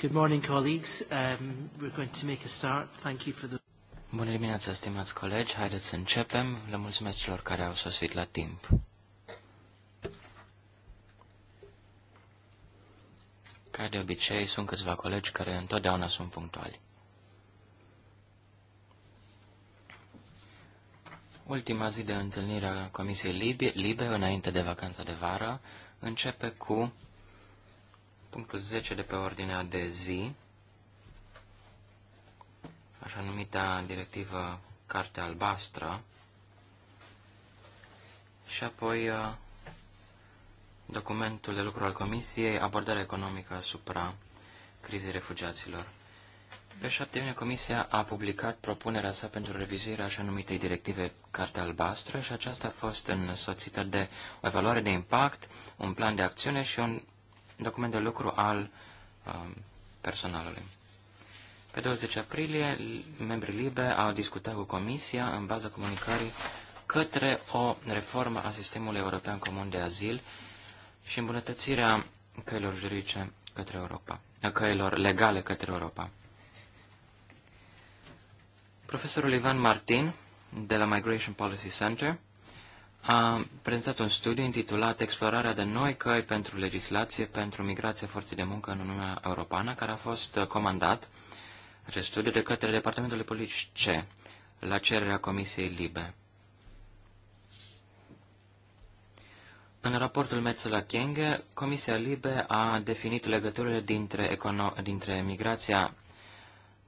Good morning, colleagues. Um, we're going to make a start. Thank you for the... Bună dimineața, stimați colegi. Haideți să începem. Le mulțumesc celor care au sosit la timp. Ca de obicei, sunt câțiva colegi care întotdeauna sunt punctuali. Ultima zi de întâlnire a Comisiei Libe, Libe, înainte de vacanța de vară, începe cu punctul 10 de pe ordinea de zi, așa numita directivă Carte Albastră, și apoi uh, documentul de lucru al Comisiei, abordarea economică asupra crizei refugiaților. Pe 7 iunie, Comisia a publicat propunerea sa pentru revizuirea așa numitei directive Carte Albastră și aceasta a fost însoțită de o evaluare de impact, un plan de acțiune și un document de lucru al um, personalului. Pe 20 aprilie, membrii LIBE au discutat cu Comisia în baza comunicării către o reformă a sistemului european comun de azil și îmbunătățirea căilor juridice către Europa, căilor legale către Europa. Profesorul Ivan Martin, de la Migration Policy Center, a prezentat un studiu intitulat Explorarea de noi căi pentru legislație pentru migrația forței de muncă în Uniunea Europeană, care a fost uh, comandat acest studiu de către Departamentul de Politici C, la cererea Comisiei Libe. În raportul Metzula Kenge, Comisia Libe a definit legăturile dintre, econo- dintre migrația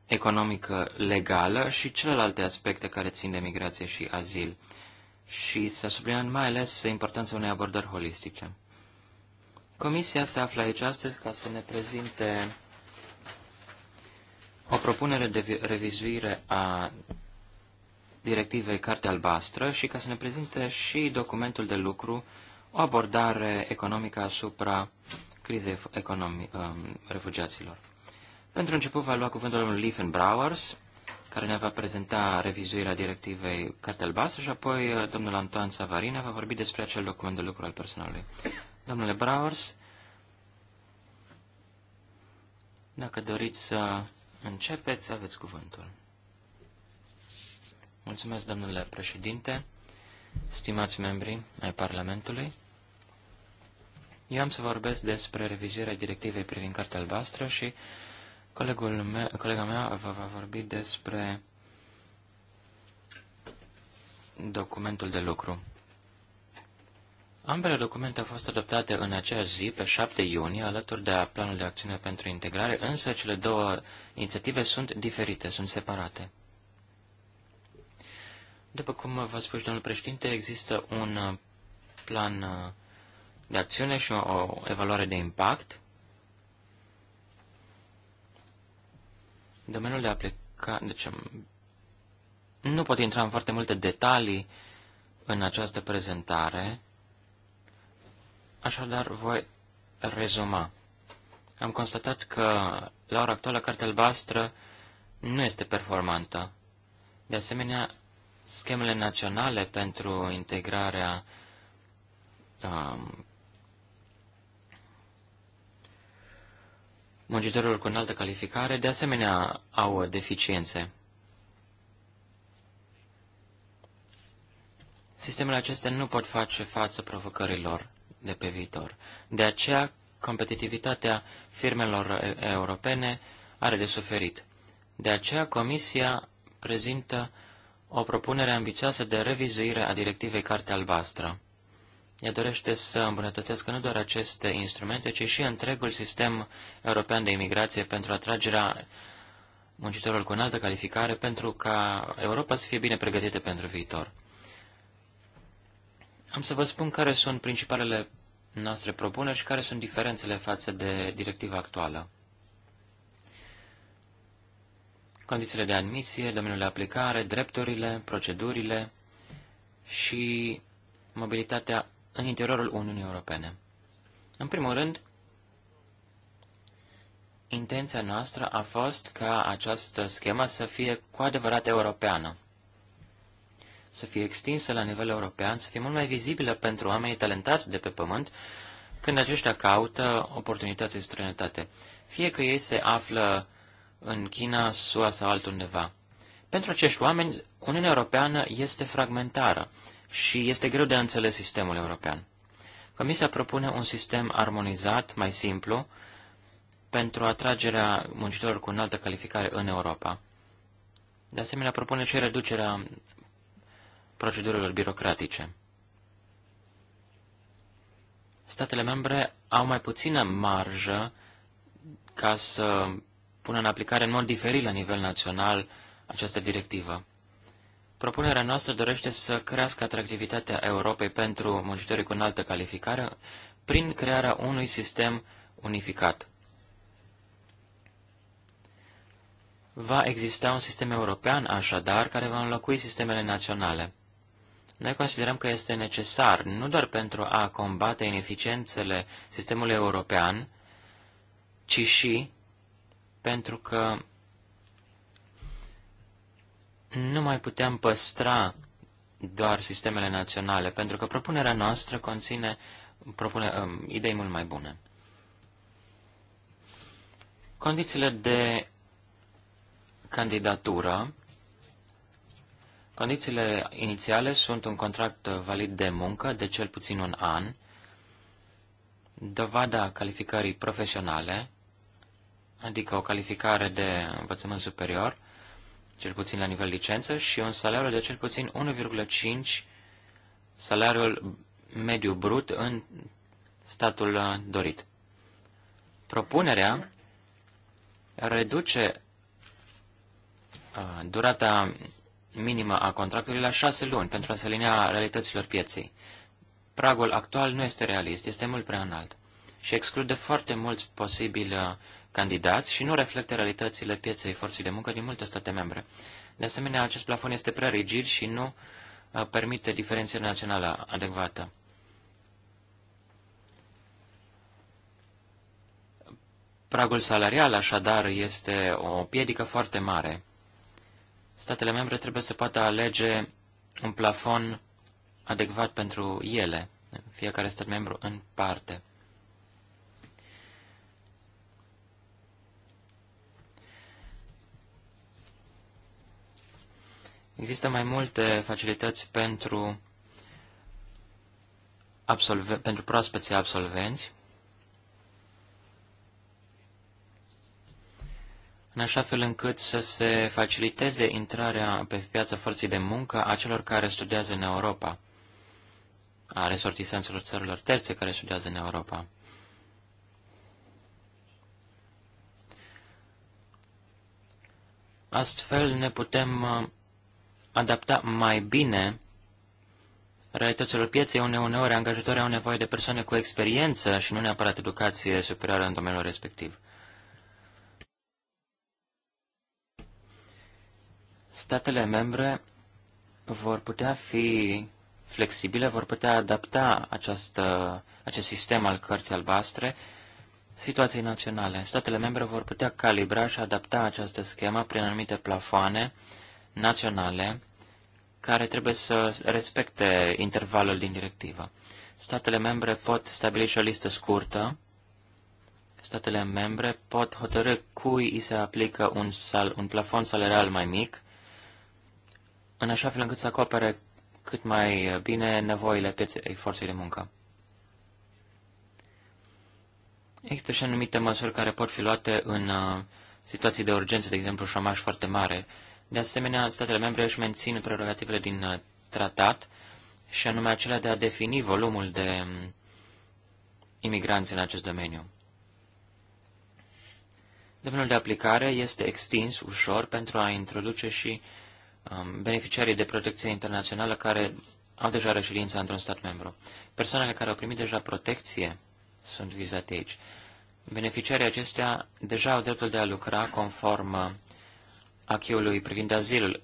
economică legală și celelalte aspecte care țin de migrație și azil și să subliniem mai ales importanța unei abordări holistice. Comisia se află aici astăzi ca să ne prezinte o propunere de revizuire a directivei Carte Albastră și ca să ne prezinte și documentul de lucru, o abordare economică asupra crizei economi- um, refugiaților. Pentru început va lua cuvântul domnul Liefenbrauers, care ne va prezenta revizuirea directivei cartel basă și apoi uh, domnul Antoan Savarina va vorbi despre acel document de lucru al personalului. Domnule Brauers, dacă doriți să începeți, aveți cuvântul. Mulțumesc, domnule președinte, stimați membri ai Parlamentului. Eu am să vorbesc despre revizuirea directivei privind Cartea Albastră și uh, Colegul meu, colega mea vă va vorbi despre documentul de lucru. Ambele documente au fost adoptate în aceeași zi, pe 7 iunie, alături de Planul de Acțiune pentru Integrare, însă cele două inițiative sunt diferite, sunt separate. După cum vă spus, domnul președinte, există un plan de acțiune și o evaluare de impact. Domeniul de aplicare, deci um, nu pot intra în foarte multe detalii în această prezentare, așadar voi rezuma. Am constatat că la ora actuală cartea albastră nu este performantă. De asemenea, schemele naționale pentru integrarea um, Muncitorilor cu înaltă calificare, de asemenea, au deficiențe. Sistemele acestea nu pot face față provocărilor de pe viitor. De aceea, competitivitatea firmelor europene are de suferit. De aceea, Comisia prezintă o propunere ambițioasă de revizuire a directivei Carte Albastră. Ea dorește să îmbunătățească nu doar aceste instrumente, ci și întregul sistem european de imigrație pentru atragerea muncitorilor cu înaltă calificare, pentru ca Europa să fie bine pregătită pentru viitor. Am să vă spun care sunt principalele noastre propuneri și care sunt diferențele față de directiva actuală. Condițiile de admisie, domeniul de aplicare, drepturile, procedurile și mobilitatea în interiorul Uniunii Europene. În primul rând, intenția noastră a fost ca această schemă să fie cu adevărat europeană, să fie extinsă la nivel european, să fie mult mai vizibilă pentru oamenii talentați de pe pământ când aceștia caută oportunități în străinătate, fie că ei se află în China, SUA sau altundeva. Pentru acești oameni, Uniunea Europeană este fragmentară și este greu de a înțeles sistemul european. Comisia propune un sistem armonizat, mai simplu, pentru atragerea muncitorilor cu înaltă calificare în Europa. De asemenea, propune și reducerea procedurilor birocratice. Statele membre au mai puțină marjă ca să pună în aplicare în mod diferit la nivel național această directivă. Propunerea noastră dorește să crească atractivitatea Europei pentru muncitorii cu înaltă calificare prin crearea unui sistem unificat. Va exista un sistem european, așadar, care va înlocui sistemele naționale. Noi considerăm că este necesar nu doar pentru a combate ineficiențele sistemului european, ci și pentru că nu mai putem păstra doar sistemele naționale, pentru că propunerea noastră conține propune, um, idei mult mai bune. Condițiile de candidatură, condițiile inițiale sunt un contract valid de muncă de cel puțin un an, dovada calificării profesionale, adică o calificare de învățământ superior, cel puțin la nivel licență, și un salariu de cel puțin 1,5 salariul mediu brut în statul dorit. Propunerea reduce uh, durata minimă a contractului la șase luni pentru a se linea realităților pieței. Pragul actual nu este realist, este mult prea înalt și exclude foarte mulți posibili uh, candidați și nu reflectă realitățile pieței forței de muncă din multe state membre. De asemenea, acest plafon este prea rigid și nu uh, permite diferențiere națională adecvată. Pragul salarial, așadar, este o piedică foarte mare. Statele membre trebuie să poată alege un plafon adecvat pentru ele, fiecare stat membru în parte. Există mai multe facilități pentru, absolve- pentru proaspeții absolvenți, în așa fel încât să se faciliteze intrarea pe piața forței de muncă a celor care studiază în Europa, a resortisanților țărilor terțe care studiază în Europa. Astfel ne putem uh, adapta mai bine realităților pieței, une, uneori angajatorii au nevoie de persoane cu experiență și nu neapărat educație superioară în domeniul respectiv. Statele membre vor putea fi flexibile, vor putea adapta această, acest sistem al cărții albastre situației naționale. Statele membre vor putea calibra și adapta această schemă prin anumite plafoane, uh, naționale care trebuie să respecte intervalul din directivă. Statele membre pot stabili și o listă scurtă. Statele membre pot hotărâ cui îi se aplică un, sal, un plafon salarial mai mic, în așa fel încât să acopere cât mai bine nevoile pieței forței de muncă. Există și anumite măsuri care pot fi luate în uh, situații de urgență, de exemplu șomaj foarte mare, de asemenea, statele membre își mențin prerogativele din uh, tratat, și anume acelea de a defini volumul de um, imigranți în acest domeniu. Domeniul de aplicare este extins ușor pentru a introduce și um, beneficiarii de protecție internațională care au deja reședința într-un stat membru. Persoanele care au primit deja protecție sunt vizate aici. Beneficiarii acestea deja au dreptul de a lucra conform uh, achiului privind azilul.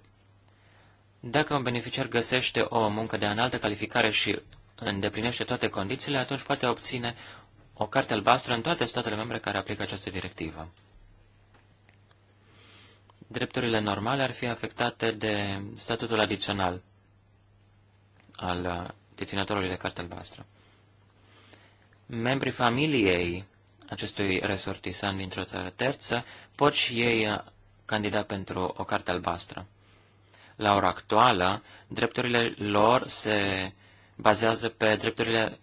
Dacă un beneficiar găsește o muncă de înaltă calificare și îndeplinește toate condițiile, atunci poate obține o carte albastră în toate statele membre care aplică această directivă. Drepturile normale ar fi afectate de statutul adițional al deținătorului de carte albastră. Membrii familiei acestui resortisan dintr-o țară terță pot și ei candida pentru o carte albastră. La ora actuală, drepturile lor se bazează pe drepturile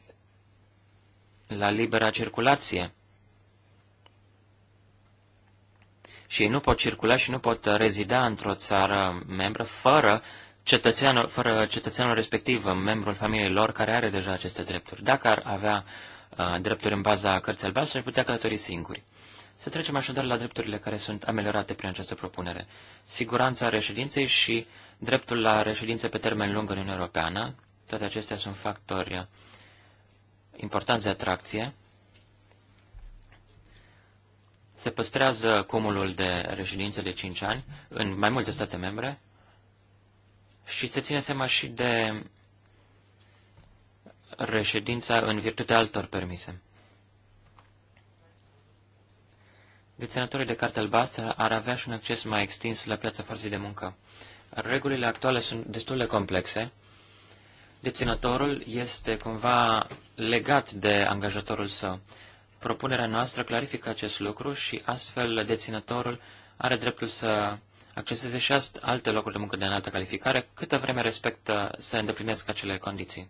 la libera circulație. Și ei nu pot circula și nu pot rezida într-o țară membră fără cetățeanul, fără cetățeanul respectiv, membrul familiei lor care are deja aceste drepturi. Dacă ar avea uh, drepturi în baza cărții albastre, ar putea călători singuri. Să trecem așadar la drepturile care sunt ameliorate prin această propunere. Siguranța reședinței și dreptul la reședință pe termen lung în Uniunea Europeană, toate acestea sunt factori importanți de atracție. Se păstrează cumulul de reședințe de 5 ani în mai multe state membre și se ține seama și de reședința în virtutea altor permise. Deținătorii de carte albastră ar avea și un acces mai extins la piața forței de muncă. Regulile actuale sunt destul de complexe. Deținătorul este cumva legat de angajatorul său. Propunerea noastră clarifică acest lucru și astfel deținătorul are dreptul să acceseze și alte locuri de muncă de înaltă calificare, câtă vreme respectă să îndeplinesc acele condiții.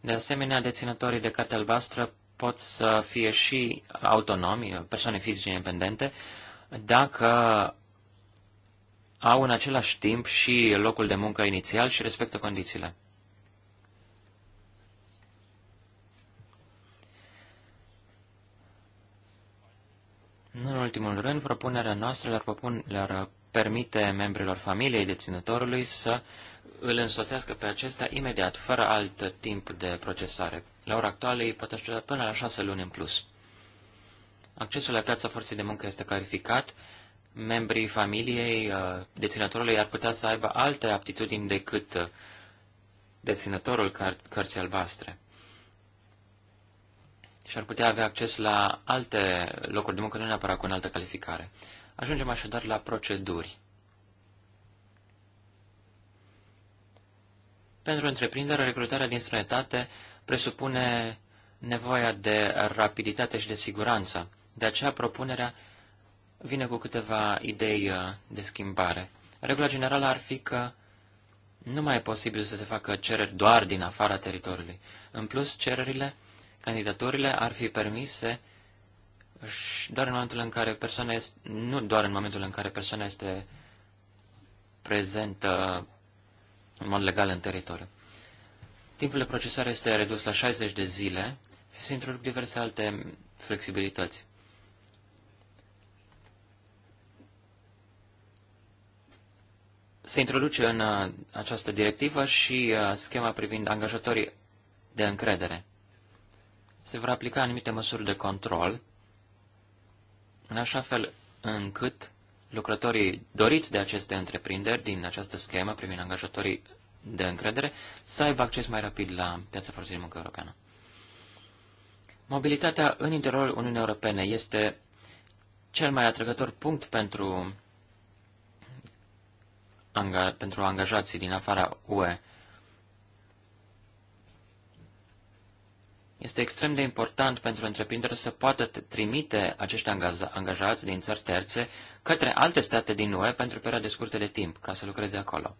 De asemenea, deținătorii de carte albastră pot să fie și autonomi, persoane fizice independente, dacă au în același timp și locul de muncă inițial și respectă condițiile. în ultimul rând, propunerea noastră le-ar, le permite membrilor familiei deținătorului să îl însoțească pe acesta imediat, fără alt timp de procesare. La ora actuală ei pot aștepta până la șase luni în plus. Accesul la piața forței de muncă este clarificat. Membrii familiei uh, deținătorului ar putea să aibă alte aptitudini decât uh, deținătorul căr- cărții albastre și ar putea avea acces la alte locuri de muncă, nu neapărat cu altă calificare. Ajungem așadar la proceduri. Pentru întreprindere, recrutarea din străinătate presupune nevoia de rapiditate și de siguranță. De aceea propunerea vine cu câteva idei uh, de schimbare. Regula generală ar fi că nu mai e posibil să se facă cereri doar din afara teritoriului. În plus, cererile, candidaturile ar fi permise și doar în momentul în care persoana este, nu doar în momentul în care persoana este prezentă în mod legal în teritoriu. Timpul de procesare este redus la 60 de zile și se introduc diverse alte flexibilități. Se introduce în uh, această directivă și uh, schema privind angajatorii de încredere. Se vor aplica anumite măsuri de control, în așa fel încât lucrătorii doriți de aceste întreprinderi din această schemă privind angajatorii de încredere să aibă acces mai rapid la piața forței de muncă europeană. Mobilitatea în interiorul Uniunii Europene este cel mai atrăgător punct pentru, anga, pentru angajații din afara UE. Este extrem de important pentru întreprindere să poată trimite acești angajați din țări terțe către alte state din UE pentru perioade scurte de timp, ca să lucreze acolo.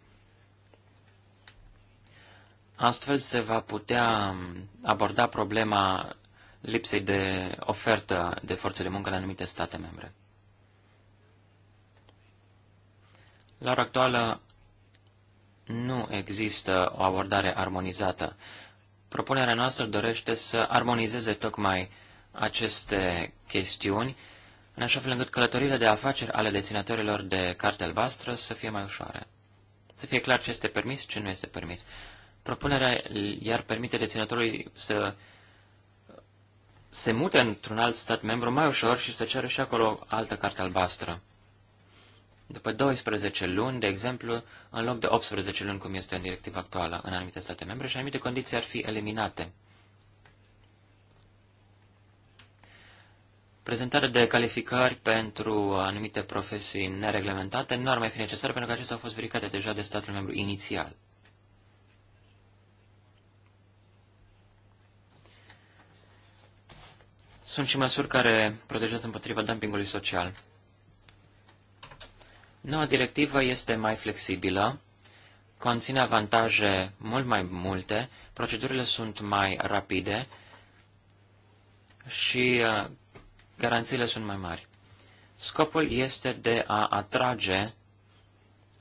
Astfel se va putea aborda problema lipsei de ofertă de forțe de muncă în anumite state membre. La ora actuală nu există o abordare armonizată. Propunerea noastră dorește să armonizeze tocmai aceste chestiuni, în așa fel încât călătorile de afaceri ale deținătorilor de carte albastră să fie mai ușoare. Să fie clar ce este permis, și ce nu este permis. Propunerea iar permite deținătorului să se mute într-un alt stat membru mai ușor și să ceară și acolo altă carte albastră. După 12 luni, de exemplu, în loc de 18 luni, cum este în directiva actuală, în anumite state membre, și anumite condiții ar fi eliminate. Prezentarea de calificări pentru anumite profesii nereglementate nu ar mai fi necesară pentru că acestea au fost verificate deja de statul membru inițial. Sunt și măsuri care protejează împotriva dumpingului social. Noua directivă este mai flexibilă, conține avantaje mult mai multe, procedurile sunt mai rapide și uh, garanțiile sunt mai mari. Scopul este de a atrage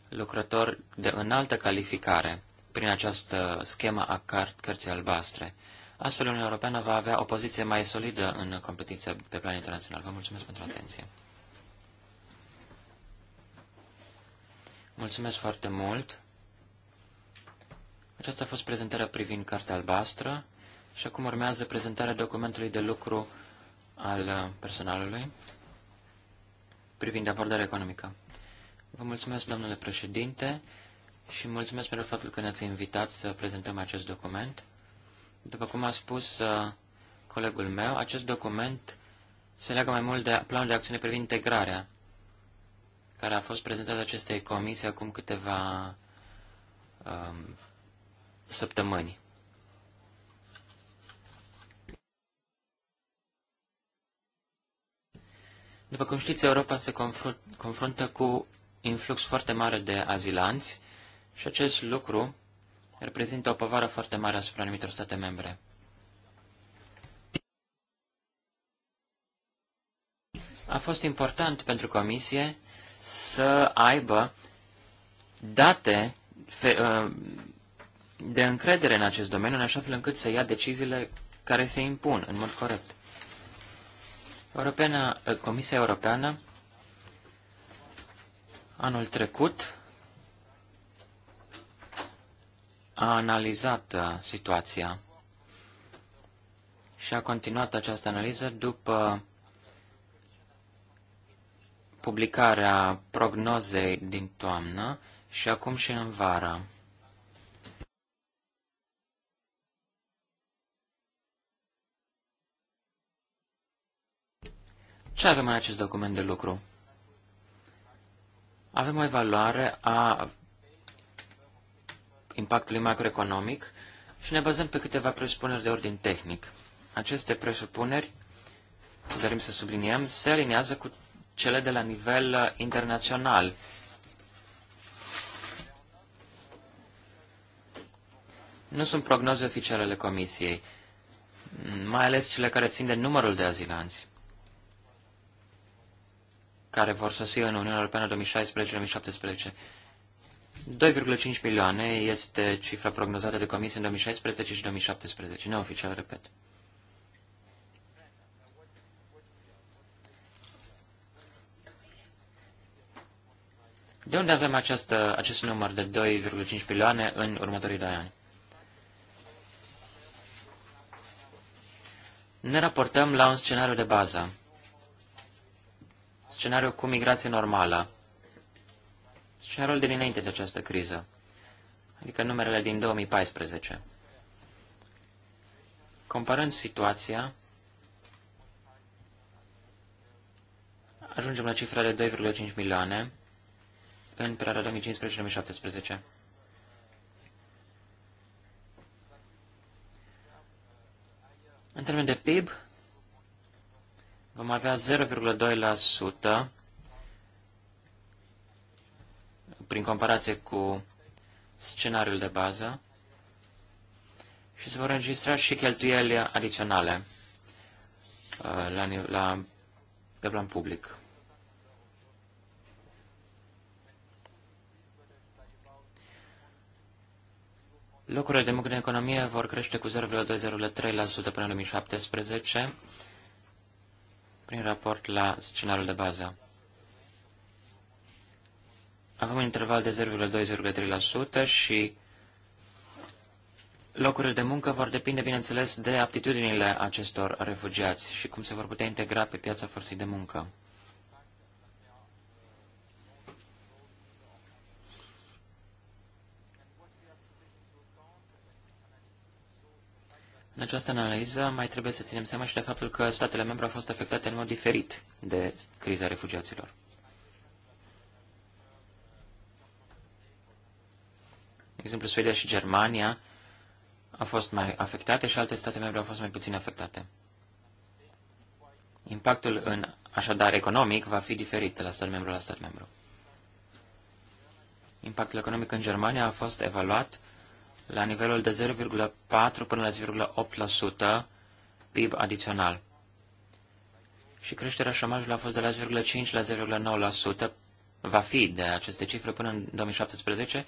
lucrători de înaltă calificare prin această schemă a cărții albastre. Astfel, Uniunea Europeană va avea o poziție mai solidă în competiția pe plan internațional. Vă mulțumesc pentru atenție. Mulțumesc foarte mult. Aceasta a fost prezentarea privind Cartea Albastră și acum urmează prezentarea documentului de lucru al personalului privind abordarea economică. Vă mulțumesc, domnule președinte, și mulțumesc pentru faptul că ne-ați invitat să prezentăm acest document. După cum a spus uh, colegul meu, acest document se leagă mai mult de planul de acțiune privind integrarea, care a fost prezentat acestei comisii acum câteva um, săptămâni. După cum știți, Europa se confruntă cu influx foarte mare de azilanți și acest lucru reprezintă o povară foarte mare asupra anumitor state membre. A fost important pentru Comisie să aibă date uh, de încredere în acest domeniu, în așa fel încât să ia deciziile care se impun în mod corect. Europeana, uh, Comisia Europeană anul trecut a analizat uh, situația și a continuat această analiză după publicarea prognozei din toamnă și acum și în vară. Ce avem în acest document de lucru? Avem o evaluare a impactului macroeconomic și ne bazăm pe câteva presupuneri de ordin tehnic. Aceste presupuneri, dorim să subliniem, se aliniază cu cele de la nivel uh, internațional. Nu sunt prognoze oficiale ale Comisiei, mai ales cele care țin de numărul de azilanți care vor sosi în Uniunea Europeană 2016-2017. 2,5 milioane este cifra prognozată de comisie în 2016 și 2017, neoficial, repet. De unde avem această, acest număr de 2,5 milioane în următorii 2 ani? Ne raportăm la un scenariu de bază, scenariu cu migrație normală, și rol de dinainte de această criză, adică numerele din 2014. Comparând situația, ajungem la cifra de 2,5 milioane în perioada 2015-2017. În termen de PIB, vom avea 0,2% prin comparație cu scenariul de bază și se vor înregistra și cheltuieli adiționale uh, la, la, pe plan public. Locurile de muncă în economie vor crește cu 0,203% până în 2017, prin raport la scenariul de bază. Avem un interval de 0,2-0,3% și locurile de muncă vor depinde, bineînțeles, de aptitudinile acestor refugiați și cum se vor putea integra pe piața forței de muncă. În această analiză mai trebuie să ținem seama și de faptul că statele membre au fost afectate în mod diferit de criza refugiaților. exemplu, Suedia și Germania au fost mai afectate și alte state membre au fost mai puțin afectate. Impactul în așadar economic va fi diferit de la stat membru la stat membru. Impactul economic în Germania a fost evaluat la nivelul de 0,4 până la 0,8% PIB adițional. Și creșterea șomajului a fost de la 0,5 la 0,9%, va fi de aceste cifre până în 2017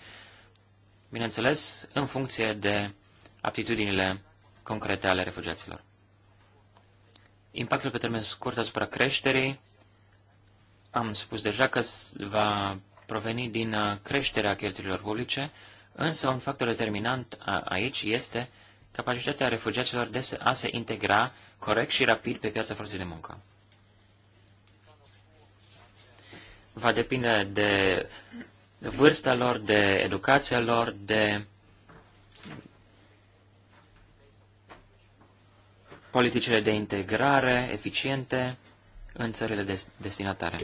bineînțeles, în funcție de aptitudinile concrete ale refugiaților. Impactul pe termen scurt asupra creșterii, am spus deja că va proveni din uh, creșterea cheltuielor publice, însă un factor determinant aici este capacitatea refugiaților de a se integra corect și rapid pe piața forței de muncă. Va depinde de vârsta lor, de educația lor, de politicile de integrare eficiente în țările destinatare.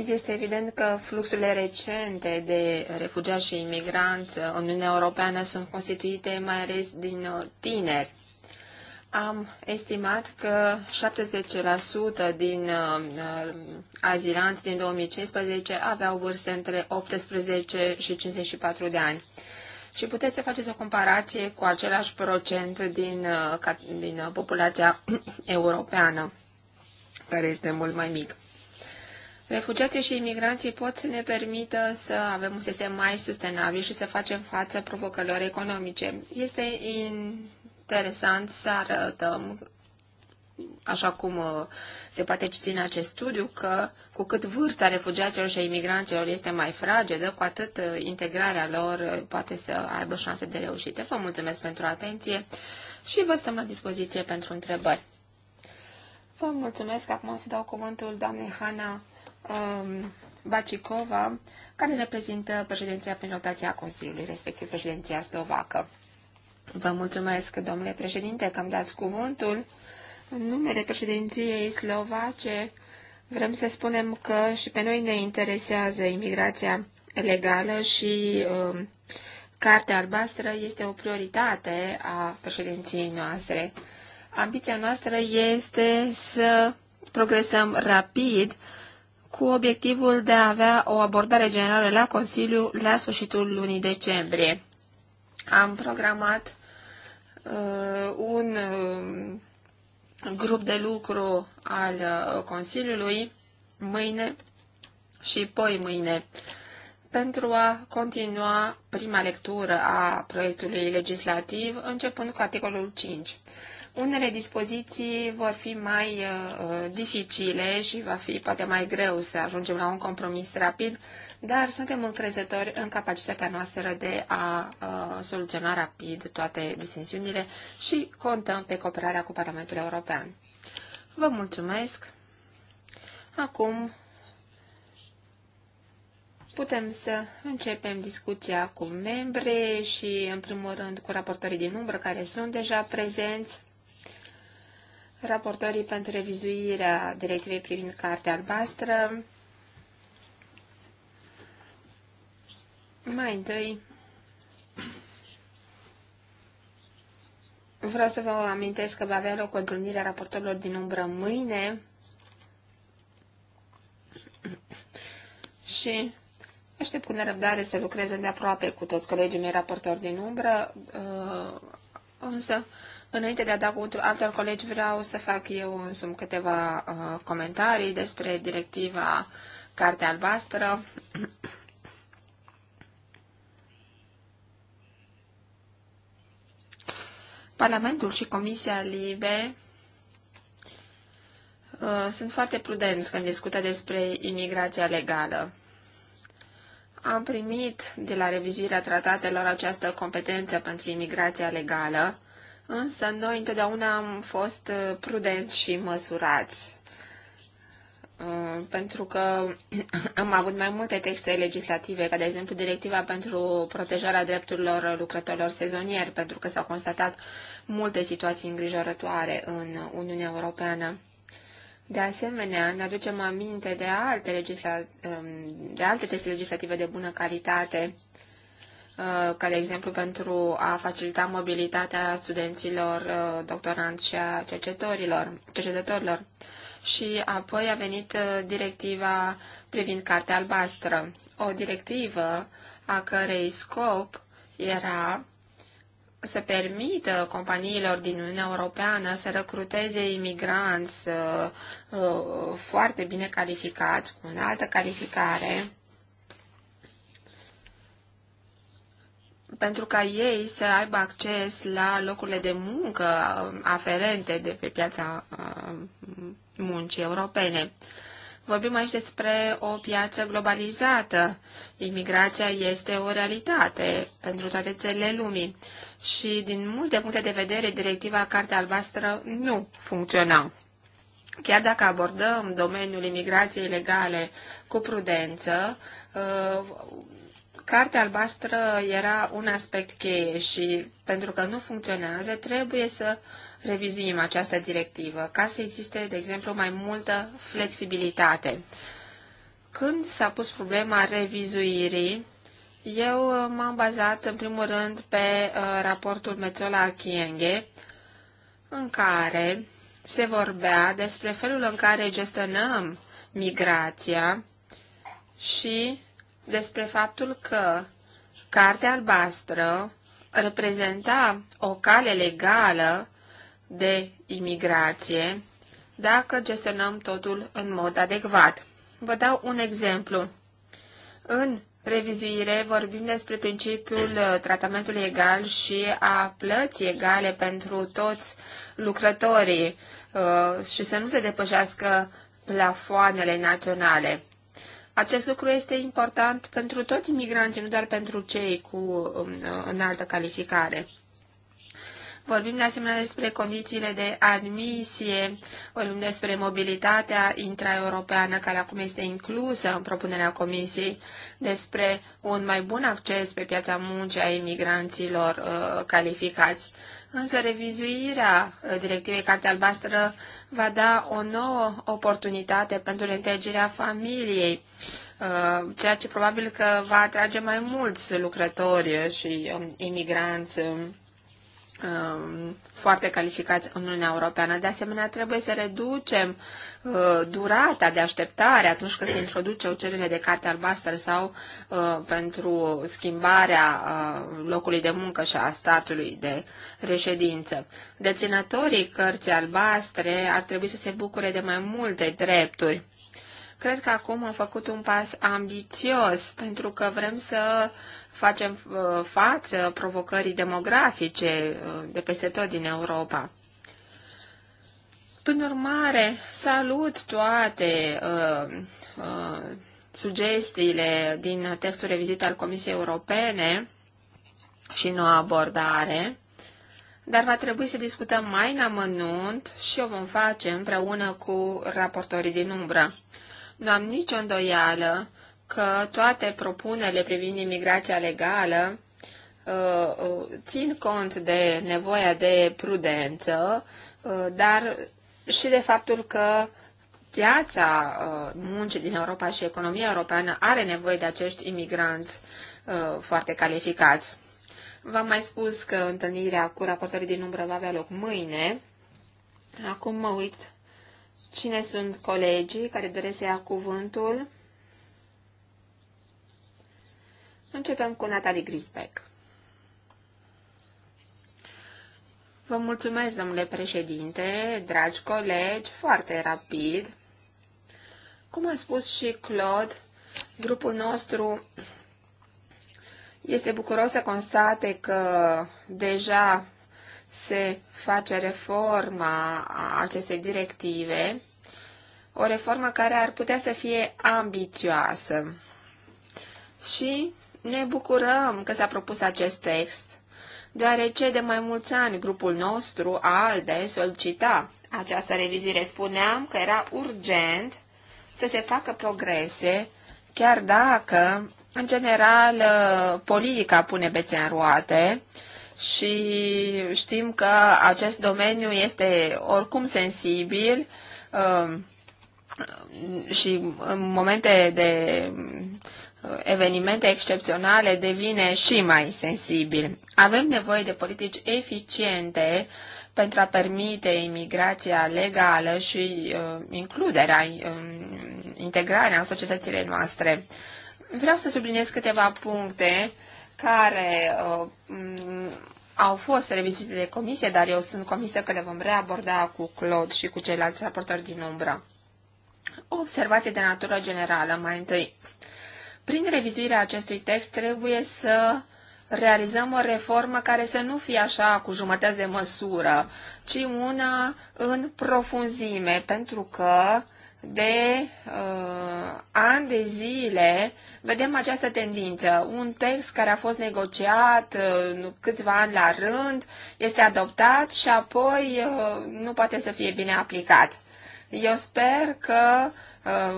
Este evident că fluxurile recente de refugiați și imigranți în Uniunea Europeană sunt constituite mai ales din uh, tineri. Am estimat că 70% din uh, uh, azilanți din 2015 aveau vârste între 18 și 54 de ani. Și puteți să faceți o comparație cu același procent din, uh, din uh, populația europeană, care este mult mai mic. Refugiații și imigranții pot să ne permită să avem un sistem mai sustenabil și să facem față provocărilor economice. Este in interesant să arătăm, așa cum uh, se poate citi în acest studiu, că cu cât vârsta refugiaților și a imigranților este mai fragedă, cu atât uh, integrarea lor uh, poate să aibă șanse de reușite. Vă mulțumesc pentru atenție și vă stăm la dispoziție pentru întrebări. Vă mulțumesc. Acum să dau cuvântul doamnei Hanna um, Bacicova, care reprezintă președinția prin rotația Consiliului, respectiv președinția slovacă. Vă mulțumesc, domnule președinte, că îmi dați cuvântul. În numele președinției slovace vrem să spunem că și pe noi ne interesează imigrația legală și uh, Cartea albastră este o prioritate a președinției noastre. Ambiția noastră este să progresăm rapid cu obiectivul de a avea o abordare generală la Consiliu la sfârșitul lunii decembrie. Am programat Uh, un uh, grup de lucru al uh, Consiliului mâine și poi mâine pentru a continua prima lectură a proiectului legislativ, începând cu articolul 5. Unele dispoziții vor fi mai uh, dificile și va fi poate mai greu să ajungem la un compromis rapid, dar suntem încrezători în capacitatea noastră de a uh, soluționa rapid toate disensiunile și contăm pe cooperarea cu Parlamentul European. Vă mulțumesc! Acum putem să începem discuția cu membre și, în primul rând, cu raportorii din umbră care sunt deja prezenți. Raportorii pentru revizuirea directivei privind cartea albastră, Mai întâi, vreau să vă amintesc că va avea loc o întâlnire a raportorilor din umbră mâine și aștept cu nerăbdare să lucreze de aproape cu toți colegii mei raportori din umbră, uh, însă Înainte de a da cuvântul altor colegi, vreau să fac eu însumi câteva uh, comentarii despre directiva Carte Albastră. Parlamentul și Comisia Libe uh, sunt foarte prudenți când discută despre imigrația legală. Am primit de la revizuirea tratatelor această competență pentru imigrația legală, însă noi întotdeauna am fost uh, prudenți și măsurați. Uh, pentru că am avut mai multe texte legislative, ca de exemplu directiva pentru protejarea drepturilor lucrătorilor sezonieri, pentru că s-au constatat multe situații îngrijorătoare în Uniunea Europeană. De asemenea, ne aducem aminte de alte, legisla... Um, de alte texte legislative de bună calitate, uh, ca de exemplu pentru a facilita mobilitatea studenților, uh, doctoranți și a cercetătorilor. cercetătorilor și apoi a venit uh, directiva privind cartea albastră, o directivă a cărei scop era să permită companiilor din Uniunea Europeană să recruteze imigranți uh, uh, foarte bine calificați, cu înaltă calificare, pentru ca ei să aibă acces la locurile de muncă aferente de pe piața muncii europene. Vorbim aici despre o piață globalizată. Imigrația este o realitate pentru toate țările lumii și, din multe puncte de vedere, directiva Cartea Albastră nu funcționa. Chiar dacă abordăm domeniul imigrației ilegale cu prudență, uh, Cartea albastră era un aspect cheie și pentru că nu funcționează, trebuie să revizuim această directivă, ca să existe, de exemplu, mai multă flexibilitate. Când s-a pus problema revizuirii, eu m-am bazat în primul rând pe uh, raportul Mețola Chienghe, în care se vorbea despre felul în care gestionăm migrația și despre faptul că Cartea Albastră reprezenta o cale legală de imigrație dacă gestionăm totul în mod adecvat. Vă dau un exemplu. În revizuire vorbim despre principiul uh, tratamentului egal și a plății egale pentru toți lucrătorii uh, și să nu se depășească plafoanele naționale. Acest lucru este important pentru toți imigranții, nu doar pentru cei cu um, înaltă calificare. Vorbim de asemenea despre condițiile de admisie, vorbim despre mobilitatea intraeuropeană care acum este inclusă în propunerea Comisiei, despre un mai bun acces pe piața muncii a imigranților uh, calificați. Însă revizuirea uh, directivei Carte Albastră va da o nouă oportunitate pentru reîntregirea familiei, uh, ceea ce probabil că va atrage mai mulți lucrători și um, imigranți um, Um, foarte calificați în Uniunea Europeană. De asemenea, trebuie să reducem uh, durata de așteptare atunci când se introduce o cerere de carte albastră sau uh, pentru schimbarea uh, locului de muncă și a statului de reședință. Deținătorii cărții albastre ar trebui să se bucure de mai multe drepturi. Cred că acum am făcut un pas ambițios pentru că vrem să uh, facem uh, față provocării demografice uh, de peste tot din Europa. Până urmare, salut toate uh, uh, sugestiile din textul revizit al Comisiei Europene și noua abordare, dar va trebui să discutăm mai în amănunt și o vom face împreună cu raportorii din umbră. Nu am nicio îndoială că toate propunerile privind imigrația legală uh, uh, țin cont de nevoia de prudență, uh, dar și de faptul că piața muncii din Europa și economia europeană are nevoie de acești imigranți foarte calificați. V-am mai spus că întâlnirea cu raportorii din umbră va avea loc mâine. Acum mă uit cine sunt colegii care doresc să ia cuvântul. Începem cu Natalie Grisbeck. Vă mulțumesc, domnule președinte, dragi colegi, foarte rapid. Cum a spus și Claude, grupul nostru este bucuros să constate că deja se face reforma a acestei directive, o reformă care ar putea să fie ambițioasă. Și ne bucurăm că s-a propus acest text, deoarece de mai mulți ani grupul nostru, ALDE, solicita această revizuire. Spuneam că era urgent să se facă progrese, chiar dacă, în general, politica pune bețe în roate și știm că acest domeniu este oricum sensibil um, și în momente de evenimente excepționale devine și mai sensibil. Avem nevoie de politici eficiente pentru a permite imigrația legală și uh, includerea, uh, integrarea în societățile noastre. Vreau să subliniez câteva puncte care uh, mm, au fost revizuite de comisie, dar eu sunt comisă că le vom reaborda cu Claude și cu ceilalți raportori din umbră. O observație de natură generală mai întâi. Prin revizuirea acestui text trebuie să realizăm o reformă care să nu fie așa cu jumătate de măsură, ci una în profunzime, pentru că de uh, ani de zile vedem această tendință. Un text care a fost negociat uh, câțiva ani la rând este adoptat și apoi uh, nu poate să fie bine aplicat. Eu sper că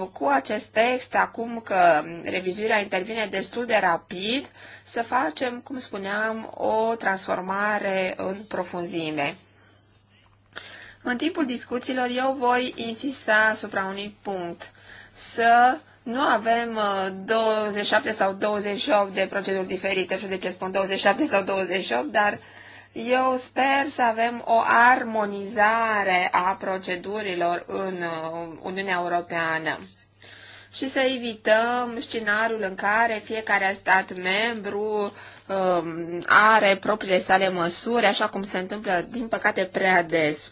uh, cu acest text, acum că revizuirea intervine destul de rapid, să facem, cum spuneam, o transformare în profunzime. În timpul discuțiilor eu voi insista asupra unui punct, să nu avem 27 uh, sau 28 de proceduri diferite, știu de ce spun 27 sau 28, dar eu sper să avem o armonizare a procedurilor în uh, Uniunea Europeană și să evităm scenariul în care fiecare stat membru um, are propriile sale măsuri, așa cum se întâmplă, din păcate, prea des.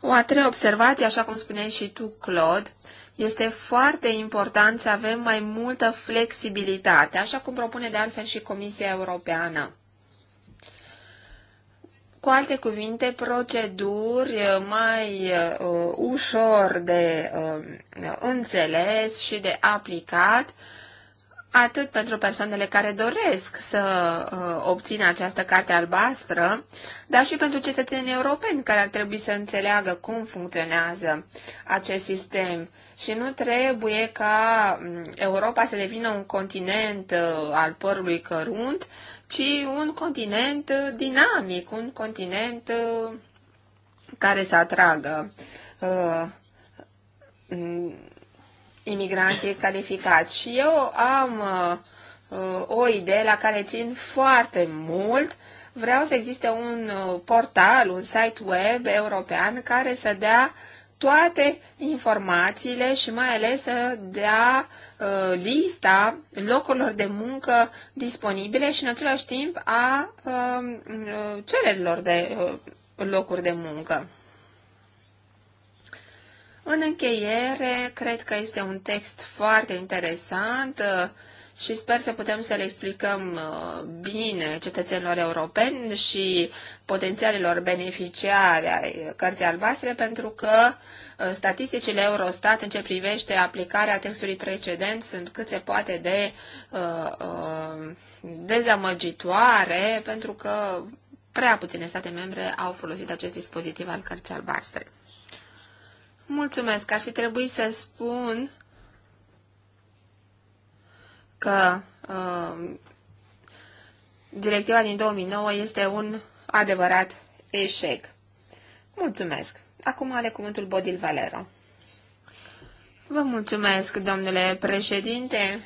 O a treia observație, așa cum spuneai și tu, Claude, este foarte important să avem mai multă flexibilitate, așa cum propune de altfel și Comisia Europeană. Cu alte cuvinte, proceduri eh, mai uh, ușor de uh, înțeles și de aplicat, atât pentru persoanele care doresc să uh, obțină această carte albastră, dar și pentru cetățenii europeni care ar trebui să înțeleagă cum funcționează acest sistem. Și nu trebuie ca mm, Europa să devină un continent uh, al părului cărunt, ci un continent uh, dinamic, un continent uh, care să atragă uh, mm, imigranții calificați. Și eu am uh, o idee la care țin foarte mult. Vreau să existe un uh, portal, un site web european care să dea uh, toate informațiile și mai ales să uh, dea uh, lista locurilor de muncă disponibile și în același timp a um, uh, cererilor de uh, locuri de muncă. În încheiere, cred că este un text foarte interesant. Uh, și sper să putem să le explicăm uh, bine cetățenilor europeni și potențialilor beneficiari ai cărții albastre, pentru că uh, statisticile Eurostat în ce privește aplicarea textului precedent sunt cât se poate de uh, uh, dezamăgitoare, pentru că prea puține state membre au folosit acest dispozitiv al cărții albastre. Mulțumesc, ar fi trebuit să spun că uh, directiva din 2009 este un adevărat eșec. Mulțumesc. Acum are cuvântul Bodil Valero. Vă mulțumesc, domnule președinte.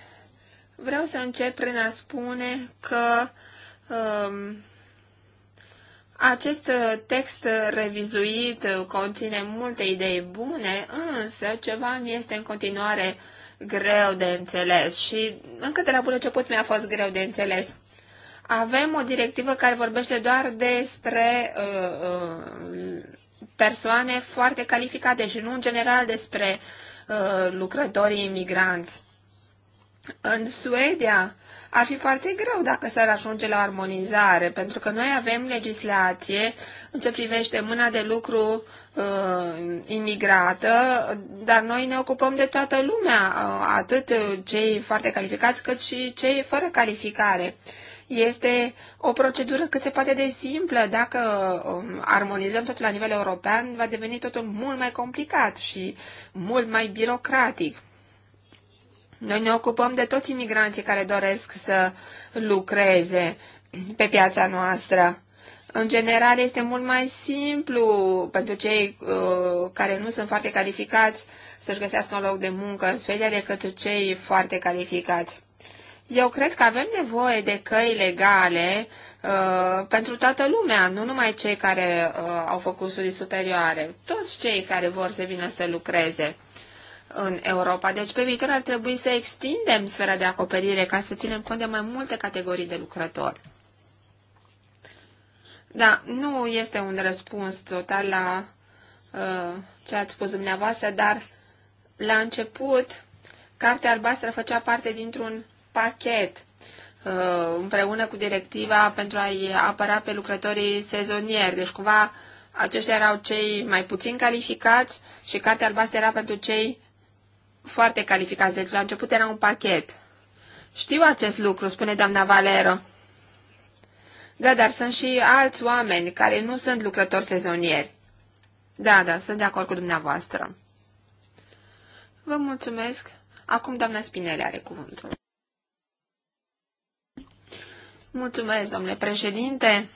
Vreau să încep prin a spune că um, acest text revizuit conține multe idei bune, însă ceva mi este în continuare greu de înțeles și încă de la bun început mi-a fost greu de înțeles. Avem o directivă care vorbește doar despre uh, uh, persoane foarte calificate și nu în general despre uh, lucrătorii imigranți. În Suedia ar fi foarte greu dacă s-ar ajunge la armonizare, pentru că noi avem legislație în ce privește mâna de lucru uh, imigrată, dar noi ne ocupăm de toată lumea, uh, atât cei foarte calificați cât și cei fără calificare. Este o procedură cât se poate de simplă. Dacă um, armonizăm totul la nivel european, va deveni totul mult mai complicat și mult mai birocratic. Noi ne ocupăm de toți imigranții care doresc să lucreze pe piața noastră. În general, este mult mai simplu pentru cei uh, care nu sunt foarte calificați să-și găsească un loc de muncă în Suedia decât cei foarte calificați. Eu cred că avem nevoie de căi legale uh, pentru toată lumea, nu numai cei care uh, au făcut studii superioare, toți cei care vor să vină să lucreze în Europa. Deci pe viitor ar trebui să extindem sfera de acoperire ca să ținem cont de mai multe categorii de lucrători. Da, nu este un răspuns total la uh, ce ați spus dumneavoastră, dar la început Cartea Albastră făcea parte dintr-un pachet uh, împreună cu directiva pentru a-i apăra pe lucrătorii sezonieri. Deci cumva aceștia erau cei mai puțin calificați și Cartea Albastră era pentru cei foarte calificați, deci la început era un pachet. Știu acest lucru, spune doamna Valero. Da, dar sunt și alți oameni care nu sunt lucrători sezonieri. Da, da, sunt de acord cu dumneavoastră. Vă mulțumesc. Acum doamna Spinele are cuvântul. Mulțumesc, domnule președinte.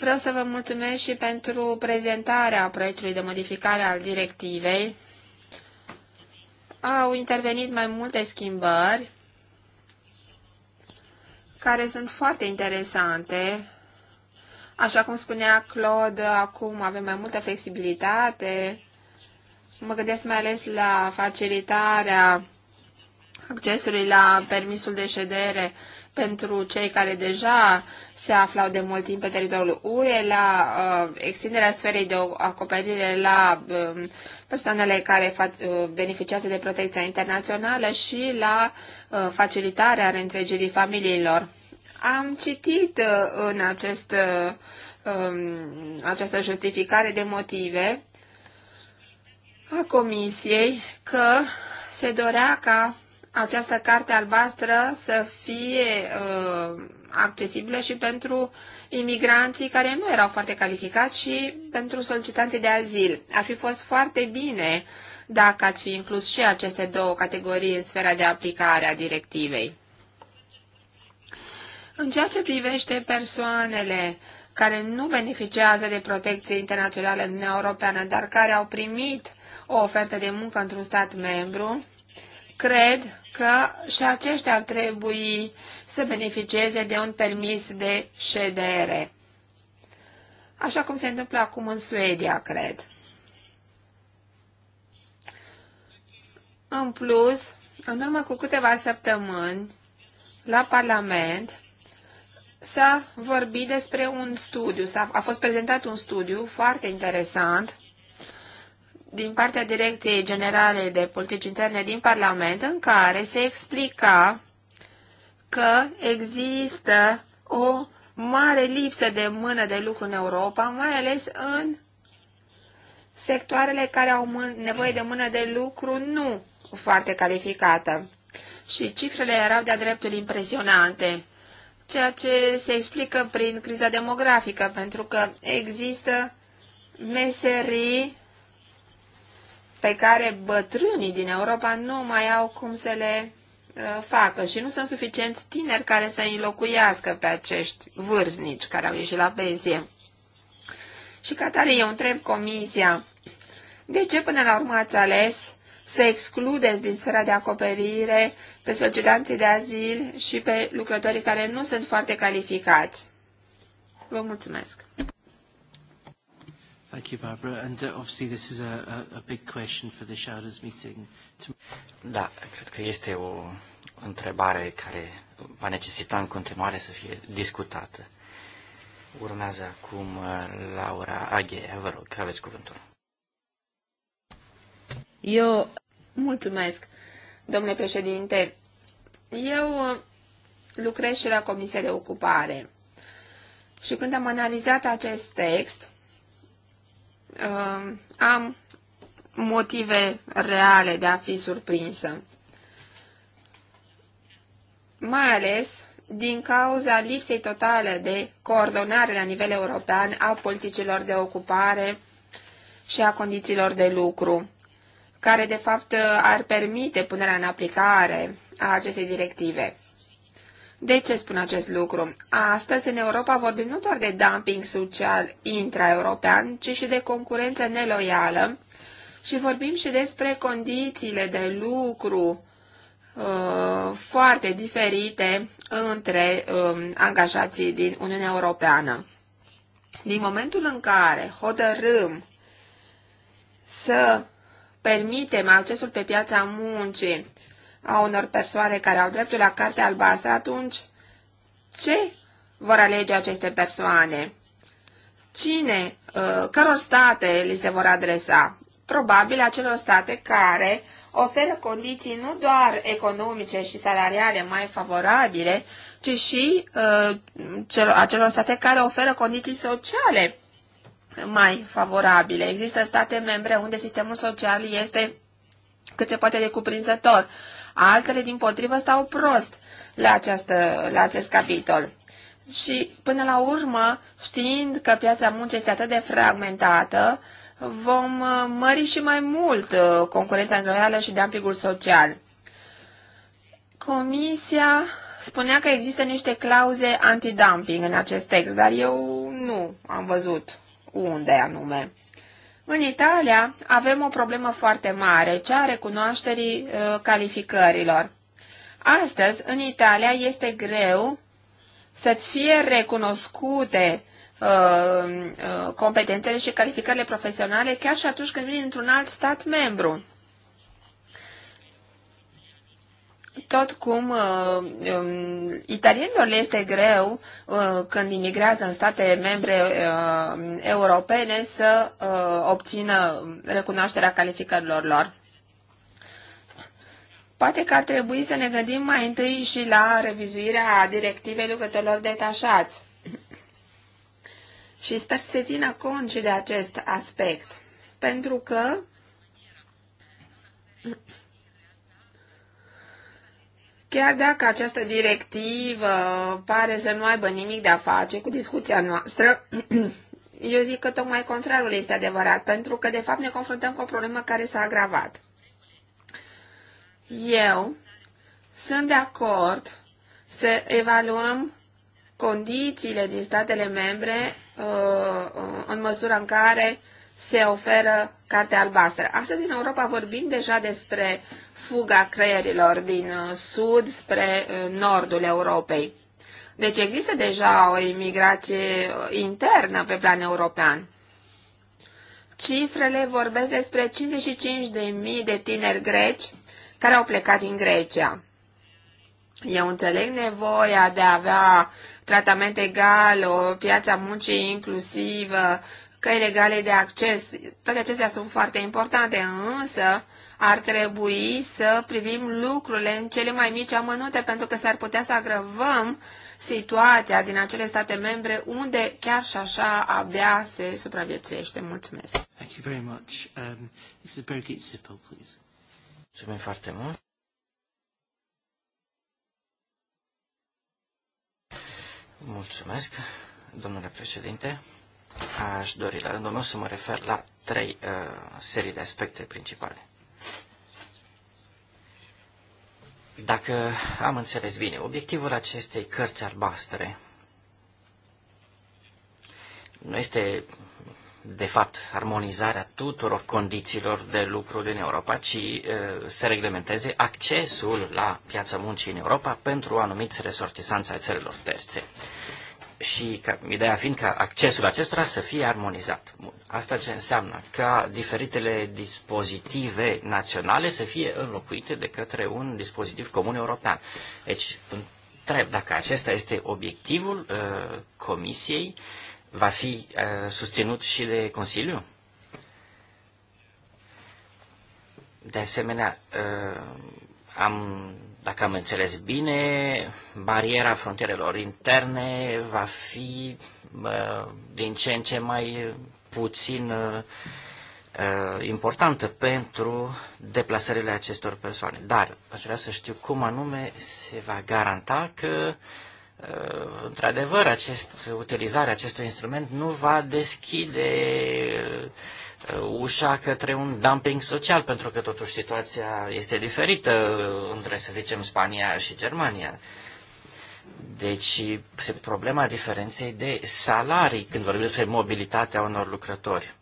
Vreau să vă mulțumesc și pentru prezentarea proiectului de modificare al directivei. Au intervenit mai multe schimbări care sunt foarte interesante. Așa cum spunea Claude, acum avem mai multă flexibilitate. Mă gândesc mai ales la facilitarea accesului la permisul de ședere pentru cei care deja se aflau de mult timp pe teritoriul UE, la uh, extinderea sferei de acoperire la uh, persoanele care fa- uh, beneficiază de protecția internațională și la uh, facilitarea reîntregirii familiilor. Am citit uh, în acest, uh, um, această justificare de motive a Comisiei că se dorea ca această carte albastră să fie uh, accesibilă și pentru imigranții care nu erau foarte calificați și pentru solicitanții de azil. Ar fi fost foarte bine dacă ați fi inclus și aceste două categorii în sfera de aplicare a directivei. În ceea ce privește persoanele care nu beneficiază de protecție internațională în Uniunea Europeană, dar care au primit o ofertă de muncă într-un stat membru, cred că și aceștia ar trebui să beneficieze de un permis de ședere. Așa cum se întâmplă acum în Suedia, cred. În plus, în urmă cu câteva săptămâni, la Parlament, s-a vorbit despre un studiu, s-a, a fost prezentat un studiu foarte interesant din partea Direcției Generale de Politici Interne din Parlament în care se explica că există o mare lipsă de mână de lucru în Europa, mai ales în sectoarele care au nevoie de mână de lucru nu foarte calificată. Și cifrele erau de-a dreptul impresionante, ceea ce se explică prin criza demografică, pentru că există meserii pe care bătrânii din Europa nu mai au cum să le uh, facă și nu sunt suficienți tineri care să înlocuiască pe acești vârstnici care au ieșit la pensie. Și ca tare eu întreb comisia, de ce până la urmă ați ales să excludeți din sfera de acoperire pe solicitanții de azil și pe lucrătorii care nu sunt foarte calificați? Vă mulțumesc! Thank you, Barbara. And uh, obviously this is a, a, a big question for the shadows meeting. Da, cred că este o întrebare care va necesita în continuare să fie discutată. Urmează acum uh, Laura Aghea. Vă rog, aveți cuvântul. Eu mulțumesc, domnule președinte. Eu uh, lucrez și la Comisia de Ocupare. Și când am analizat acest text, uh, am motive reale de a fi surprinsă. Mai ales din cauza lipsei totale de coordonare la nivel european a politicilor de ocupare și a condițiilor de lucru, care de fapt ar permite punerea în aplicare a acestei directive. De ce spun acest lucru? Astăzi, în Europa, vorbim nu doar de dumping social intraeuropean, ci și de concurență neloială și vorbim și despre condițiile de lucru uh, foarte diferite între uh, angajații din Uniunea Europeană. Din momentul în care hotărâm să permitem accesul pe piața muncii a unor persoane care au dreptul la carte albastră, atunci ce vor alege aceste persoane? Cine, uh, căror state li se vor adresa? Probabil acelor state care oferă condiții nu doar economice și salariale mai favorabile, ci și uh, acelor state care oferă condiții sociale mai favorabile. Există state membre unde sistemul social este cât se poate de cuprinzător Altele, din potrivă, stau prost la, această, la acest capitol. Și, până la urmă, știind că piața muncii este atât de fragmentată, vom uh, mări și mai mult uh, concurența loială și dumpingul social. Comisia spunea că există niște clauze antidumping în acest text, dar eu nu am văzut unde anume. În Italia avem o problemă foarte mare, cea a recunoașterii uh, calificărilor. Astăzi, în Italia, este greu să-ți fie recunoscute uh, uh, competențele și calificările profesionale chiar și atunci când vin într-un alt stat membru. tot cum uh, um, italienilor le este greu uh, când imigrează în state membre uh, europene să uh, obțină recunoașterea calificărilor lor. Poate că ar trebui să ne gândim mai întâi și la revizuirea directivei lucrătorilor detașați. Și sper să se țină cont și de acest aspect, pentru că Chiar dacă această directivă pare să nu aibă nimic de a face cu discuția noastră, eu zic că tocmai contrarul este adevărat, pentru că de fapt ne confruntăm cu o problemă care s-a agravat. Eu sunt de acord să evaluăm condițiile din statele membre uh, în măsura în care se oferă cartea albastră. Astăzi în Europa vorbim deja despre fuga creierilor din uh, sud spre uh, nordul Europei. Deci există deja o imigrație uh, internă pe plan european. Cifrele vorbesc despre 55.000 de tineri greci care au plecat din Grecia. Eu înțeleg nevoia de a avea tratament egal, o piață a muncii inclusivă, căi legale de acces, toate acestea sunt foarte importante, însă ar trebui să privim lucrurile în cele mai mici amănunte, pentru că s-ar putea să agravăm situația din acele state membre unde chiar și așa abia se supraviețuiește. Mulțumesc! Thank you very much. Um, Mr. Birgit please. Mulțumim foarte mult! Mulțumesc, domnule președinte. Aș dori la rândul meu să mă refer la trei uh, serii de aspecte principale. Dacă am înțeles bine, obiectivul acestei cărți albastre nu este, de fapt, armonizarea tuturor condițiilor de lucru din Europa, ci uh, se reglementeze accesul la piața muncii în Europa pentru anumiți resortisanți ai țărilor terțe. Uh, și ca, ideea fiind ca accesul acestora să fie armonizat. Bun. Asta ce înseamnă? Ca diferitele dispozitive naționale să fie înlocuite de către un dispozitiv comun european. Deci, întreb dacă acesta este obiectivul uh, Comisiei, va fi uh, susținut și de Consiliu? De asemenea, uh, am dacă am înțeles bine, bariera frontierelor interne va fi din ce în ce mai puțin importantă pentru deplasările acestor persoane. Dar aș vrea să știu cum anume se va garanta că într-adevăr acest, utilizarea acestui instrument nu va deschide ușa către un dumping social, pentru că totuși situația este diferită între, să zicem, Spania și Germania. Deci, problema diferenței de salarii când vorbim despre mobilitatea unor lucrători.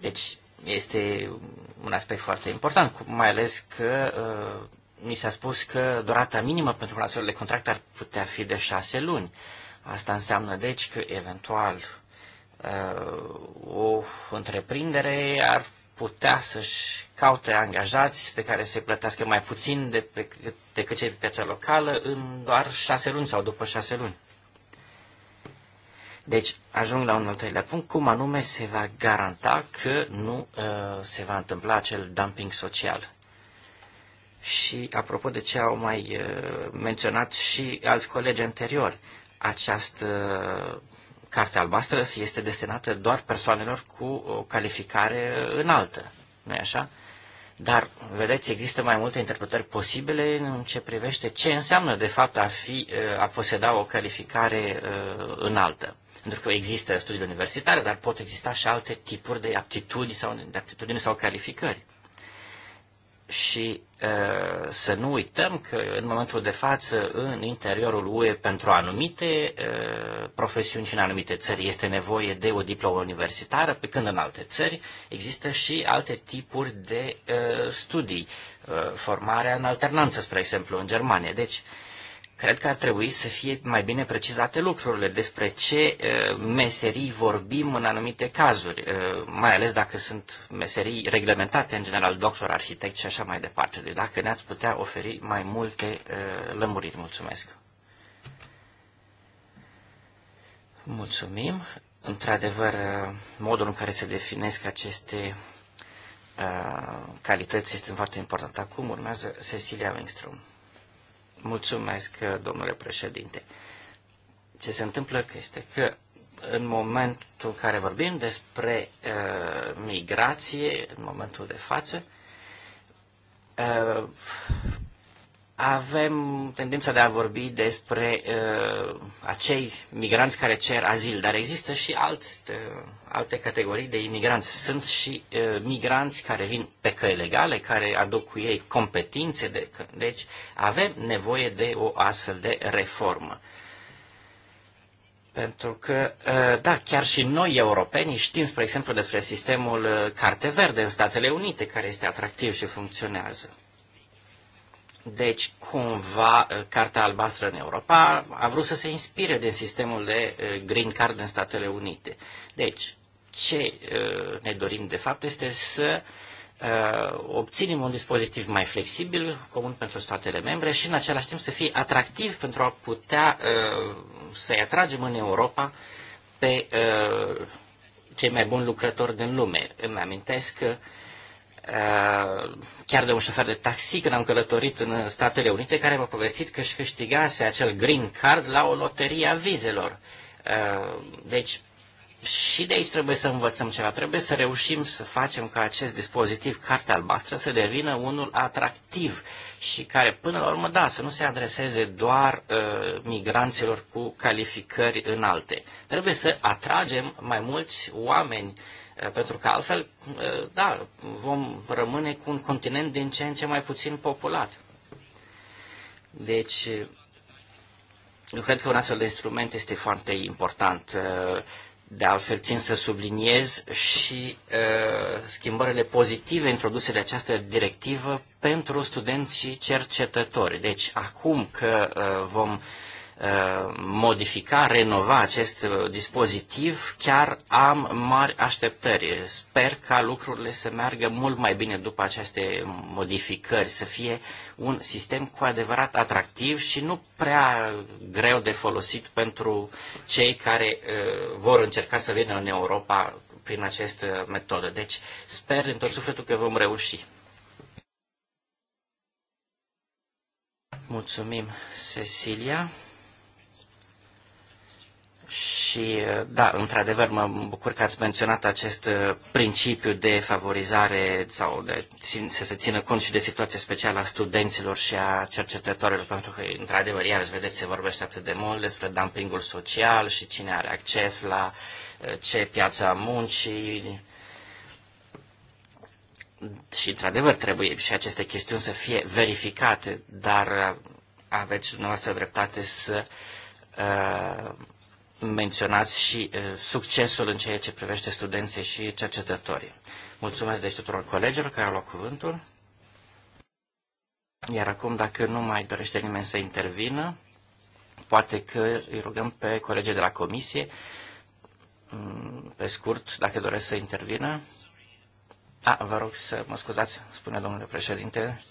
Deci, este un aspect foarte important, mai ales că uh, mi s-a spus că durata minimă pentru un astfel de contract ar putea fi de șase luni. Asta înseamnă, deci, că eventual Uh, o întreprindere ar putea să-și caute angajați pe care să-i plătească mai puțin de pe, decât cei pe piața locală în doar șase luni sau după șase luni. Deci, ajung la un al treilea punct, cum anume se va garanta că nu uh, se va întâmpla acel dumping social. Și, apropo de ce au mai uh, menționat și alți colegi anteriori, această Cartea albastră este destinată doar persoanelor cu o uh, calificare înaltă, nu-i așa? Dar, vedeți, există mai multe interpretări posibile în ce privește ce înseamnă, de fapt, a, fi, uh, a poseda o calificare uh, înaltă. Pentru că există studii universitare, dar pot exista și alte tipuri de aptitudini sau, de aptitudini sau calificări și să nu uităm că în momentul de față, în interiorul UE, pentru anumite profesiuni și în anumite țări este nevoie de o diplomă universitară, pe când în alte țări există și alte tipuri de studii, formarea în alternanță, spre exemplu, în Germania. Deci, Cred că ar trebui să fie mai bine precizate lucrurile despre ce uh, meserii vorbim în anumite cazuri, uh, mai ales dacă sunt meserii reglementate, în general doctor, arhitect și așa mai departe. Deci dacă ne-ați putea oferi mai multe uh, lămuriri, mulțumesc. Mulțumim. Într-adevăr, modul în care se definesc aceste calități este foarte important. Acum urmează Cecilia Wingstrom. Mulțumesc, domnule președinte. Ce se întâmplă este că în momentul în care vorbim despre uh, migrație, în momentul de față, uh, avem tendința de a vorbi despre uh, acei migranți care cer azil, dar există și alt, uh, alte categorii de imigranți. Sunt și uh, migranți care vin pe căi legale, care aduc cu ei competințe, de, deci avem nevoie de o astfel de reformă. Pentru că, uh, da, chiar și noi europenii știm, spre exemplu, despre sistemul uh, Carte Verde în Statele Unite, care este atractiv și funcționează. Deci, cumva, uh, cartea Albastră în Europa a vrut să se inspire din sistemul de uh, Green Card în Statele Unite. Deci, ce uh, ne dorim de fapt este să obținem un dispozitiv mai flexibil, comun pentru statele membre și în același timp să fie atractiv pentru a putea să-i atragem în Europa pe cei mai buni lucrători din lume. Îmi amintesc că Uh, chiar de un șofer de taxi când am călătorit în Statele Unite, care m a povestit că își câștigase acel green card la o loterie a vizelor. Uh, deci, și de aici trebuie să învățăm ceva. Trebuie să reușim să facem ca acest dispozitiv, cartea albastră, să devină unul atractiv și care, până la urmă, da, să nu se adreseze doar uh, migranților cu calificări înalte. Trebuie să atragem mai mulți oameni uh, Eh, pentru că altfel, eh, da, vom rămâne cu un continent din ce în ce mai puțin populat. Deci, eu cred că un astfel de instrument este foarte important. Eh, de altfel, țin să subliniez și schimbările pozitive introduse de această directivă pentru studenți și cercetători. Deci, acum că uh, vom Uh, modifica, renova acest uh, dispozitiv, chiar am mari așteptări. Sper ca lucrurile să meargă mult mai bine după aceste modificări, să fie un sistem cu adevărat atractiv și nu prea greu de folosit pentru cei care uh, vor încerca să vină în Europa prin această metodă. Deci sper din tot sufletul că vom reuși. Mulțumim, Cecilia. Și, uh, da, într-adevăr, mă bucur că ați menționat acest uh, principiu de favorizare sau de țin, să se țină cont și de situația specială a studenților și a cercetătorilor, pentru că, într-adevăr, iarăși, vedeți, se vorbește atât de mult despre dumpingul social și cine are acces la uh, ce piața muncii. Și, într-adevăr, trebuie și aceste chestiuni să fie verificate, dar aveți dumneavoastră dreptate să uh, menționați și uh, succesul în ceea ce privește studenții și cercetătorii. Mulțumesc deci tuturor colegilor care au luat cuvântul. Iar acum, dacă nu mai dorește nimeni să intervină, poate că îi rugăm pe colegii de la comisie, mm, pe scurt, dacă doresc să intervină. A, vă rog să mă scuzați, spune domnule președinte.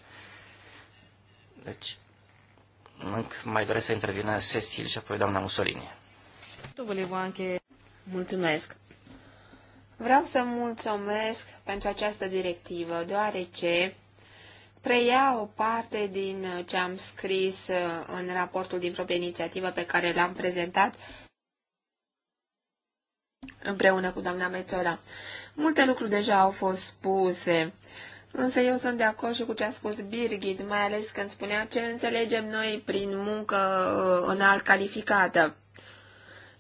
Deci, mai doresc să intervină Cecil și apoi doamna Mussolini. Mulțumesc! Vreau să mulțumesc pentru această directivă, deoarece preia o parte din ce am scris în raportul din proprie inițiativă pe care l-am prezentat împreună cu doamna Mețola. Multe lucruri deja au fost spuse, însă eu sunt de acord și cu ce a spus Birgit, mai ales când spunea ce înțelegem noi prin muncă uh, înalt calificată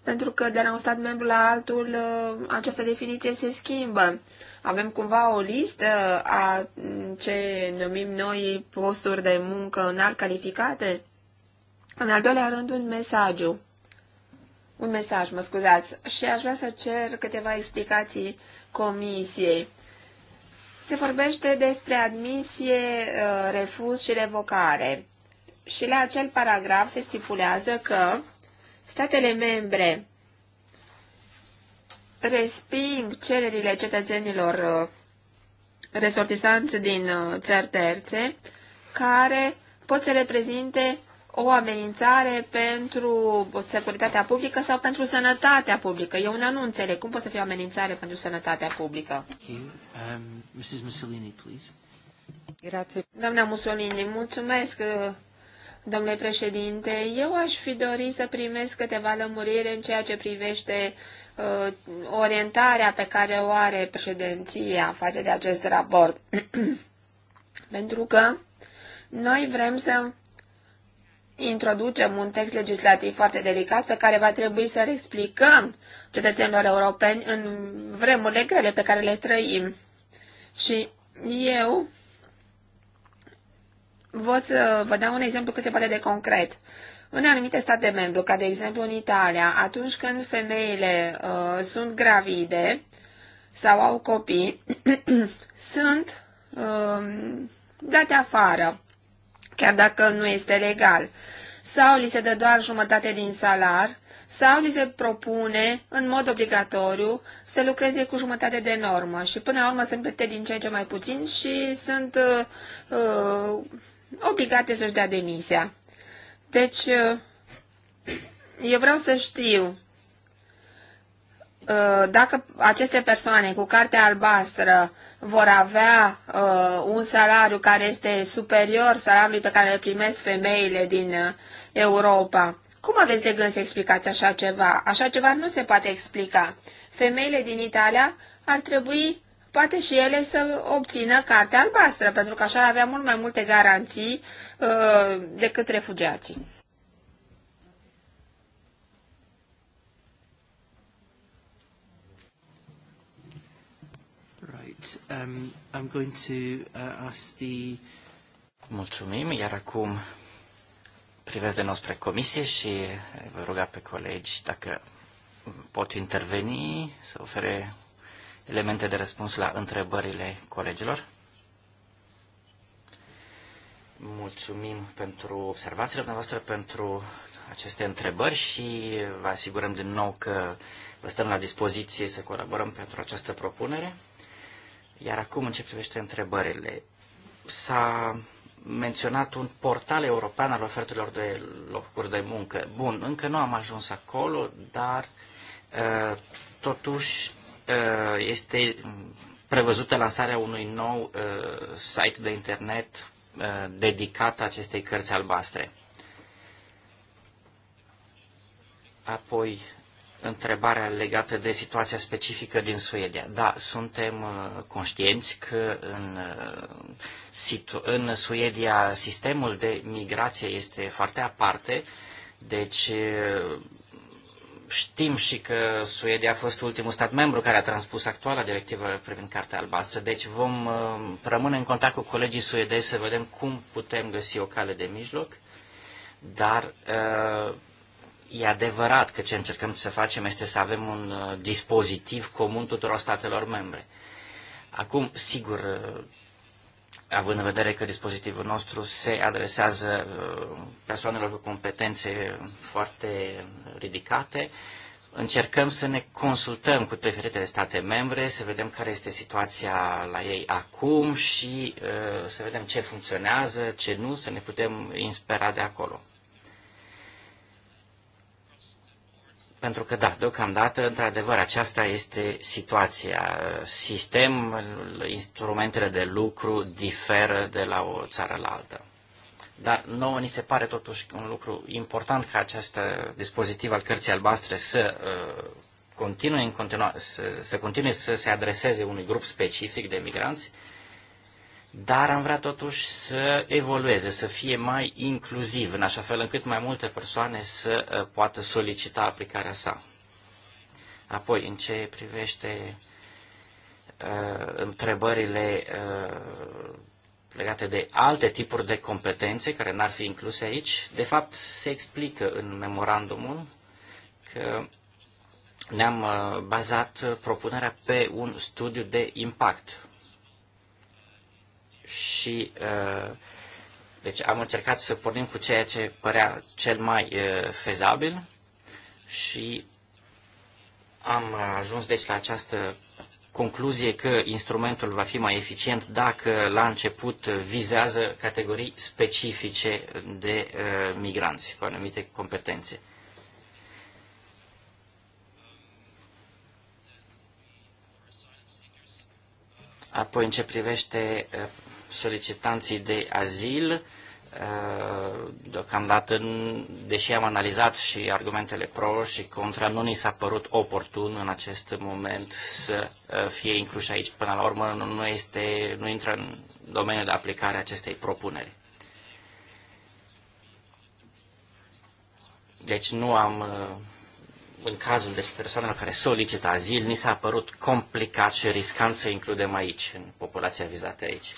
pentru că de la un stat membru la altul uh, această definiție se schimbă. Avem cumva o listă a mm, ce numim noi posturi de muncă înalt calificate? În al doilea rând, un mesaj Un mesaj, mă scuzați. Și aș vrea să cer câteva explicații comisiei. Se vorbește despre admisie, uh, refuz și revocare. Și la acel paragraf se stipulează că statele membre resping cererile cetățenilor uh, resortisanți din uh, țări terțe, care pot să reprezinte o amenințare pentru securitatea publică sau pentru sănătatea publică. Eu nu înțeleg cum poate să fie o amenințare pentru sănătatea publică. Um, Doamna Mussolini, mulțumesc. Uh, Domnule președinte, eu aș fi dorit să primesc câteva lămuriri în ceea ce privește uh, orientarea pe care o are președinția față de acest raport. Pentru că noi vrem să introducem un text legislativ foarte delicat pe care va trebui să-l explicăm cetățenilor europeni în vremurile grele pe care le trăim. Și eu vă, uh, vă dau un exemplu cât se poate de concret. În anumite state membru, ca de exemplu în Italia, atunci când femeile uh, sunt gravide sau au copii, sunt uh, date afară, chiar dacă nu este legal. Sau li se dă doar jumătate din salar, sau li se propune în mod obligatoriu să lucreze cu jumătate de normă și până la urmă sunt plătite din ce în ce mai puțin și sunt uh, uh, obligate să-și dea demisia. Deci, uh, eu vreau să știu uh, dacă aceste persoane cu cartea albastră vor avea uh, un salariu care este superior salariului pe care le primesc femeile din Europa. Cum aveți de gând să explicați așa ceva? Așa ceva nu se poate explica. Femeile din Italia ar trebui poate și ele să obțină cartea albastră, pentru că așa ar avea mult mai multe garanții uh, decât refugiații. Right. Um, I'm going to uh, ask the... Mulțumim, iar acum privesc de nou spre comisie și vă ruga pe colegi dacă pot interveni, să ofere elemente de răspuns la întrebările colegilor. Mulțumim pentru observațiile dumneavoastră, pentru aceste întrebări și vă asigurăm din nou că vă stăm la dispoziție să colaborăm pentru această propunere. Iar acum, în ce privește întrebările, s-a menționat un portal european al ofertelor de locuri de muncă. Bun, încă nu am ajuns acolo, dar uh, totuși Uh, este prevăzută lansarea unui nou uh, site de internet uh, dedicat acestei cărți albastre. Apoi, întrebarea legată de situația specifică din Suedia. Da, suntem conștienți că în, în Suedia sistemul de migrație este foarte aparte, deci Știm și că Suedia a fost ultimul stat membru care a transpus actuala directivă privind Cartea Albastră, deci vom uh, rămâne în contact cu colegii suedezi să vedem cum putem găsi o cale de mijloc, dar uh, e adevărat că ce încercăm să facem este să avem un uh, dispozitiv comun tuturor statelor membre. Acum, sigur, având în vedere că dispozitivul nostru se adresează uh, persoanelor cu competențe foarte ridicate, încercăm să ne consultăm cu preferitele state membre, să vedem care este situația la ei acum și uh, să vedem ce funcționează, ce nu, să ne putem inspira de acolo. Pentru că, da, deocamdată, într-adevăr, aceasta este situația. Sistemul, instrumentele de lucru diferă de la o țară la alta. Dar nouă ni se pare totuși un lucru important ca acest dispozitiv al cărții albastre să uh, continue în continua, să, să continue să se adreseze unui grup specific de migranți dar am vrea totuși să evolueze, să fie mai inclusiv, în așa fel încât mai multe persoane să uh, poată solicita aplicarea sa. Apoi, în ce privește uh, întrebările uh, legate de alte tipuri de competențe care n-ar fi incluse aici, de fapt se explică în memorandumul că ne-am uh, bazat propunerea pe un studiu de impact și uh, deci am încercat să pornim cu ceea ce părea cel mai uh, fezabil și am ajuns deci la această concluzie că instrumentul va fi mai eficient dacă la început vizează categorii specifice de uh, migranți cu anumite competențe. Apoi, în ce privește solicitanții de azil. Uh, deocamdată, deși am analizat și argumentele pro și contra, nu ni s-a părut oportun în acest moment să uh, fie inclus aici. Până la urmă, nu, este, nu intră în domeniul de aplicare a acestei propuneri. Deci nu am, uh, în cazul despre deci persoanelor care solicită azil, ni s-a părut complicat și riscant să includem aici, în populația vizată aici.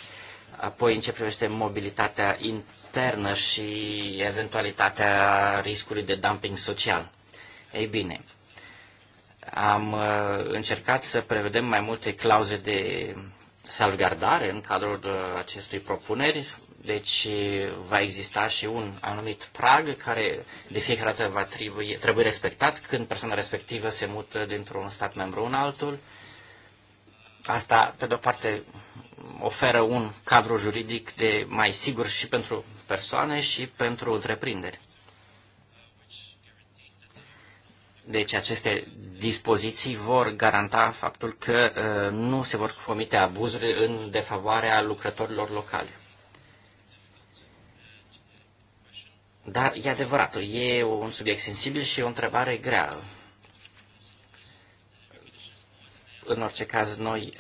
Apoi, în ce privește mobilitatea internă și eventualitatea riscului de dumping social. Ei bine, am uh, încercat să prevedem mai multe clauze de salvgardare în cadrul uh, acestui propuneri, deci uh, va exista și un anumit prag care de fiecare dată va trebui, trebui respectat când persoana respectivă se mută dintr-un stat membru în altul. Asta, pe de-o parte, oferă un cadru juridic de mai sigur și pentru persoane și pentru întreprinderi. Deci aceste dispoziții vor garanta faptul că uh, nu se vor comite abuzuri în defavoarea lucrătorilor locali. Dar e adevărat, e un subiect sensibil și o întrebare grea. în orice caz, noi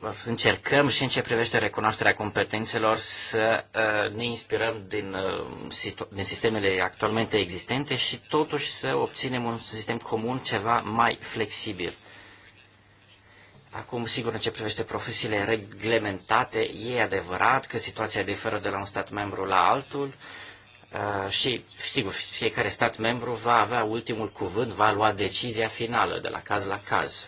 uh, încercăm și în ce privește recunoașterea competențelor să uh, ne inspirăm din, uh, din sistemele actualmente existente și totuși să obținem un sistem comun ceva mai flexibil. Acum, sigur, în ce privește profesiile reglementate, e adevărat că situația diferă de la un stat membru la altul uh, și, sigur, fiecare stat membru va avea ultimul cuvânt, va lua decizia finală de la caz la caz.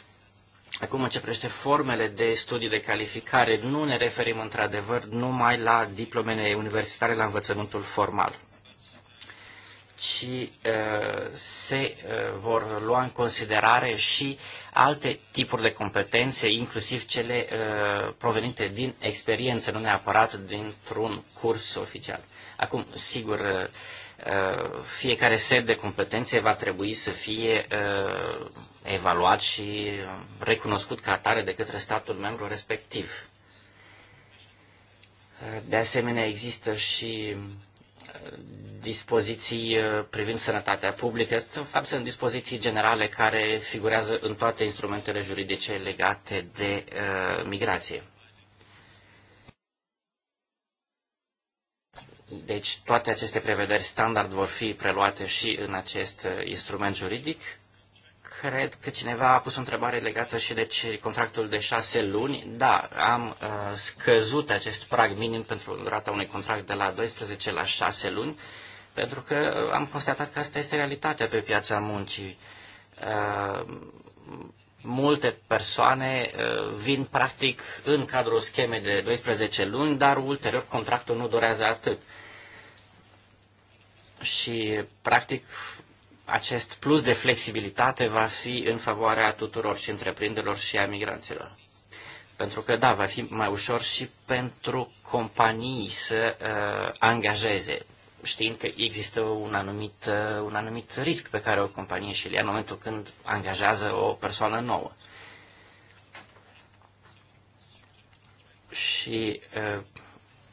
Acum ce privește formele de studii de calificare, nu ne referim într-adevăr numai la diplomele universitare la învățământul formal, ci uh, se uh, vor lua în considerare și alte tipuri de competențe, inclusiv cele uh, provenite din experiență, nu neapărat dintr-un curs oficial. Acum, sigur, uh, uh fiecare set de competențe va trebui să fie uh, evaluat și recunoscut ca atare de către statul membru respectiv. De asemenea, există și uh, dispoziții uh, privind sănătatea publică. În fapt, sunt dispoziții generale care figurează în toate instrumentele juridice legate de uh, migrație. Deci, toate aceste prevederi standard vor fi preluate și în acest uh, instrument juridic Cred că cineva a pus o întrebare legată și de contractul de șase luni. Da, am uh, scăzut acest prag minim pentru durata unui contract de la 12 la 6 luni, pentru că am constatat că asta este realitatea pe piața muncii. Uh, multe persoane uh, vin practic în cadrul schemei de 12 luni, dar ulterior contractul nu durează atât. Și practic acest plus de flexibilitate va fi în favoarea tuturor și întreprinderilor și a migranților. Pentru că, da, va fi mai ușor și pentru companii să uh, angajeze, știind că există un anumit, uh, un anumit risc pe care o companie și-l ia în momentul când angajează o persoană nouă. Și uh,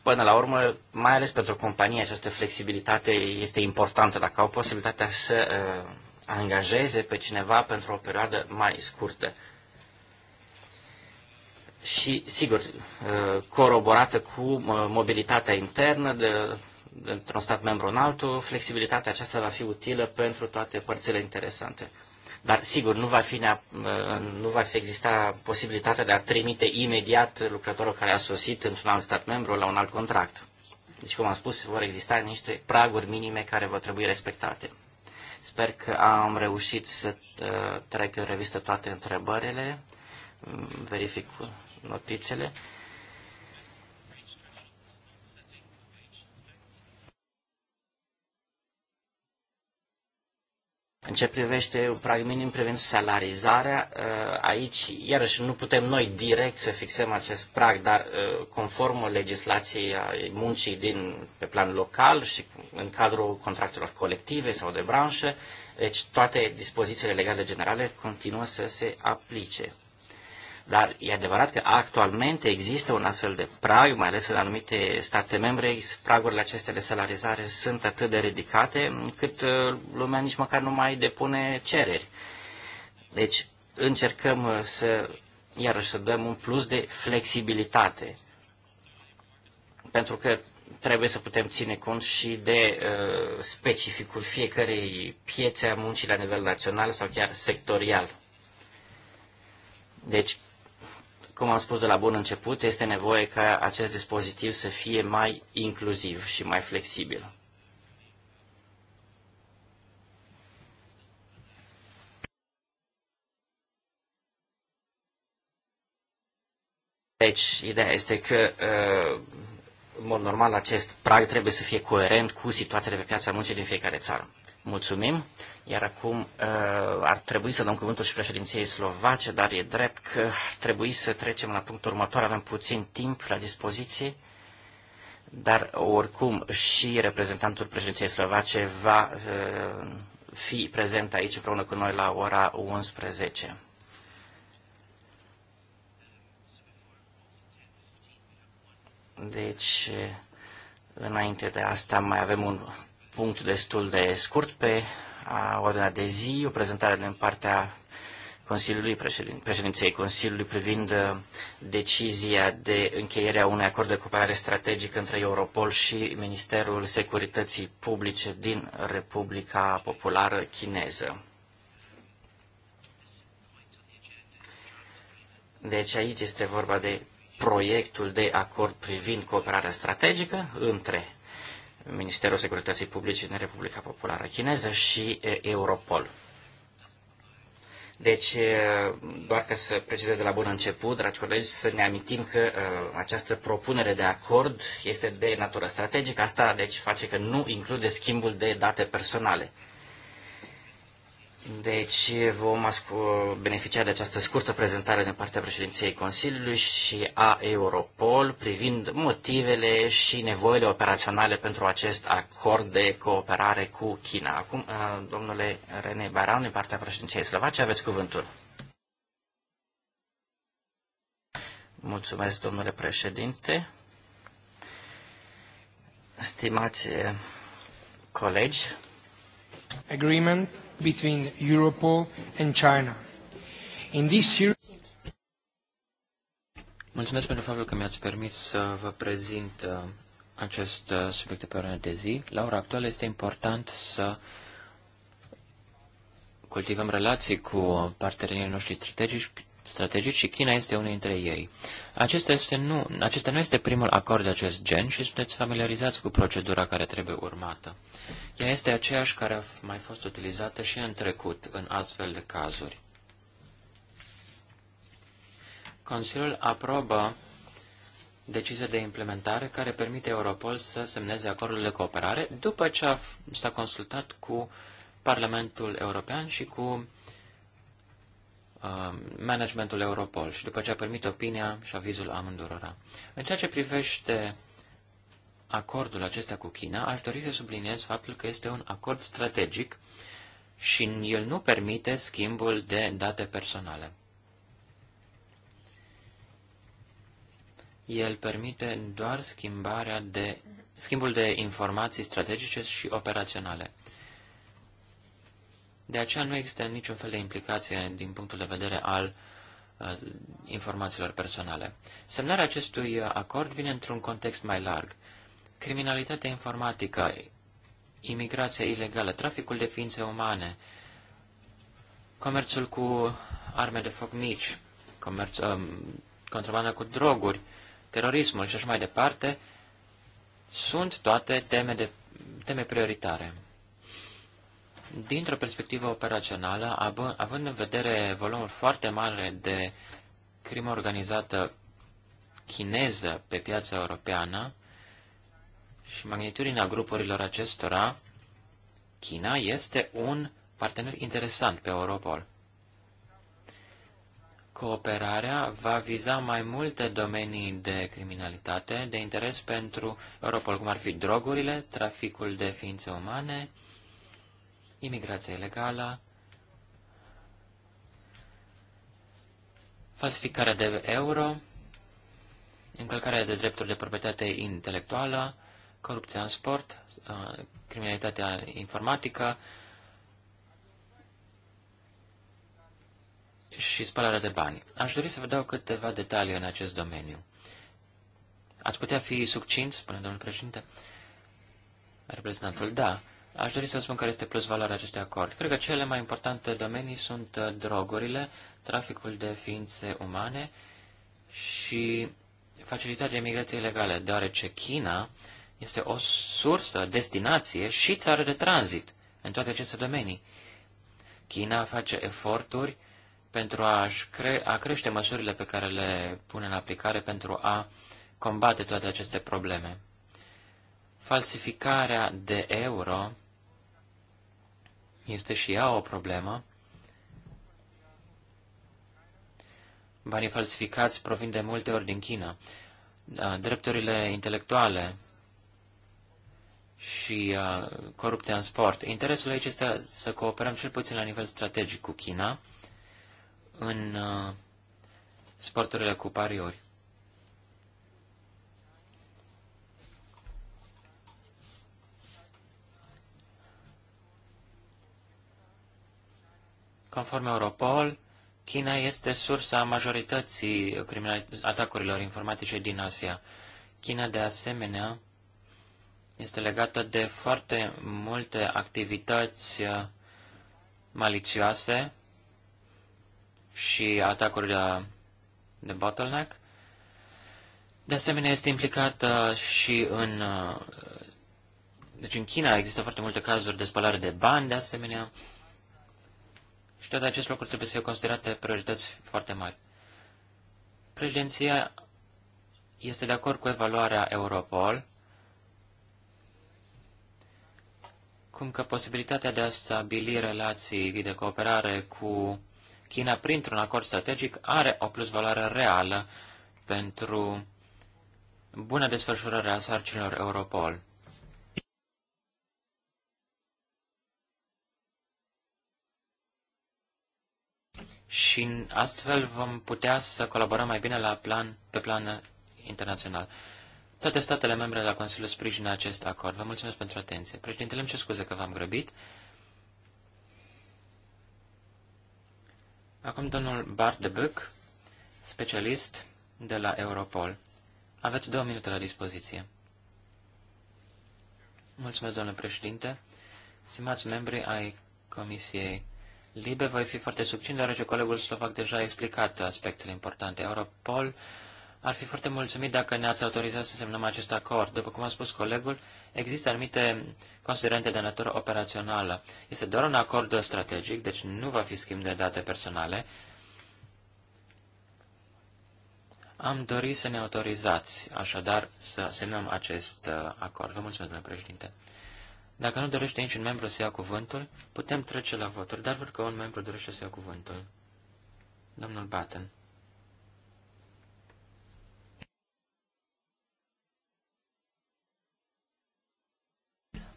Până la urmă, mai ales pentru companie, această flexibilitate este importantă. Dacă au posibilitatea să uh, angajeze pe cineva pentru o perioadă mai scurtă. Și, sigur, uh, coroborată cu uh, mobilitatea internă de, într-un stat membru în altul, flexibilitatea aceasta va fi utilă pentru toate părțile interesante. Dar, sigur, nu va, fi nu va fi exista posibilitatea de a trimite imediat lucrătorul care a sosit într-un alt stat membru la un alt contract. Deci, cum am spus, vor exista niște praguri minime care vor trebui respectate. Sper că am reușit să uh, trec în revistă toate întrebările, mm, verific notițele. În ce privește un prag minim privind salarizarea, uh, aici, iarăși, nu putem noi direct să fixăm acest prag, dar uh, conform legislației muncii din, pe plan local și în cadrul contractelor colective sau de branșă, deci toate dispozițiile legale generale continuă să se aplice. Dar e adevărat că actualmente există un astfel de prag, mai ales în anumite state membre, pragurile acestea de salarizare sunt atât de ridicate încât uh, lumea nici măcar nu mai depune cereri. Deci încercăm uh, să, iarăși, să dăm un plus de flexibilitate. Pentru că trebuie să putem ține cont și de uh, specificul fiecarei piețe a muncii la nivel național sau chiar sectorial. Deci, cum am spus de la bun început, este nevoie ca acest dispozitiv să fie mai inclusiv și mai flexibil. Deci, ideea este că uh, în mod normal, acest prag trebuie să fie coerent cu situația de pe piața muncii din fiecare țară. Mulțumim. Iar acum uh, ar trebui să dăm cuvântul și președinției slovace, dar e drept că ar trebui să trecem la punctul următor. Avem puțin timp la dispoziție, dar oricum și reprezentantul președinției slovace va uh, fi prezent aici împreună cu noi la ora 11. Deci, înainte de asta mai avem un punct destul de scurt pe ordinea de zi, o prezentare din partea Consiliului, președin, președinței Consiliului privind uh, decizia de încheiere a unui acord de cooperare strategic între Europol și Ministerul Securității Publice din Republica Populară Chineză. Deci aici este vorba de proiectul de acord privind cooperarea strategică între Ministerul Securității Publice din Republica Populară Chineză și Europol. Deci, doar ca să precizez de la bun început, dragi colegi, să ne amintim că uh, această propunere de acord este de natură strategică. Asta, deci, face că nu include schimbul de date personale. Deci vom beneficia de această scurtă prezentare din partea președinției Consiliului și a Europol privind motivele și nevoile operaționale pentru acest acord de cooperare cu China. Acum, uh, domnule René Baran, din partea președinției Slovacia, aveți cuvântul. Mulțumesc, domnule președinte. Stimați uh, colegi, Agreement between Europol and China. In this series... Mulțumesc pentru faptul că mi-ați permis să vă prezint uh, acest uh, subiect de pe ordine de zi. La ora actuală este important să cultivăm relații cu partenerii noștri strategici strategici și China este unul dintre ei. Acesta, este nu, acesta nu este primul acord de acest gen și sunteți familiarizați cu procedura care trebuie urmată. Ea este aceeași care a mai fost utilizată și în trecut, în astfel de cazuri. Consiliul aprobă decizia de implementare care permite Europol să semneze acordul de cooperare după ce s-a consultat cu Parlamentul European și cu Uh, managementul Europol și după ce a primit opinia și avizul amândurora. În ceea ce privește acordul acesta cu China, aș dori să subliniez faptul că este un acord strategic și el nu permite schimbul de date personale. El permite doar schimbarea de, schimbul de informații strategice și operaționale. De aceea nu există niciun fel de implicație din punctul de vedere al uh, informațiilor personale. Semnarea acestui acord vine într-un context mai larg. Criminalitatea informatică, imigrația ilegală, traficul de ființe umane, comerțul cu arme de foc mici, comerț, uh, um, contrabanda cu droguri, terorismul și așa mai departe, sunt toate teme, de, teme prioritare dintr-o perspectivă operațională, având în vedere volumul foarte mare de crimă organizată chineză pe piața europeană și magnitudinea grupurilor acestora, China este un partener interesant pe Europol. Cooperarea va viza mai multe domenii de criminalitate de interes pentru Europol, cum ar fi drogurile, traficul de ființe umane, imigrația ilegală, falsificarea de euro, încălcarea de drepturi de proprietate intelectuală, corupția în sport, criminalitatea informatică și spălarea de bani. Aș dori să vă dau câteva detalii în acest domeniu. Ați putea fi succint, spune domnul președinte? Reprezentantul, da. Aș dori să spun care este plus valoarea acestui acord. Cred că cele mai importante domenii sunt uh, drogurile, traficul de ființe umane și facilitatea imigrației legale, deoarece China este o sursă, destinație și țară de tranzit în toate aceste domenii. China face eforturi pentru a, cre- a crește măsurile pe care le pune în aplicare pentru a combate toate aceste probleme. Falsificarea de euro este și ea o problemă. Banii falsificați provin de multe ori din China. Da, drepturile intelectuale și uh, corupția în sport. Interesul aici este să cooperăm cel puțin la nivel strategic cu China în uh, sporturile cu pariuri. Conform Europol, China este sursa majorității atacurilor informatice din Asia. China, de asemenea, este legată de foarte multe activități uh, malicioase și atacuri de, de bottleneck. De asemenea, este implicată și în... Uh, deci în China există foarte multe cazuri de spălare de bani, de asemenea. Și toate aceste lucruri trebuie să fie considerate priorități foarte mari. Președinția este de acord cu evaluarea Europol, cum că posibilitatea de a stabili relații de cooperare cu China printr-un acord strategic are o plusvaloare reală pentru bună desfășurare a sarcinilor Europol. și astfel vom putea să colaborăm mai bine la plan, pe plan internațional. Toate statele membre la Consiliu sprijină acest acord. Vă mulțumesc pentru atenție. Președintele, îmi ce scuze că v-am grăbit. Acum domnul Bart de Buc, specialist de la Europol. Aveți două minute la dispoziție. Mulțumesc, domnule președinte. Stimați membri ai Comisiei Libe voi fi foarte subțin, deoarece colegul slovac deja a explicat aspectele importante. Europol ar fi foarte mulțumit dacă ne-ați autorizat să semnăm acest acord. După cum a spus colegul, există anumite considerente de natură operațională. Este doar un acord strategic, deci nu va fi schimb de date personale. Am dorit să ne autorizați, așadar, să semnăm acest uh, acord. Vă mulțumesc, domnule președinte. Dacă nu dorește niciun membru să ia cuvântul, putem trece la voturi, dar văd că un membru dorește să ia cuvântul. Domnul Batten.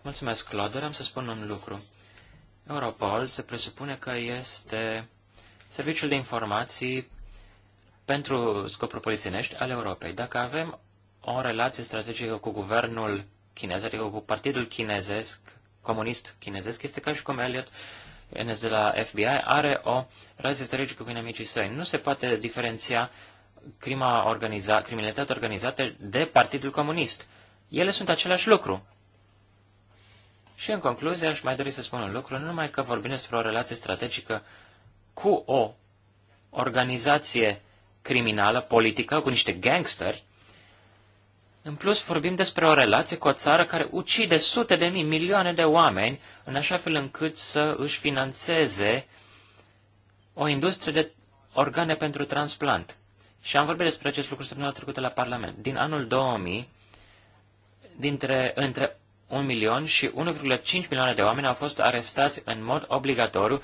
Mulțumesc, Claude. Am să spun un lucru. Europol se presupune că este serviciul de informații pentru scopuri polițienești al Europei. Dacă avem o relație strategică cu guvernul chinez, adică cu partidul chinezesc, comunist chinezesc, este ca și cum Elliot Enes de la FBI are o relație strategică cu inimicii săi. Nu se poate diferenția crima organiza, criminalitatea organizată de Partidul Comunist. Ele sunt același lucru. Și în concluzie aș mai dori să spun un lucru, nu numai că vorbim despre o relație strategică cu o organizație criminală, politică, cu niște gangsteri, în plus, vorbim despre o relație cu o țară care ucide sute de mii, milioane de oameni, în așa fel încât să își financeze o industrie de organe pentru transplant. Și am vorbit despre acest lucru săptămâna trecută la Parlament. Din anul 2000, dintre, între 1 milion și 1,5 milioane de oameni au fost arestați în mod obligatoriu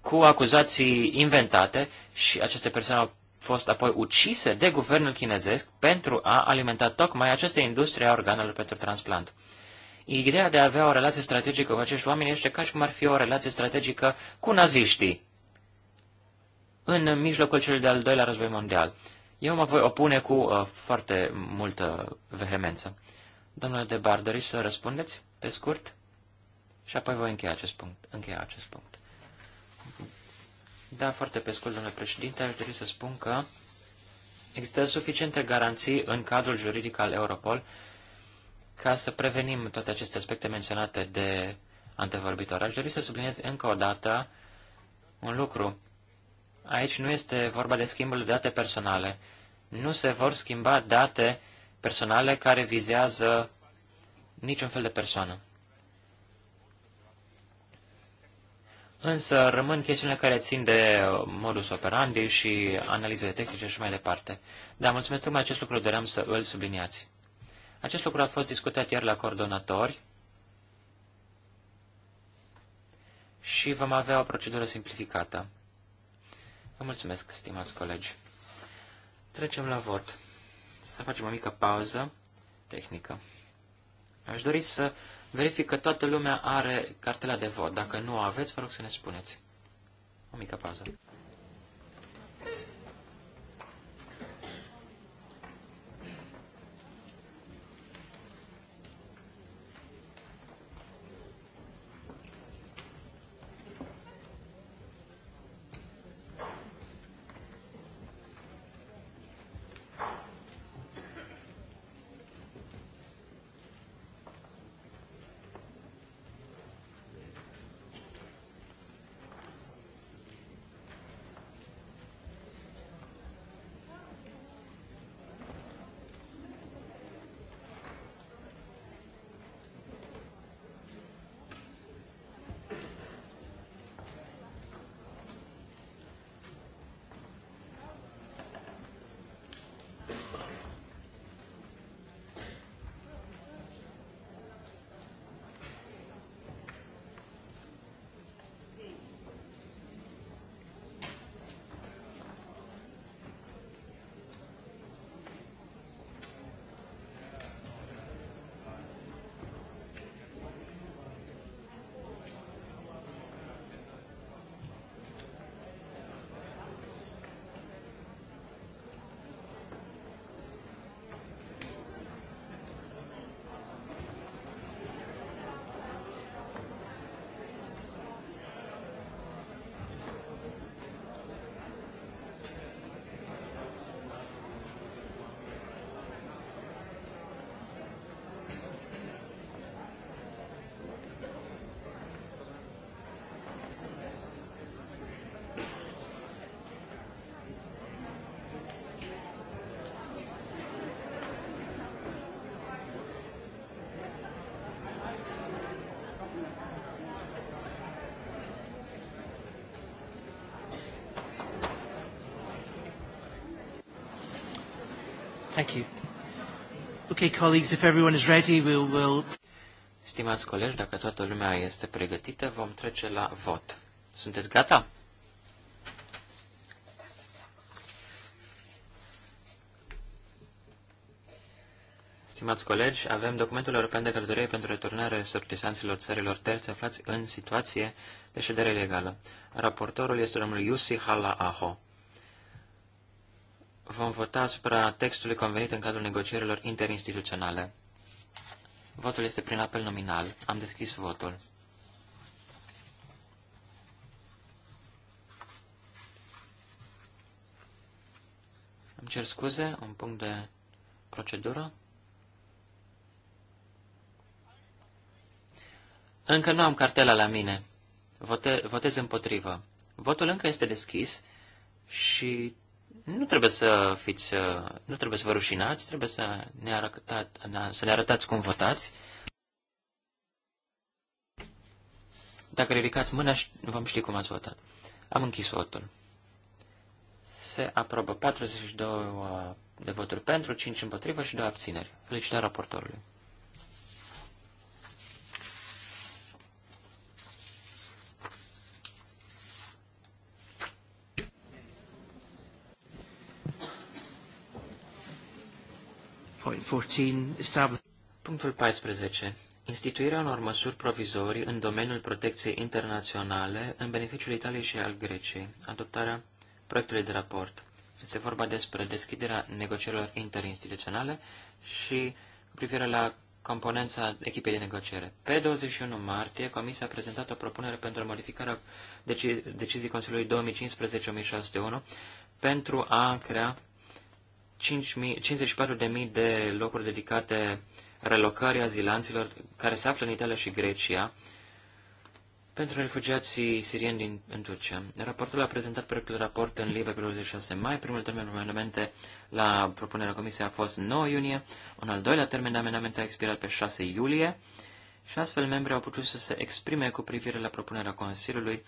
cu acuzații inventate și aceste persoane au fost apoi ucise de guvernul chinezesc pentru a alimenta tocmai aceste industrie a organelor pentru transplant. Ideea de a avea o relație strategică cu acești oameni este ca și cum ar fi o relație strategică cu naziștii în mijlocul celui de-al doilea război mondial. Eu mă voi opune cu uh, foarte multă vehemență. Domnule de Bar, doriți să răspundeți pe scurt? Și apoi voi încheia acest punct. Încheia acest punct. Da, foarte pe scurt, domnule președinte, aș dori să spun că există suficiente garanții în cadrul juridic al Europol ca să prevenim toate aceste aspecte menționate de antevorbitor. Aș dori să subliniez încă o dată un lucru. Aici nu este vorba de schimbul de date personale. Nu se vor schimba date personale care vizează niciun fel de persoană. Însă rămân chestiunile care țin de uh, modus operandi și analizele tehnice și mai departe. Dar mulțumesc tocmai acest lucru doream să îl subliniați. Acest lucru a fost discutat ieri la coordonatori și vom avea o procedură simplificată. Vă mulțumesc, stimați colegi. Trecem la vot. Să facem o mică pauză tehnică. Aș dori să Verific că toată lumea are cartela de vot. Dacă nu o aveți, vă rog să ne spuneți. O mică pauză. Thank you. Okay, colleagues, if everyone is ready, we'll... Stimați colegi, dacă toată lumea este pregătită, vom trece la vot. Sunteți gata? Stimați colegi, avem documentul european de călătorie pentru returnare resortisanților țărilor terțe aflați în situație de ședere ilegală. Raportorul este domnul Yusi Hala Aho vom vota asupra textului convenit în cadrul negocierilor interinstituționale. Votul este prin apel nominal. Am deschis votul. Îmi cer scuze, un punct de procedură. Încă nu am cartela la mine. Vote, votez împotrivă. Votul încă este deschis și nu trebuie să fiți, uh, nu trebuie să vă rușinați, trebuie să ne, arătați, să ne arătați cum votați. Dacă ridicați mâna, vom ști cum ați votat. Am închis votul. Se aprobă 42 de voturi pentru, 5 împotrivă și 2 abțineri. Felicitări raportorului. Punctul 14. Instituirea unor măsuri provizorii în domeniul protecției internaționale în beneficiul Italiei și al Greciei. Adoptarea proiectului de raport. Este vorba despre deschiderea negocierilor interinstituționale și privire la componența echipei de negociere. Pe 21 martie, Comisia a prezentat o propunere pentru modificarea deci deciziei Consiliului 2015-1601 pentru a crea 54.000 de locuri dedicate relocării azilanților care se află în Italia și Grecia pentru refugiații sirieni din în Turcia. Raportul a prezentat proiectul raport în Libe pe 26 mai. Primul termen de amendamente la propunerea comisiei a fost 9 iunie, un al doilea termen de amendamente a expirat pe 6 iulie și astfel membrii au putut să se exprime cu privire la propunerea Consiliului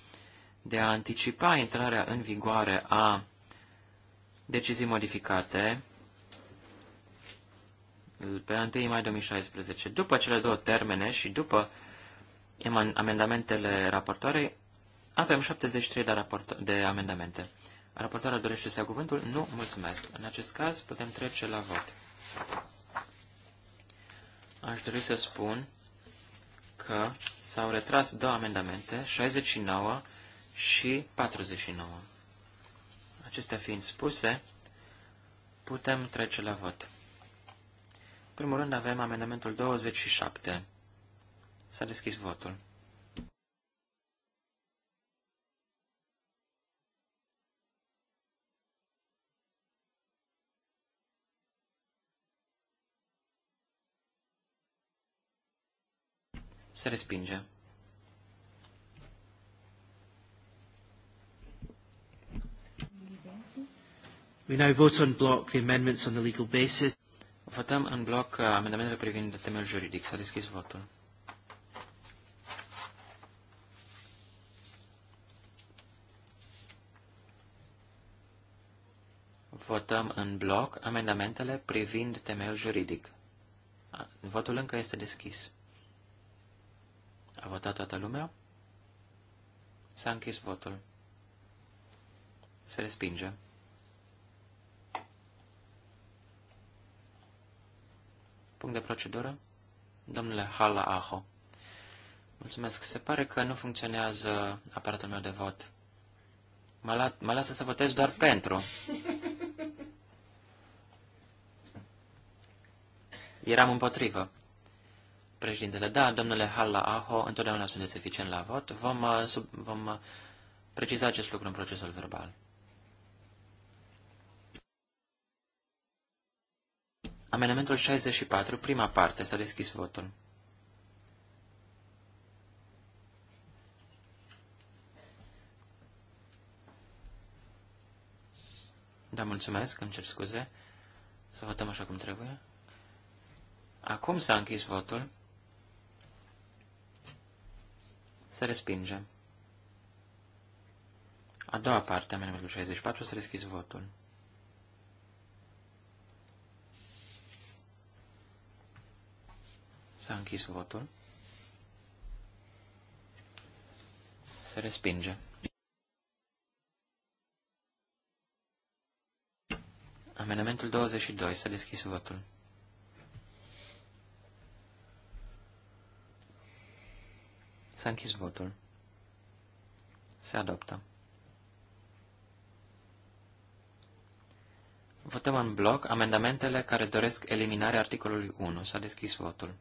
de a anticipa intrarea în vigoare a Decizii modificate pe 1 mai 2016. După cele două termene și după amendamentele raportoarei, avem 73 de, raporto- de amendamente. Raportoarea dorește să ia cuvântul? Nu, mulțumesc. În acest caz putem trece la vot. Aș dori să spun că s-au retras două amendamente, 69 și 49. Acestea fiind spuse, putem trece la vot. În primul rând avem amendamentul 27. S-a deschis votul. Se respinge. We now vote on block the amendments on the legal basis. Votăm în bloc uh, amendamentele privind temel juridic. S-a deschis votul. Votăm în bloc amendamentele privind temeiul juridic. Votul încă este deschis. A votat toată lumea? S-a închis votul. Se respinge. Punct de procedură? Domnule Halla Aho. Mulțumesc. Se pare că nu funcționează aparatul meu de vot. Mă, la, mă lasă să votez doar pentru. Eram împotrivă. Președintele, da, domnule Halla Aho, întotdeauna sunteți eficient la vot. Vom, uh, sub, vom uh, preciza acest lucru în procesul verbal. Amendamentul 64, prima parte, s-a deschis votul. Da, mulțumesc, îmi cer scuze. Să votăm așa cum trebuie. Acum s-a închis votul. Se respinge. A doua parte, amendamentul 64, s-a deschis votul. S-a închis votul. Se respinge. Amendamentul 22. S-a deschis votul. S-a închis votul. Se adoptă. Votăm în bloc amendamentele care doresc eliminarea articolului 1. S-a deschis votul.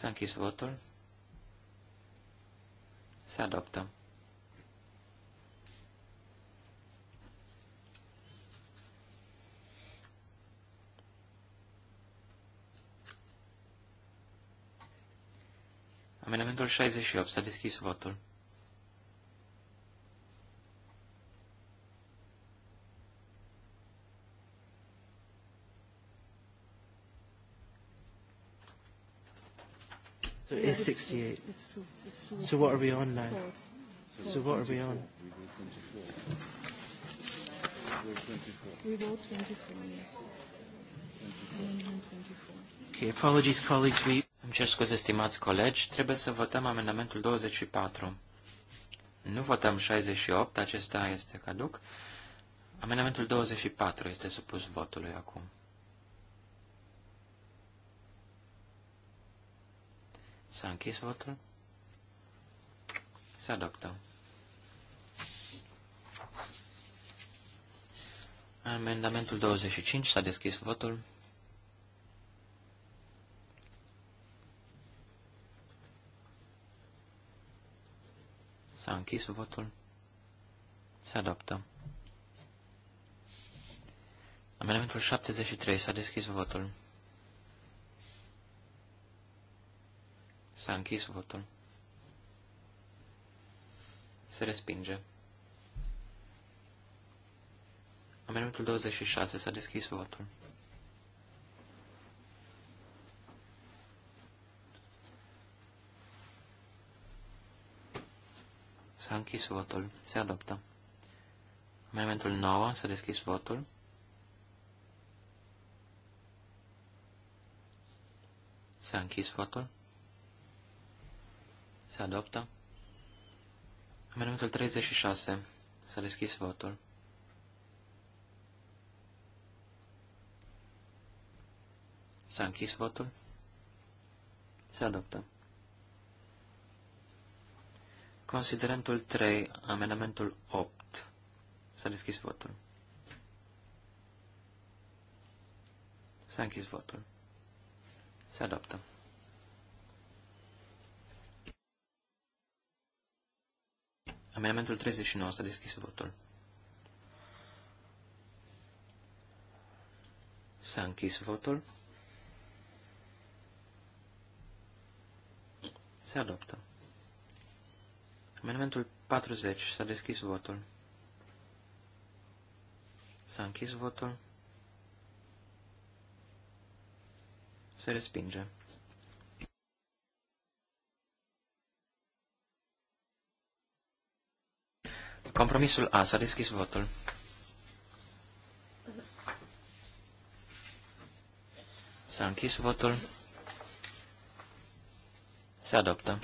S-a închis votul. Se adoptă. Amendamentul 68. S-a deschis votul. So it is 68. So what are we on now? So what are we on? We vote 24, yes. Okay, apologies, colleagues. We... Îmi cer scuze, stimați colegi, trebuie să votăm amendamentul 24. Nu votăm 68, acesta este caduc. Amendamentul 24 este supus votului acum. S-a închis votul. Se adoptă. Amendamentul 25 s-a deschis votul. S-a închis votul. Se adoptă. Amendamentul 73 s-a deschis votul. S-a închis votul. Se respinge. Amendamentul 26. S-a deschis votul. S-a închis votul. Se adoptă. Amendamentul 9. S-a deschis votul. S-a închis votul. Se adoptă. Amendamentul 36. S-a deschis votul. S-a închis votul. Se adoptă. Considerentul 3, amendamentul 8. S-a deschis votul. S-a închis votul. Se adoptă. Amendamentul 39. S-a deschis votul. S-a închis votul. Se adoptă. Amendamentul 40. S-a deschis votul. S-a închis votul. Se respinge. Compromisul A. S-a deschis votul. S-a închis votul. Se adoptă.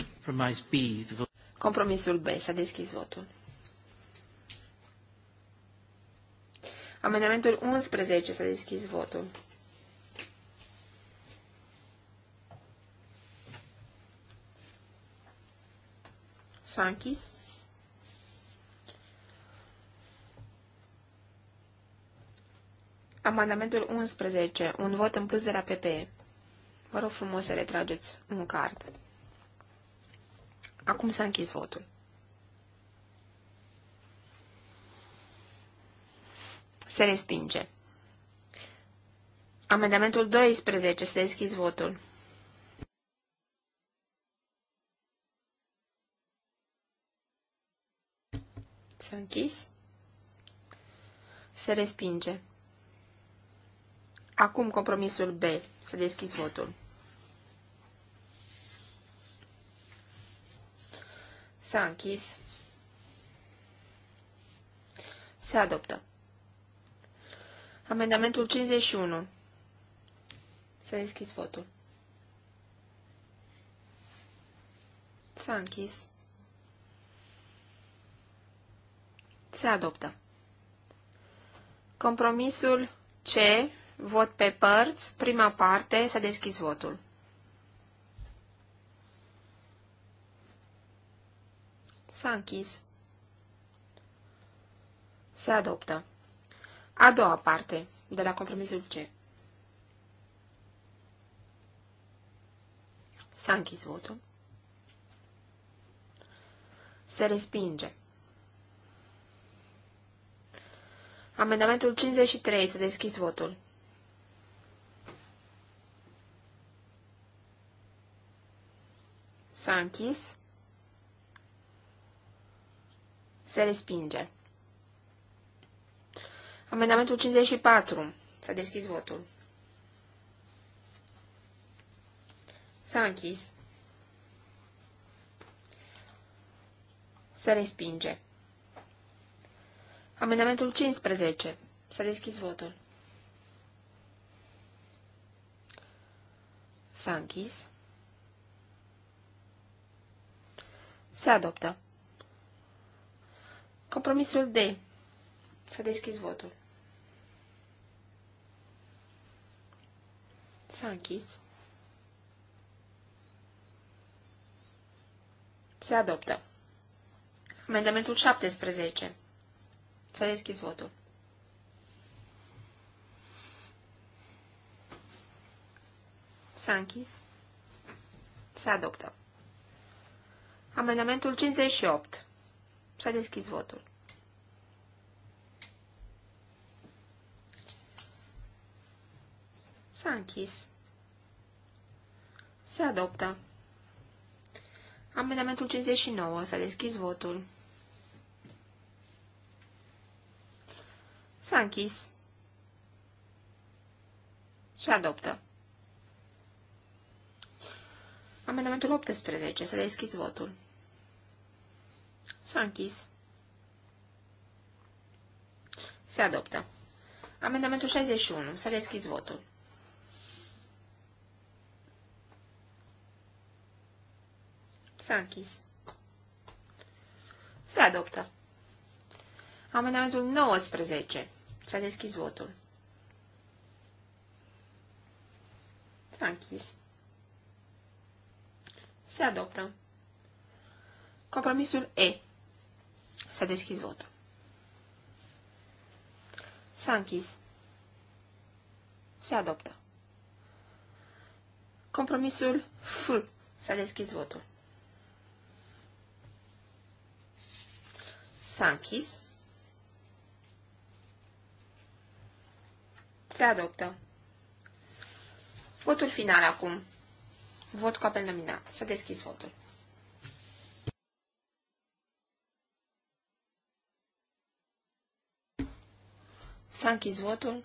Compromisul B. S-a deschis votul. Amendamentul 11. S-a deschis votul. S-a închis. Amandamentul 11. Un vot în plus de la PPE. Vă rog frumos să retrageți un card. Acum s-a închis votul. Se respinge. Amendamentul 12. Se deschis votul. S-a închis. Se respinge. Acum compromisul B. Să deschizi votul. S-a închis. Se adoptă. Amendamentul 51. S-a deschis votul. S-a închis. Se adoptă. Compromisul C Vot pe părți, prima parte, s-a deschis votul. S-a închis. Se adoptă. A doua parte, de la compromisul C. S-a închis votul. Se respinge. Amendamentul 53. Să deschis votul. S-a închis. Se respinge. Amendamentul 54. S-a deschis votul. S-a închis. Se respinge. Amendamentul 15. S-a deschis votul. S-a închis. Se adoptă. Compromisul D. Să deschizi votul. S-a închis. Se adoptă. Amendamentul 17. S-a deschis votul. S-a închis. Se adoptă. Amendamentul 58. S-a deschis votul. S-a închis. Se adoptă. Amendamentul 59. S-a deschis votul. S-a închis. Se adoptă. Amendamentul 18. S-a deschis votul. S-a închis. Se adoptă. Amendamentul 61. S-a deschis votul. S-a închis. Se adoptă. Amendamentul 19. S-a deschis votul. S-a închis. Se adoptă. Compromisul E. S-a deschis votul. S-a închis. Se adoptă. Compromisul F. S-a deschis votul. S-a închis. Se adoptă. Votul final acum. Vot cu apel nominal. S-a deschis votul. S-a închis votul.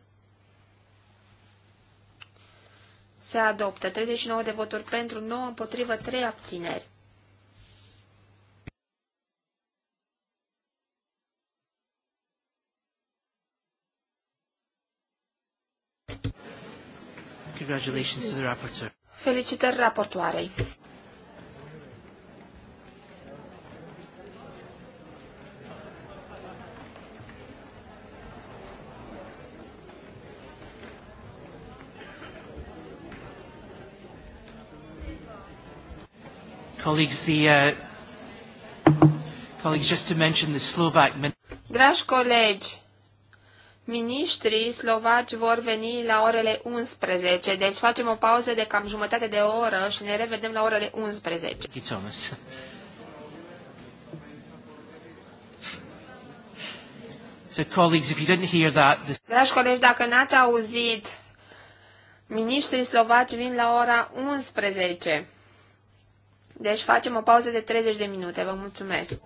Se adoptă 39 de voturi pentru, 9 împotrivă, 3 abțineri. Congratulations to the rapporteur. Felicitări raportoarei. Dragi colegi, ministrii slovaci vor veni la orele 11, deci facem o pauză de cam jumătate de oră și ne revedem la orele 11. So, colleagues, if you didn't hear that, this... Dragi colegi, dacă n-ați auzit, ministrii slovaci vin la ora 11. Deci facem o pauză de 30 de minute. Vă mulțumesc!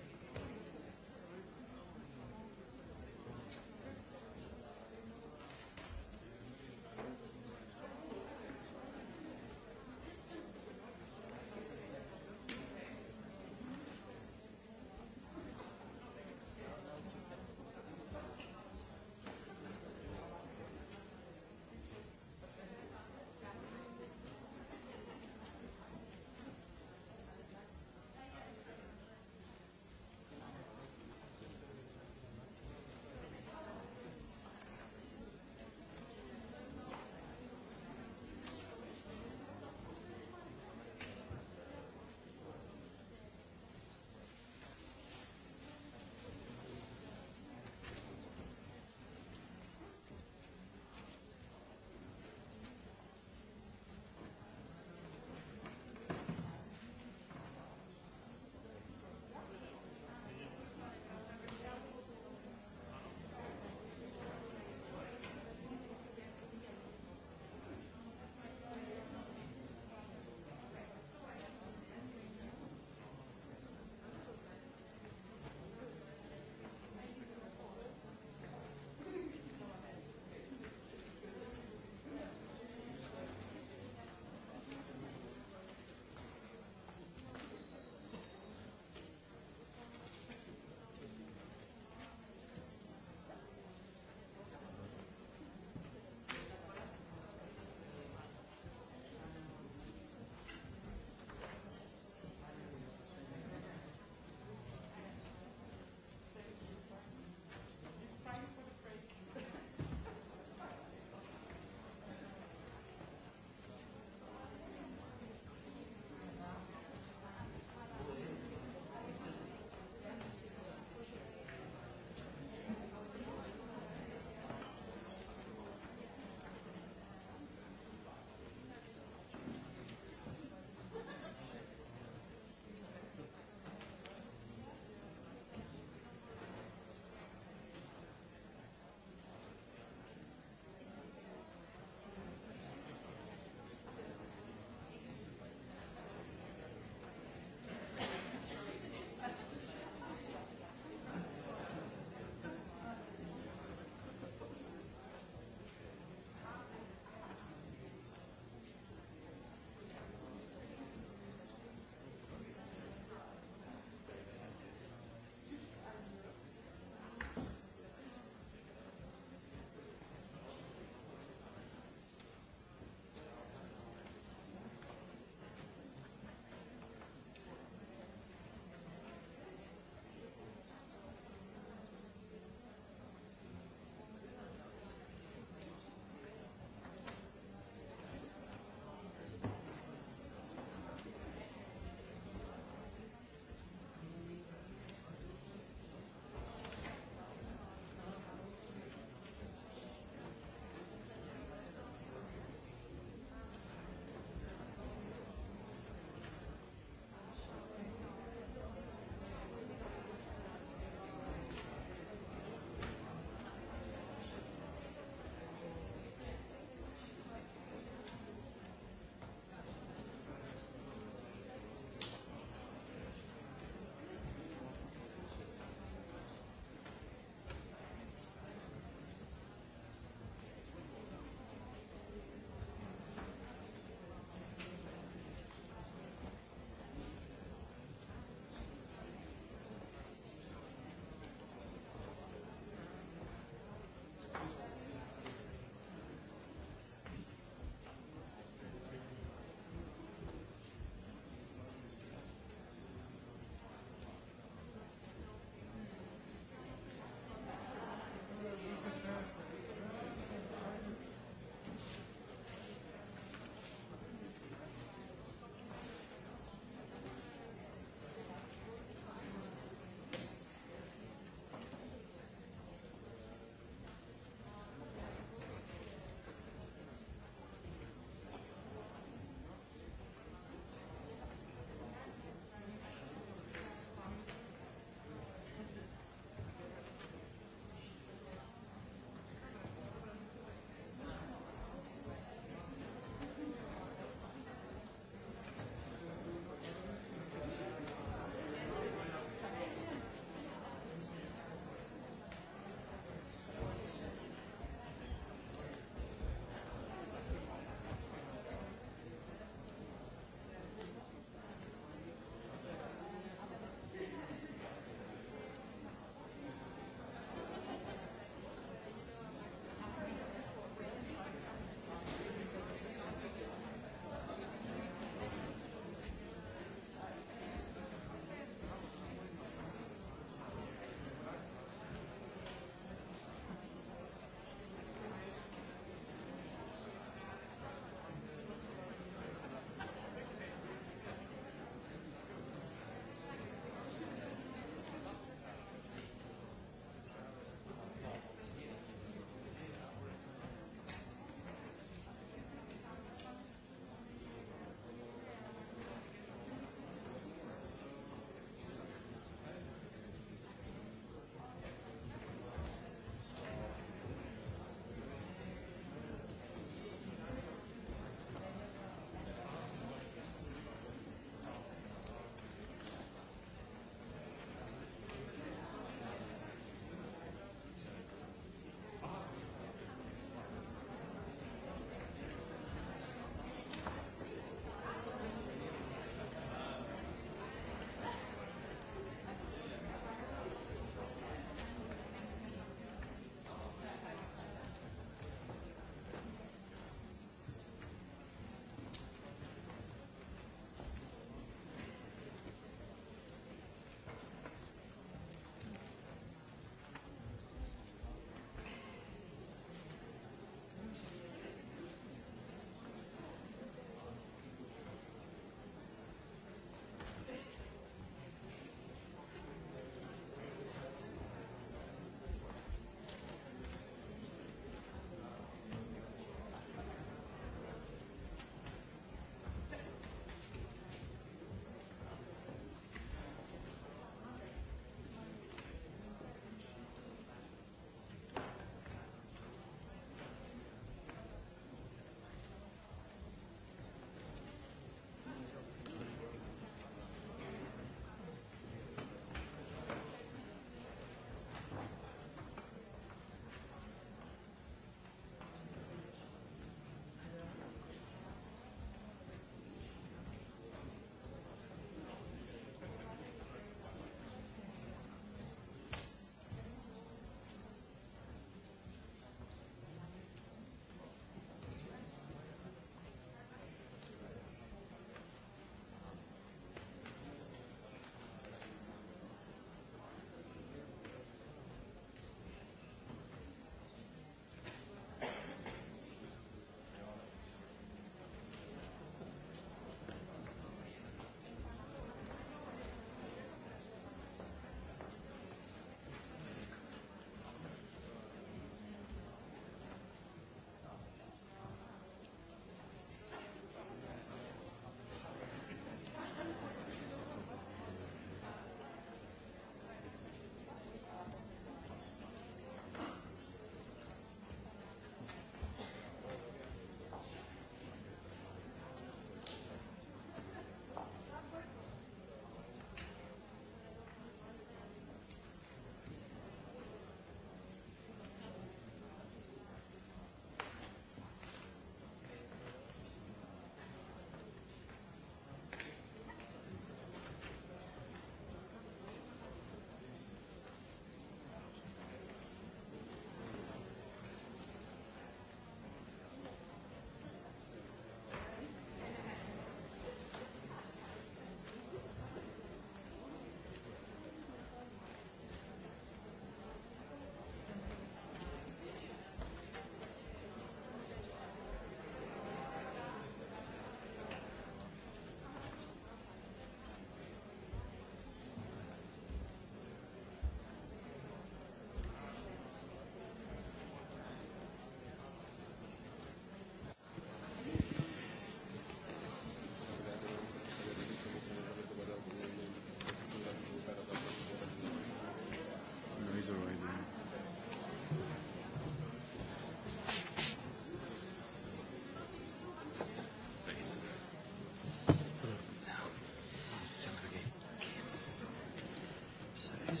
Da.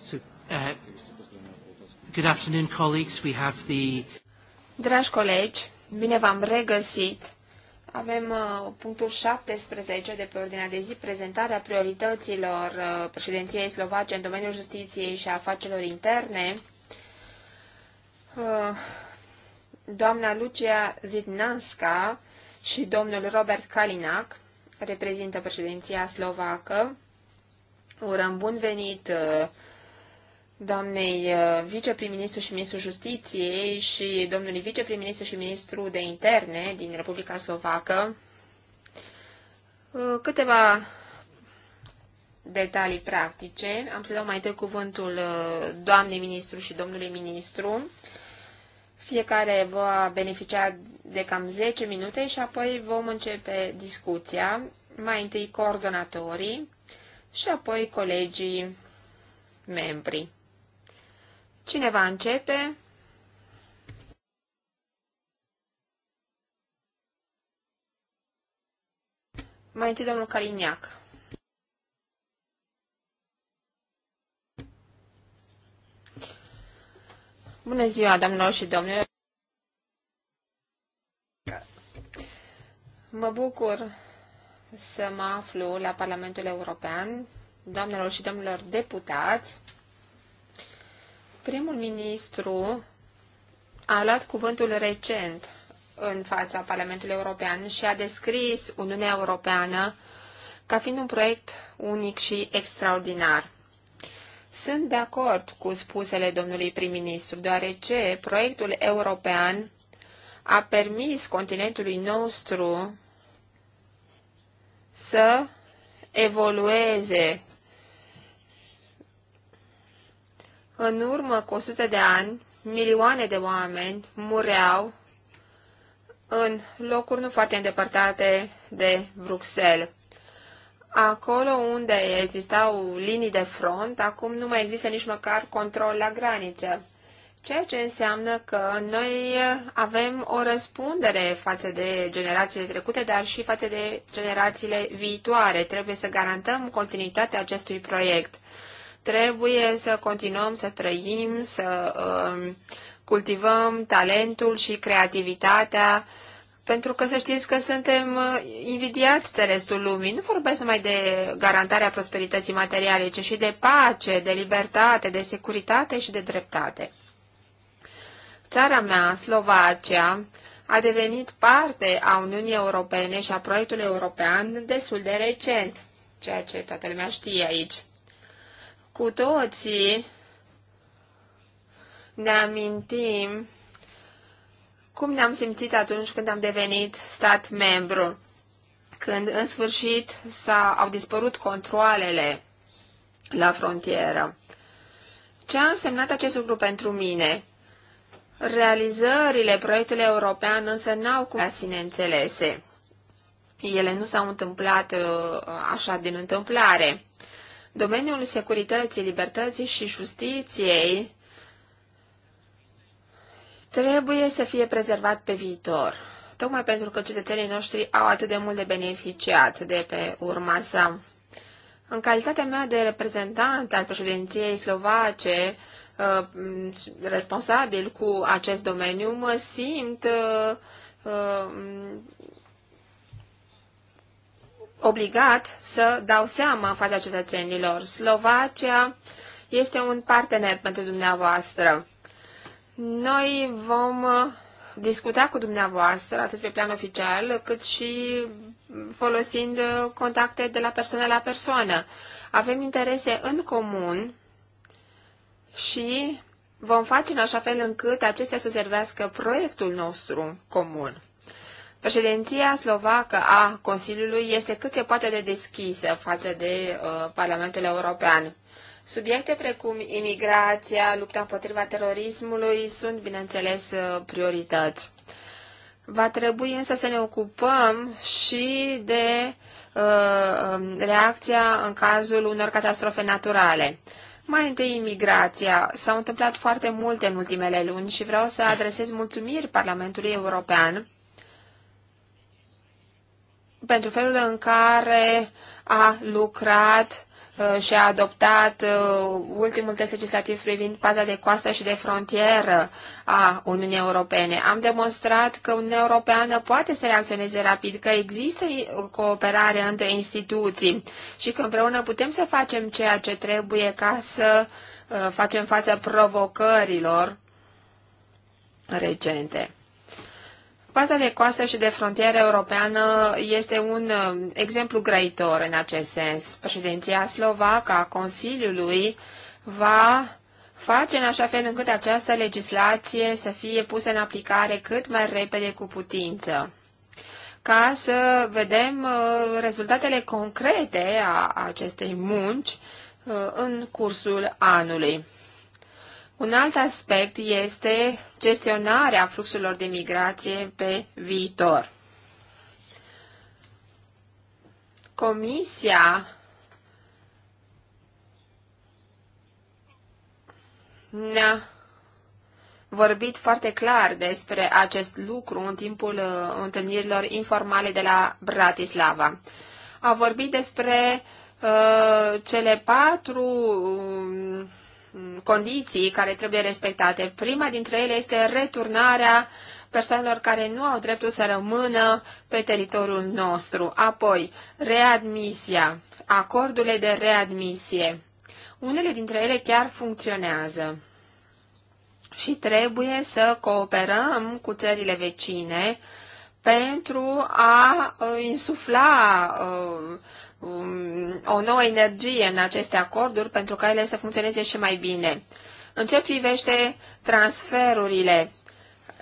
So, uh, good afternoon, colleagues. We have the... Dragi colegi, bine v-am regăsit avem uh, punctul 17 de pe ordinea de zi, prezentarea priorităților uh, președinției slovace în domeniul justiției și afacerilor interne. Uh, doamna Lucia Zidnanska și domnul Robert Kalinak reprezintă președinția slovacă. Urăm bun venit doamnei uh, viceprim-ministru și ministru justiției și domnului viceprim-ministru și ministru de interne din Republica Slovacă uh, câteva detalii practice. Am să dau mai întâi cuvântul uh, doamnei ministru și domnului ministru. Fiecare va beneficia de cam 10 minute și apoi vom începe discuția. Mai întâi coordonatorii și apoi colegii membri. Cine va începe? Mai întâi domnul Caliniac. Bună ziua, doamnelor și domnilor! Mă bucur să mă aflu la Parlamentul European, doamnelor și domnilor deputați, Primul ministru a luat cuvântul recent în fața Parlamentului European și a descris Uniunea Europeană ca fiind un proiect unic și extraordinar. Sunt de acord cu spusele domnului prim-ministru, deoarece proiectul european a permis continentului nostru să evolueze În urmă cu 100 de ani, milioane de oameni mureau în locuri nu foarte îndepărtate de Bruxelles. Acolo unde existau linii de front, acum nu mai există nici măcar control la graniță. Ceea ce înseamnă că noi avem o răspundere față de generațiile trecute, dar și față de generațiile viitoare. Trebuie să garantăm continuitatea acestui proiect. Trebuie să continuăm să trăim, să um, cultivăm talentul și creativitatea, pentru că să știți că suntem uh, invidiați de restul lumii. Nu vorbesc numai de garantarea prosperității materiale, ci și de pace, de libertate, de securitate și de dreptate. Țara mea, Slovacia, a devenit parte a Uniunii Europene și a proiectului european destul de recent, ceea ce toată lumea știe aici. Cu toții ne amintim cum ne-am simțit atunci când am devenit stat membru, când în sfârșit s au dispărut controlele la frontieră. Ce a însemnat acest lucru pentru mine? Realizările proiectului european însă n-au cum la sine înțelese. Ele nu s-au întâmplat uh, așa din întâmplare domeniul securității, libertății și justiției trebuie să fie prezervat pe viitor, tocmai pentru că cetățenii noștri au atât de mult de beneficiat de pe urma sa. În calitatea mea de reprezentant al președinției slovace, uh, responsabil cu acest domeniu, mă simt uh, uh, obligat să dau seama în fața cetățenilor. Slovacia este un partener pentru dumneavoastră. Noi vom uh, discuta cu dumneavoastră, atât pe plan oficial, cât și folosind uh, contacte de la persoană la persoană. Avem interese în comun și vom face în așa fel încât acestea să servească proiectul nostru comun. Președinția slovacă a Consiliului este cât se poate de deschisă față de uh, Parlamentul European. Subiecte precum imigrația, lupta împotriva terorismului sunt, bineînțeles, uh, priorități. Va trebui însă să ne ocupăm și de uh, um, reacția în cazul unor catastrofe naturale. Mai întâi imigrația. S-au întâmplat foarte multe în ultimele luni și vreau să adresez mulțumiri Parlamentului European pentru felul în care a lucrat uh, și a adoptat uh, ultimul test legislativ privind paza de coastă și de frontieră a Uniunii Europene. Am demonstrat că Uniunea Europeană poate să reacționeze rapid, că există uh, cooperare între instituții și că împreună putem să facem ceea ce trebuie ca să facem față provocărilor recente. Paza de coastă și de frontieră europeană este un uh, exemplu grăitor în acest sens. Președinția slovacă a Consiliului va face în așa fel încât această legislație să fie pusă în aplicare cât mai repede cu putință ca să vedem uh, rezultatele concrete a acestei munci uh, în cursul anului. Un alt aspect este gestionarea fluxurilor de migrație pe viitor. Comisia ne-a vorbit foarte clar despre acest lucru în timpul uh, întâlnirilor informale de la Bratislava. A vorbit despre uh, cele patru uh, condiții care trebuie respectate. Prima dintre ele este returnarea persoanelor care nu au dreptul să rămână pe teritoriul nostru. Apoi, readmisia, acordurile de readmisie. Unele dintre ele chiar funcționează. Și trebuie să cooperăm cu țările vecine pentru a uh, insufla uh, Um, o nouă energie în aceste acorduri pentru ca ele să funcționeze și mai bine. În ce privește transferurile,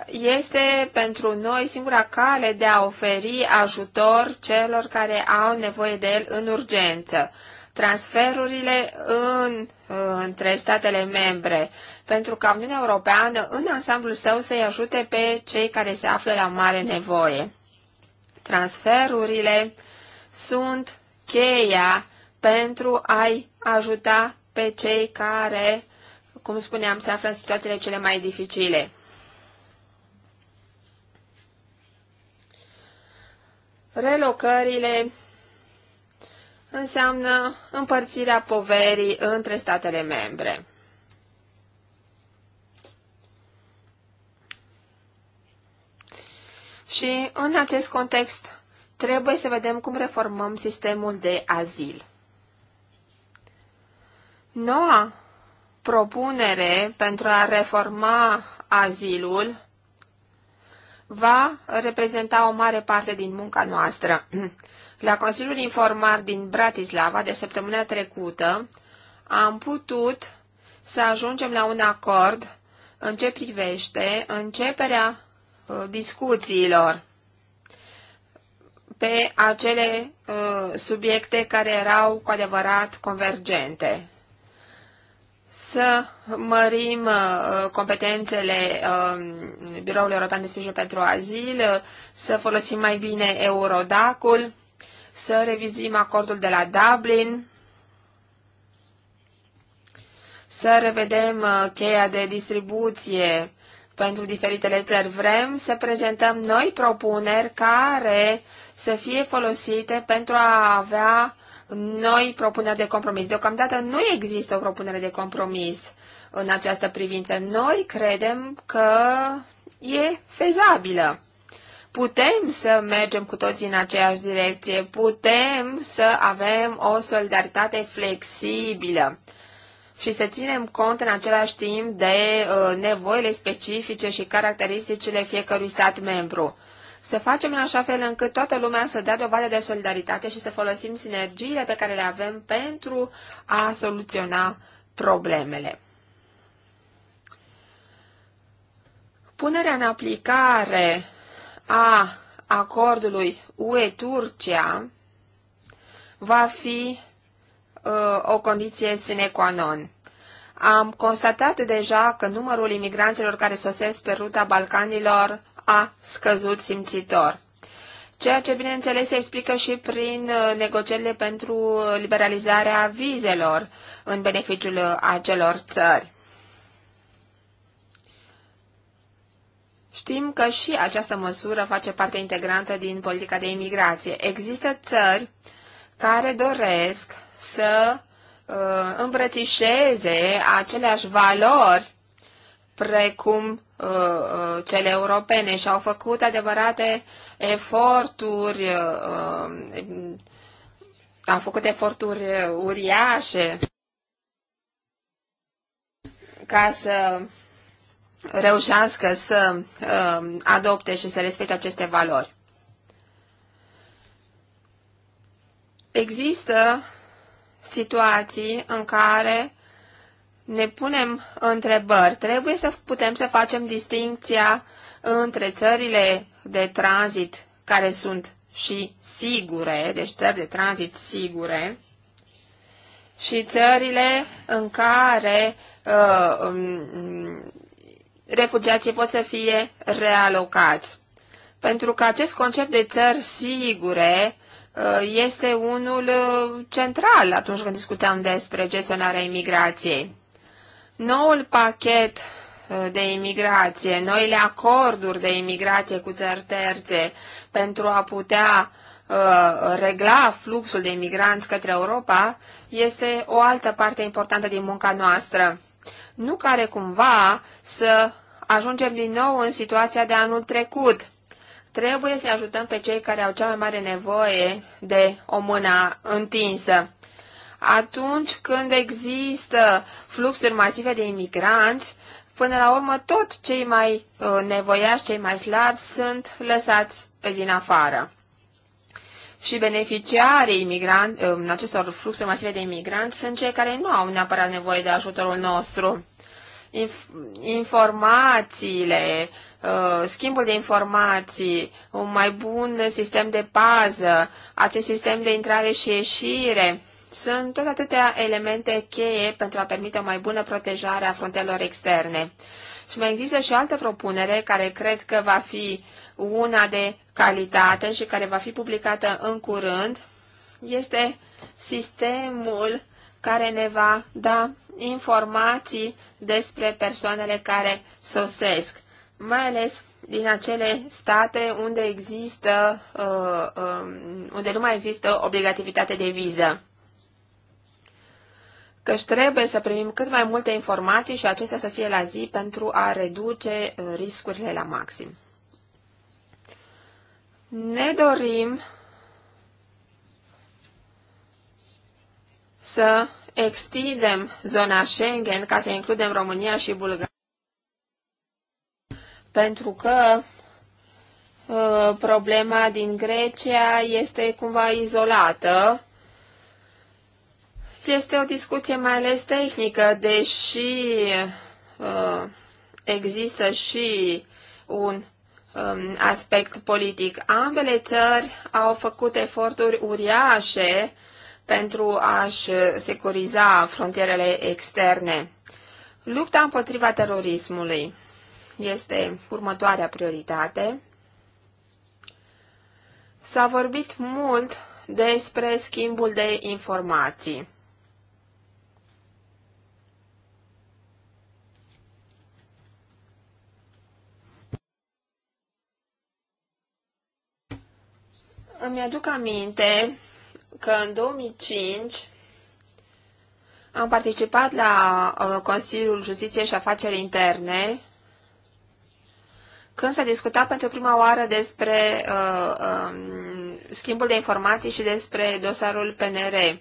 este pentru noi singura cale de a oferi ajutor celor care au nevoie de el în urgență. Transferurile în, uh, între statele membre, pentru ca Uniunea Europeană în ansamblul său să-i ajute pe cei care se află la mare nevoie. Transferurile sunt cheia pentru a-i ajuta pe cei care, cum spuneam, se află în situațiile cele mai dificile. Relocările înseamnă împărțirea poverii între statele membre. Și în acest context Trebuie să vedem cum reformăm sistemul de azil. Noua propunere pentru a reforma azilul va reprezenta o mare parte din munca noastră. La Consiliul Informar din Bratislava de săptămâna trecută am putut să ajungem la un acord în ce privește începerea uh, discuțiilor pe acele uh, subiecte care erau cu adevărat convergente. Să mărim uh, competențele uh, Biroului European de Sprijin pentru Azil, uh, să folosim mai bine Eurodacul, să revizuim acordul de la Dublin, să revedem uh, cheia de distribuție pentru diferitele țări. Vrem să prezentăm noi propuneri care uh, să fie folosite pentru a avea noi propuneri de compromis. Deocamdată nu există o propunere de compromis în această privință. Noi credem că e fezabilă. Putem să mergem cu toții în aceeași direcție, putem să avem o solidaritate flexibilă și să ținem cont în același timp de uh, nevoile specifice și caracteristicile fiecărui stat membru. Să facem în așa fel încât toată lumea să dea dovadă de solidaritate și să folosim sinergiile pe care le avem pentru a soluționa problemele. Punerea în aplicare a acordului UE-Turcia va fi uh, o condiție sine qua non. Am constatat deja că numărul imigranților care sosesc pe ruta Balcanilor a scăzut simțitor. Ceea ce, bineînțeles, se explică și prin uh, negocierile pentru liberalizarea vizelor în beneficiul uh, acelor țări. Știm că și această măsură face parte integrantă din politica de imigrație. Există țări care doresc să uh, îmbrățișeze aceleași valori precum Uh, uh, cele europene și au făcut adevărate eforturi, uh, au făcut eforturi uriașe ca să reușească să adopte și să respecte aceste valori. Există situații în care ne punem întrebări. Trebuie să putem să facem distinția între țările de tranzit care sunt și sigure, deci țări de tranzit sigure, și țările în care uh, um, refugiații pot să fie realocați. Pentru că acest concept de țări sigure uh, este unul uh, central atunci când discutăm despre gestionarea imigrației. Noul pachet uh, de imigrație, noile acorduri de imigrație cu țări terțe pentru a putea uh, regla fluxul de imigranți către Europa este o altă parte importantă din munca noastră. Nu care cumva să ajungem din nou în situația de anul trecut. Trebuie să ajutăm pe cei care au cea mai mare nevoie de o mână întinsă atunci când există fluxuri masive de imigranți, până la urmă tot cei mai uh, nevoiași, cei mai slabi sunt lăsați din afară. Și beneficiarii imigran- în um, acestor fluxuri masive de imigranți sunt cei care nu au neapărat nevoie de ajutorul nostru. Inf- informațiile, uh, schimbul de informații, un mai bun sistem de pază, acest sistem de intrare și ieșire, sunt tot atâtea elemente cheie pentru a permite o mai bună protejare a frontelor externe. Și mai există și altă propunere care cred că va fi una de calitate și care va fi publicată în curând. Este sistemul care ne va da informații despre persoanele care sosesc, mai ales din acele state unde există, uh, um, unde nu mai există obligativitate de viză căci trebuie să primim cât mai multe informații și acestea să fie la zi pentru a reduce uh, riscurile la maxim. Ne dorim să extindem zona Schengen ca să includem România și Bulgaria, pentru că uh, problema din Grecia este cumva izolată este o discuție mai ales tehnică, deși uh, există și un um, aspect politic. Ambele țări au făcut eforturi uriașe pentru a-și securiza frontierele externe. Lupta împotriva terorismului este următoarea prioritate. S-a vorbit mult despre schimbul de informații. îmi aduc aminte că în 2005 am participat la uh, Consiliul Justiției și Afaceri Interne când s-a discutat pentru prima oară despre uh, um, schimbul de informații și despre dosarul PNR.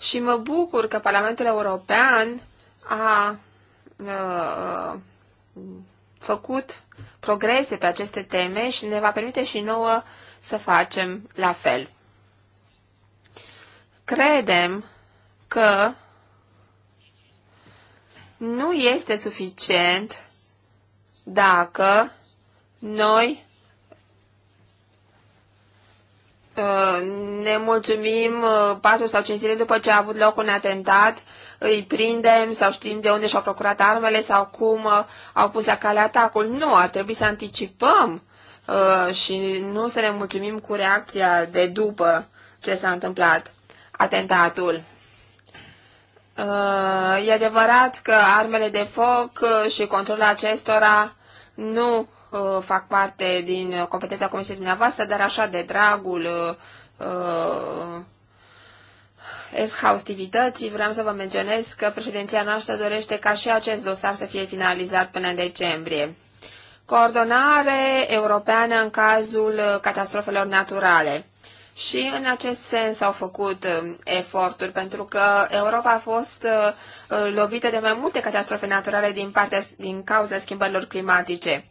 Și mă bucur că Parlamentul European a uh, făcut progrese pe aceste teme și ne va permite și nouă să facem la fel. Credem că nu este suficient dacă noi uh, ne mulțumim 4 uh, sau 5 zile după ce a avut loc un atentat, îi prindem sau știm de unde și-au procurat armele sau cum uh, au pus la cale atacul. Nu, ar trebui să anticipăm Uh, și nu să ne mulțumim cu reacția de după ce s-a întâmplat atentatul. Uh, e adevărat că armele de foc uh, și controlul acestora nu fac parte din competența comisiei dumneavoastră, dar așa de dragul uh, exhaustivității, vreau să vă menționez că președinția noastră dorește ca și acest dosar să fie finalizat până în decembrie coordonare europeană în cazul uh, catastrofelor naturale. Și în acest sens au făcut um, eforturi, pentru că Europa a fost uh, uh, lovită de mai multe catastrofe naturale din, partea, din cauza schimbărilor climatice.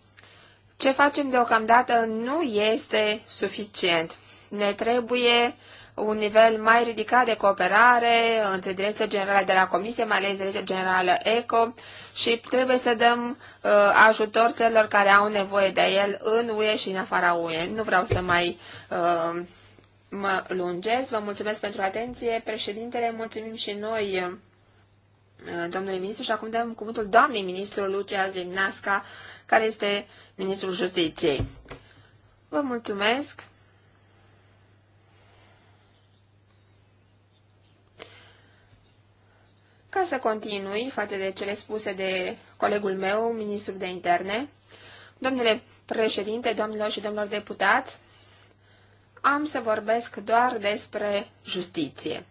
Ce facem deocamdată nu este suficient. Ne trebuie un nivel mai ridicat de cooperare între directorul general de la Comisie, mai ales directorul generală ECO și trebuie să dăm uh, ajutor celor care au nevoie de el în UE și în afara UE. Nu vreau să mai uh, mă lungesc. Vă mulțumesc pentru atenție. Președintele, mulțumim și noi uh, domnului ministru și acum dăm cuvântul doamnei ministru Lucia Zimnasca, care este ministrul justiției. Vă mulțumesc! Ca să continui față de cele spuse de colegul meu, ministrul de interne, domnule președinte, domnilor și domnilor deputați, am să vorbesc doar despre justiție.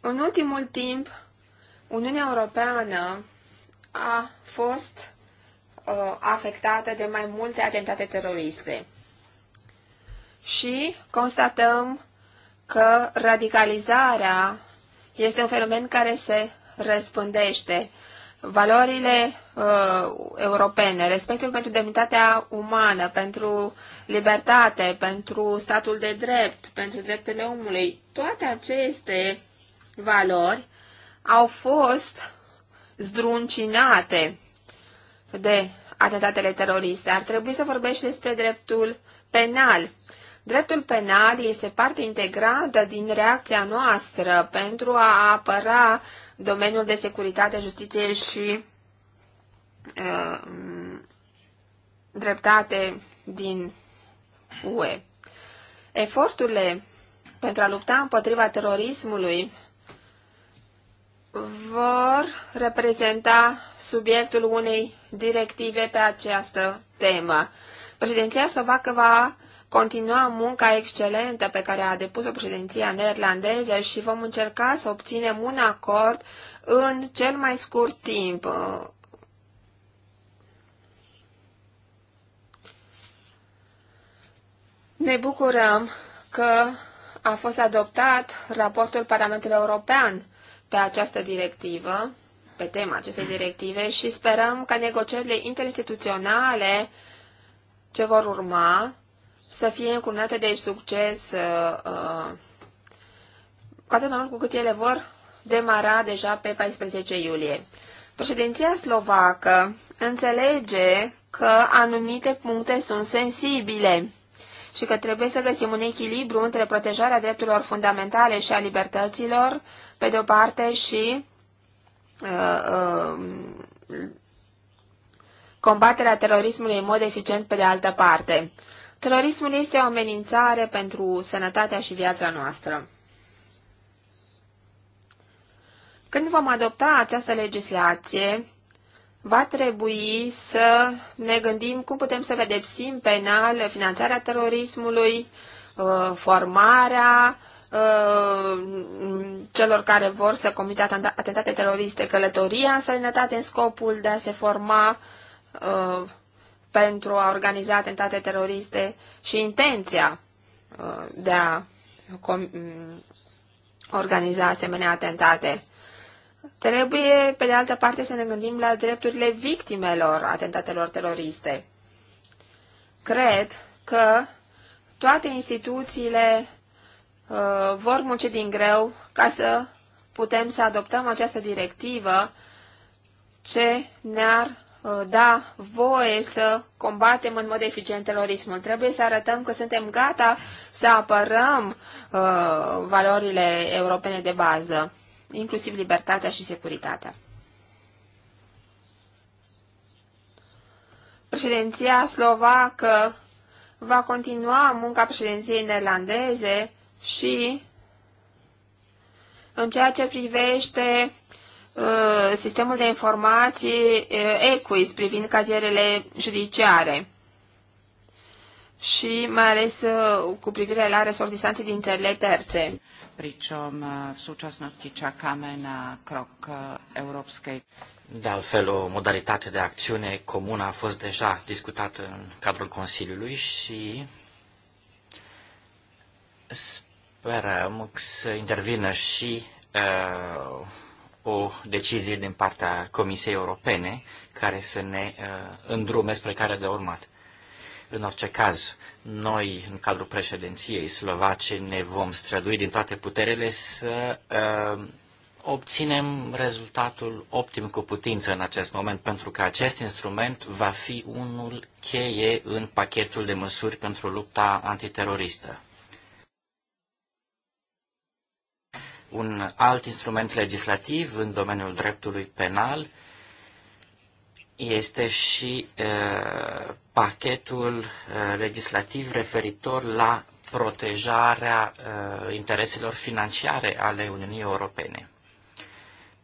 În ultimul timp, Uniunea Europeană a fost uh, afectată de mai multe atentate teroriste. Și constatăm că radicalizarea este un fenomen care se răspândește. Valorile uh, europene, respectul pentru demnitatea umană, pentru libertate, pentru statul de drept, pentru drepturile omului, toate aceste valori au fost zdruncinate de atentatele teroriste. Ar trebui să vorbești despre dreptul penal Dreptul penal este parte integrantă din reacția noastră pentru a apăra domeniul de securitate, justiție și uh, dreptate din UE. Eforturile pentru a lupta împotriva terorismului vor reprezenta subiectul unei directive pe această temă. Președinția slovacă va continua munca excelentă pe care a depus-o președinția neerlandeză și vom încerca să obținem un acord în cel mai scurt timp. Ne bucurăm că a fost adoptat raportul Parlamentului European pe această directivă, pe tema acestei directive și sperăm că negocierile interinstituționale ce vor urma să fie încurnate de succes uh, uh, cu atât mai mult cu cât ele vor demara deja pe 14 iulie. Președinția slovacă înțelege că anumite puncte sunt sensibile și că trebuie să găsim un echilibru între protejarea drepturilor fundamentale și a libertăților, pe de-o parte, și uh, uh, combaterea terorismului în mod eficient, pe de altă parte. Terorismul este o amenințare pentru sănătatea și viața noastră. Când vom adopta această legislație, va trebui să ne gândim cum putem să pedepsim penal finanțarea terorismului, uh, formarea uh, celor care vor să comită atentate teroriste, călătoria în sănătate în scopul de a se forma uh, pentru a organiza atentate teroriste și intenția uh, de a mm, organiza asemenea atentate. Trebuie, pe de altă parte, să ne gândim la drepturile victimelor atentatelor teroriste. Cred că toate instituțiile uh, vor munci din greu ca să putem să adoptăm această directivă ce ne-ar Uh, da voie să combatem în mod eficient terorismul. Trebuie să arătăm că suntem gata să apărăm uh, valorile europene de bază, inclusiv libertatea și securitatea. Președinția slovacă va continua munca președinției neerlandeze și în ceea ce privește Uh, sistemul de informații uh, EQUIS privind cazierele judiciare și mai ales uh, cu privire la resortisanții din țările terțe. Pričom v súčasnosti čakáme na krok európskej. De altfel, o modalitate de acțiune comună a fost deja discutată în cadrul Consiliului și sperăm să intervină și uh, o decizie din partea Comisiei Europene care să ne uh, îndrume spre care de urmat. În orice caz, noi, în cadrul președinției slovace, ne vom strădui din toate puterele să uh, obținem rezultatul optim cu putință în acest moment, pentru că acest instrument va fi unul cheie în pachetul de măsuri pentru lupta antiteroristă. un alt instrument legislativ în domeniul dreptului penal este și uh, pachetul uh, legislativ referitor la protejarea uh, intereselor financiare ale Uniunii Europene.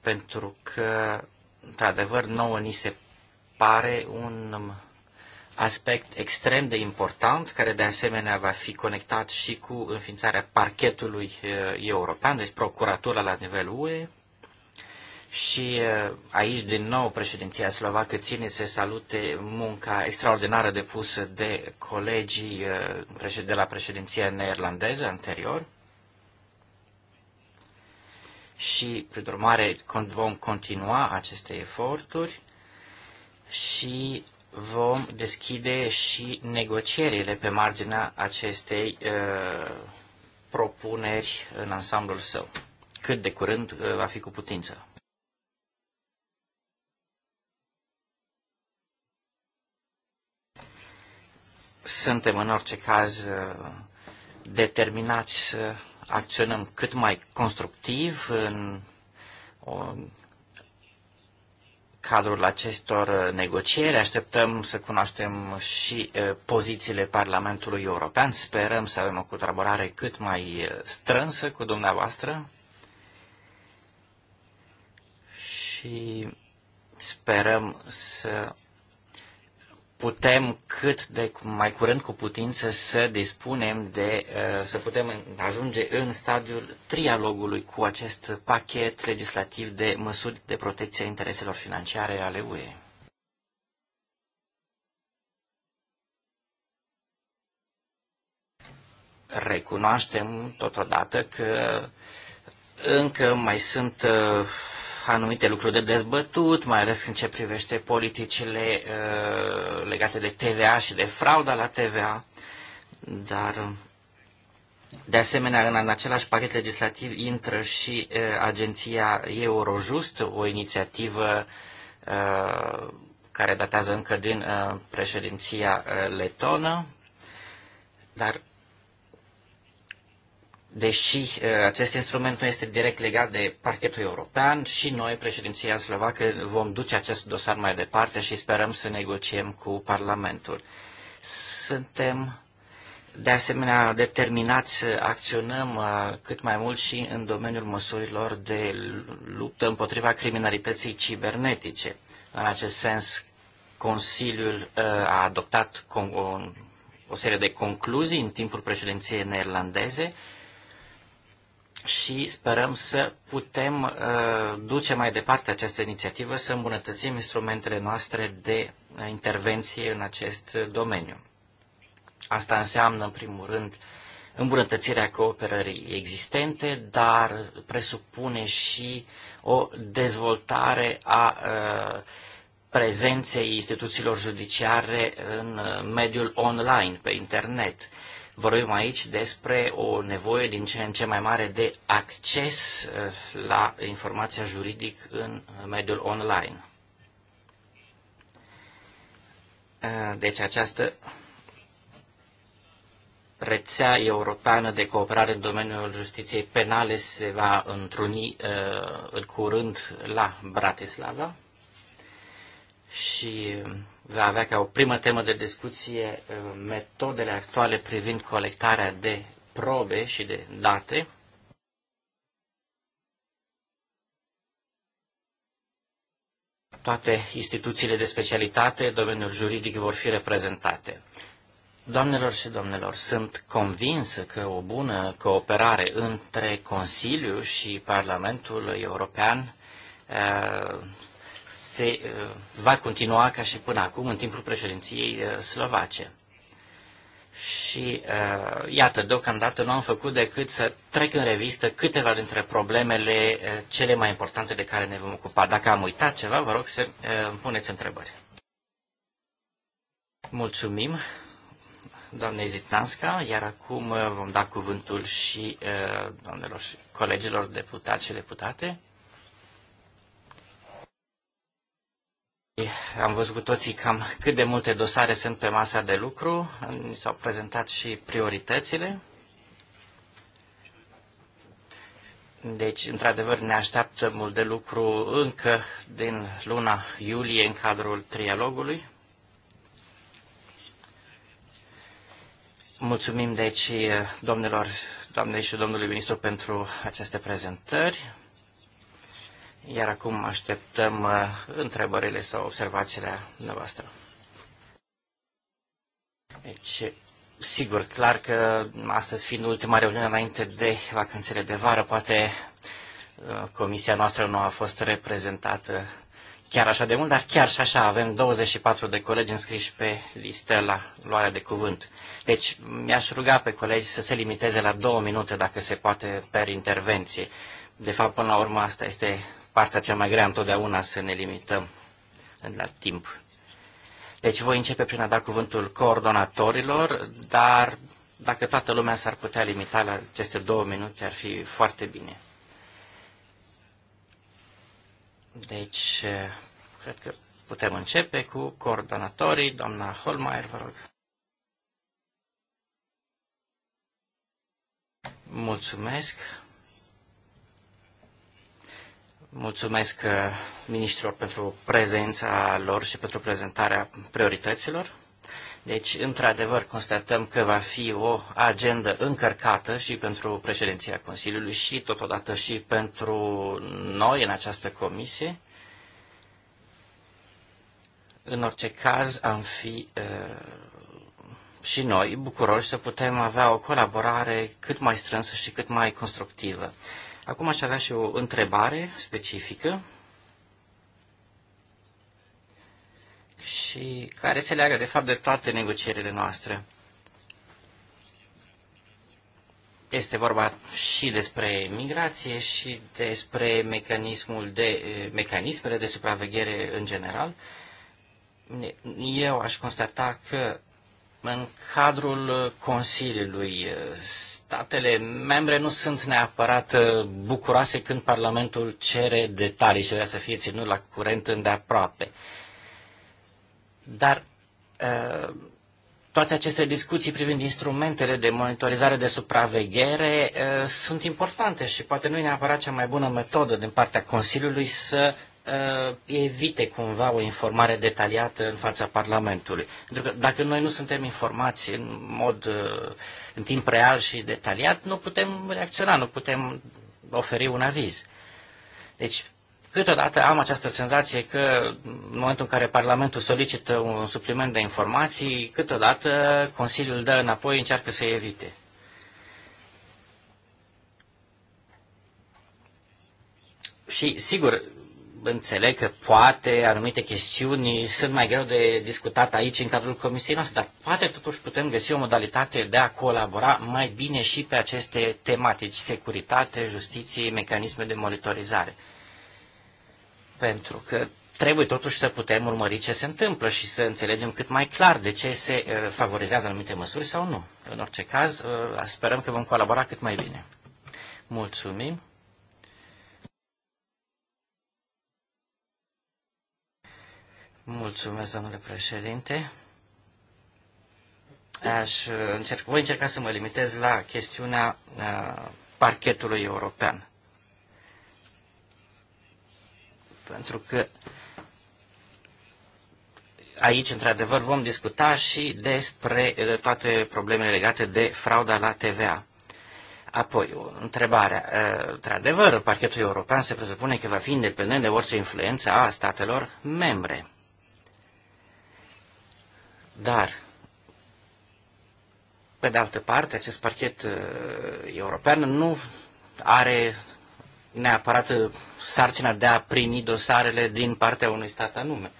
Pentru că, într-adevăr, nouă ni se pare un aspect extrem de important, care de asemenea va fi conectat și cu înființarea parchetului uh, european, deci procuratura la nivel UE. Și uh, aici, din nou, președinția slovacă ține să salute munca extraordinară depusă de colegii uh, de la președinția neerlandeză anterior. Și, prin urmare, vom continua aceste eforturi și vom deschide și negocierile pe marginea acestei uh, propuneri în ansamblul său, cât de curând uh, va fi cu putință. Suntem în orice caz uh, determinați să acționăm cât mai constructiv în o cadrul acestor uh, negocieri. Așteptăm să cunoaștem și uh, pozițiile Parlamentului European. Sperăm să avem o colaborare cât mai uh, strânsă cu dumneavoastră și sperăm să putem cât de mai curând cu putință să dispunem de, uh, să putem ajunge în stadiul trialogului cu acest pachet legislativ de măsuri de protecție a intereselor financiare ale UE. Recunoaștem totodată că încă mai sunt uh, anumite lucruri de dezbătut, mai ales în ce privește politicile uh, legate de TVA și de frauda la TVA, dar uh, de asemenea, în, în același pachet legislativ intră și uh, agenția Eurojust, o inițiativă uh, care datează încă din uh, președinția uh, letonă, dar deși uh, acest instrument nu este direct legat de parchetul european și noi, președinția slovacă, vom duce acest dosar mai departe și sperăm să negociem cu Parlamentul. Suntem de asemenea determinați să acționăm uh, cât mai mult și în domeniul măsurilor de luptă împotriva criminalității cibernetice. În acest sens, Consiliul uh, a adoptat o serie de concluzii în timpul președinției neerlandeze, și sperăm să putem uh, duce mai departe această inițiativă, să îmbunătățim instrumentele noastre de uh, intervenție în acest uh, domeniu. Asta înseamnă, în primul rând, îmbunătățirea cooperării existente, dar presupune și o dezvoltare a uh, prezenței instituțiilor judiciare în uh, mediul online, pe internet. Uh, Vorbim aici despre o nevoie din ce în ce mai mare de acces eh, la informația juridic în mediul online. Eh, deci această rețea europeană de cooperare în domeniul justiției penale se va întruni eh, în curând la Bratislava și va avea ca o primă temă de discuție uh, metodele actuale privind colectarea de probe și de date. Toate instituțiile de specialitate, domeniul juridic vor fi reprezentate. Doamnelor și domnilor, sunt convins că o bună cooperare între Consiliu și Parlamentul European uh, se uh, va continua ca și până acum în timpul președinției uh, slovace. Și uh, iată, deocamdată nu am făcut decât să trec în revistă câteva dintre problemele uh, cele mai importante de care ne vom ocupa. Dacă am uitat ceva, vă rog să uh, puneți întrebări. Mulțumim, doamne Zitanska, iar acum uh, vom da cuvântul și uh, doamnelor și colegilor deputați și deputate. Am văzut cu toții cam cât de multe dosare sunt pe masa de lucru, ni s-au prezentat și prioritățile. Deci, într-adevăr, ne așteaptă mult de lucru încă din luna iulie în cadrul trialogului. Mulțumim, deci, domnilor, doamnei și domnului ministru pentru aceste prezentări. Iar acum așteptăm uh, întrebările sau observațiile noastre. Deci, sigur, clar că astăzi fiind ultima reuniune înainte de vacanțele de vară, poate uh, comisia noastră nu a fost reprezentată chiar așa de mult, dar chiar și așa avem 24 de colegi înscriși pe listă la luarea de cuvânt. Deci mi-aș ruga pe colegi să se limiteze la două minute, dacă se poate, per intervenție. De fapt, până la urmă, asta este partea cea mai grea întotdeauna să ne limităm la timp. Deci voi începe prin a da cuvântul coordonatorilor, dar dacă toată lumea s-ar putea limita la aceste două minute, ar fi foarte bine. Deci, cred că putem începe cu coordonatorii. Doamna Holmeier, vă rog. Mulțumesc. Mulțumesc uh, ministrilor pentru prezența lor și pentru prezentarea priorităților. Deci, într-adevăr, constatăm că va fi o agendă încărcată și pentru președinția Consiliului și totodată și pentru noi în această comisie. În orice caz, am fi uh, și noi bucuroși să putem avea o colaborare cât mai strânsă și cât mai constructivă. Uh, Acum aș avea și o întrebare specifică și care se leagă de fapt de toate negocierile noastre. Este vorba și despre migrație și despre mecanismul de, mecanismele de supraveghere în general. Eu aș constata că în cadrul Consiliului. Statele membre nu sunt neapărat bucuroase când Parlamentul cere detalii și vrea să fie ținut la curent îndeaproape. Dar toate aceste discuții privind instrumentele de monitorizare, de supraveghere sunt importante și poate nu e neapărat cea mai bună metodă din partea Consiliului să uh, evite cumva o informare detaliată în fața Parlamentului. Pentru că dacă noi nu suntem informați în mod, uh, în timp real și detaliat, nu putem reacționa, nu putem oferi un aviz. Deci, câteodată am această senzație că în momentul în care Parlamentul solicită un supliment de informații, câteodată Consiliul dă înapoi, încearcă să evite. Și, sigur, înțeleg că poate anumite chestiuni sunt mai greu de discutat aici în cadrul comisiei noastre, dar poate totuși putem găsi o modalitate de a colabora mai bine și pe aceste tematici, securitate, justiție, mecanisme de monitorizare. Pentru că trebuie totuși să putem urmări ce se întâmplă și să înțelegem cât mai clar de ce se uh, favorizează anumite măsuri sau nu. În orice caz, uh, sperăm că vom colabora cât mai bine. Mulțumim! Mulțumesc, domnule președinte. Aș uh, încerc, voi încerca să mă limitez la chestiunea uh, parchetului european. Pentru că aici, într-adevăr, vom discuta și despre uh, toate problemele legate de frauda la TVA. Apoi, întrebarea. Uh, într-adevăr, parchetul european se presupune că va fi independent de orice influență a statelor membre. Dar, pe de altă parte, acest parchet uh, european nu are neapărat uh, sarcina de a primi dosarele din partea unui stat anume.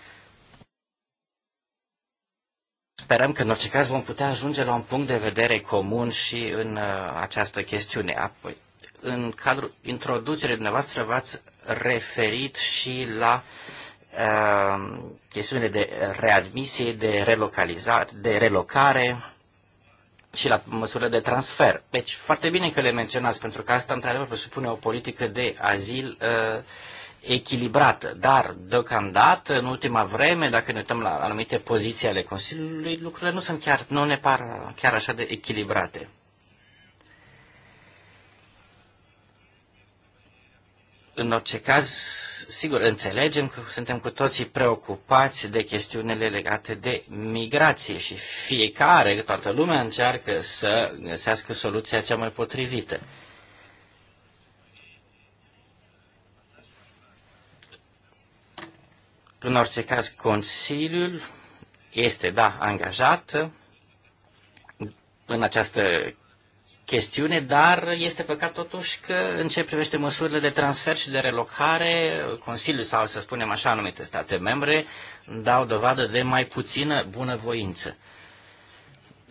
Sperăm că, în orice caz, vom putea ajunge la un punct de vedere comun și în uh, această chestiune. Apoi, în cadrul introducerii dumneavoastră v-ați referit și la uh, Ehm, chestiune de readmisie, de, relocalizat, de relocare și la măsurile de transfer. Deci, foarte bine că le menționați, pentru că asta, într-adevăr, presupune o politică de azil uh, echilibrată. Dar, deocamdată, în ultima vreme, dacă ne uităm la anumite poziții ale Consiliului, lucrurile nu sunt chiar, nu ne par chiar așa de echilibrate. În orice caz, sigur, înțelegem că suntem cu toții preocupați de chestiunile legate de migrație și fiecare, toată lumea încearcă să găsească soluția cea mai potrivită. În orice caz, Consiliul este, da, angajat în această chestiune, dar este păcat totuși că în ce privește măsurile de transfer și de relocare, Consiliul sau să spunem așa anumite state membre dau dovadă de mai puțină bunăvoință.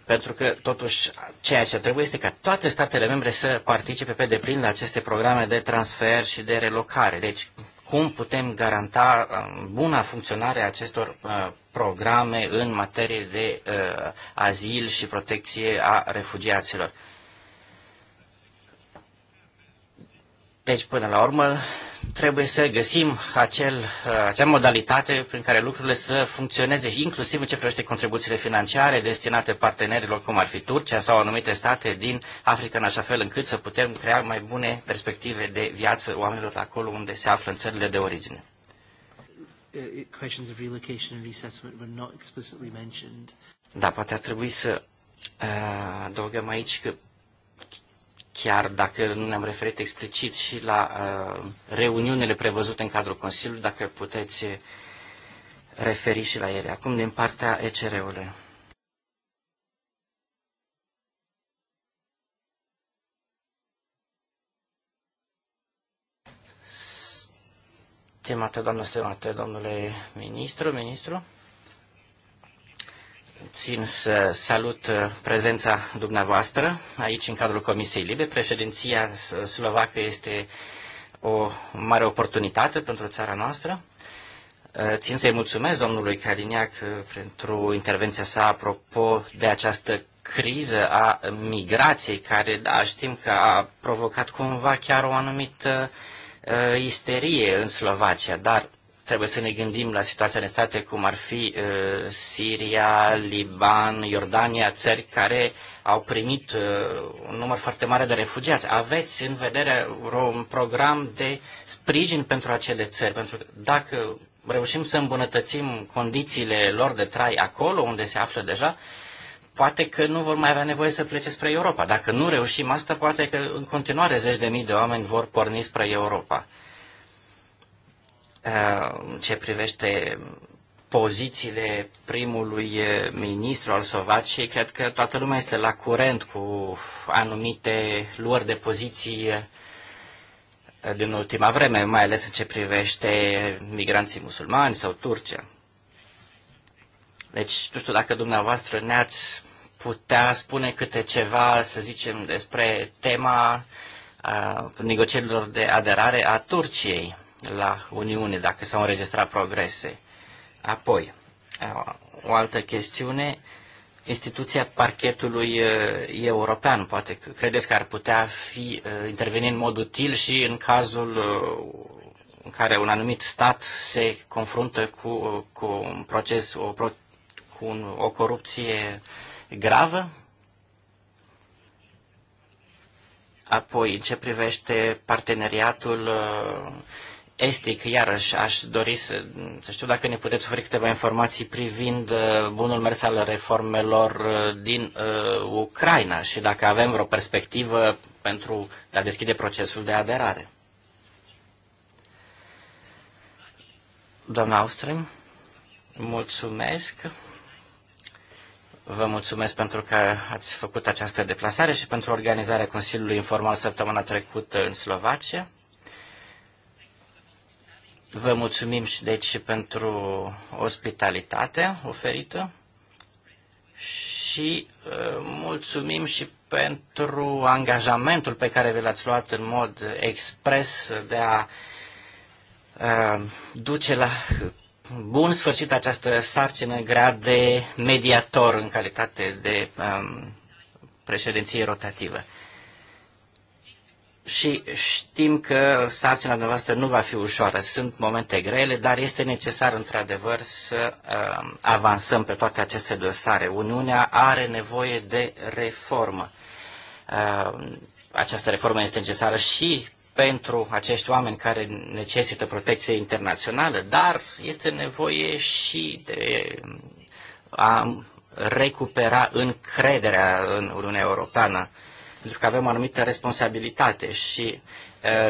Pentru că, totuși, ceea ce trebuie este ca toate statele membre să participe pe deplin la aceste programe de transfer și de relocare. Deci, cum putem garanta uh, buna funcționare a acestor uh, programe în materie de uh, azil și protecție a refugiaților? Deci, până la urmă, trebuie să găsim acel, uh, acea modalitate prin care lucrurile să funcționeze, inclusiv în ce privește contribuțiile financiare destinate partenerilor, cum ar fi Turcia sau anumite state din Africa, în așa fel încât să putem crea mai bune perspective de viață oamenilor acolo unde se află în țările de origine. Uh, da, poate ar trebui să uh, adăugăm aici că chiar dacă nu ne-am referit explicit și la uh, reuniunile prevăzute în cadrul Consiliului, dacă puteți uh, referi și la ele. Acum, din partea ECR-ului. Stimate doamnă, stimate domnule ministru, ministru, țin să salut uh, prezența dumneavoastră aici în cadrul Comisiei Libe. Președinția uh, slovacă este o mare oportunitate pentru țara noastră. Uh, țin să-i mulțumesc domnului Cariniac pentru intervenția sa apropo de această criză a migrației, care, da, știm că a provocat cumva chiar o anumită uh, isterie în Slovacia, dar Trebuie să ne gândim la situația în state cum ar fi uh, Siria, Liban, Iordania, țări care au primit uh, un număr foarte mare de refugiați. Aveți în vedere un program de sprijin pentru acele țări, pentru că dacă reușim să îmbunătățim condițiile lor de trai acolo unde se află deja, poate că nu vor mai avea nevoie să plece spre Europa. Dacă nu reușim asta, poate că în continuare zeci de mii de oameni vor porni spre Europa. Uh, ce privește pozițiile primului uh, ministru al Slovaciei, cred că toată lumea este la curent cu anumite luări de poziții uh, din ultima vreme, mai ales în ce privește migranții musulmani sau Turcia. Deci, nu știu dacă dumneavoastră ne-ați putea spune câte ceva, să zicem, despre tema uh, negocierilor de aderare a Turciei la Uniune, dacă s-au înregistrat progrese. Apoi, o altă chestiune, instituția parchetului european, poate credeți că ar putea fi interveni în mod util și în cazul în care un anumit stat se confruntă cu, cu un proces, o, cu un, o corupție gravă? Apoi, în ce privește parteneriatul estic, iarăși aș dori să, să știu dacă ne puteți oferi câteva informații privind uh, bunul mers al reformelor uh, din uh, Ucraina și dacă avem vreo perspectivă pentru a deschide procesul de aderare. Doamna Austrin, mulțumesc. Vă mulțumesc pentru că ați făcut această deplasare și pentru organizarea Consiliului Informal săptămâna trecută în Slovacia. Vă mulțumim și deci și pentru ospitalitate oferită și uh, mulțumim și pentru angajamentul pe care vi l-ați luat în mod expres de a uh, duce la bun sfârșit această sarcină grea de mediator în calitate de um, președinție rotativă și știm că sarcina noastră nu va fi ușoară. Sunt momente grele, dar este necesar într-adevăr să uh, avansăm pe toate aceste dosare. Uniunea are nevoie de reformă. Uh, această reformă este necesară și pentru acești oameni care necesită protecție internațională, dar este nevoie și de a recupera încrederea în Uniunea Europeană. Uh, pentru că avem o anumită responsabilitate și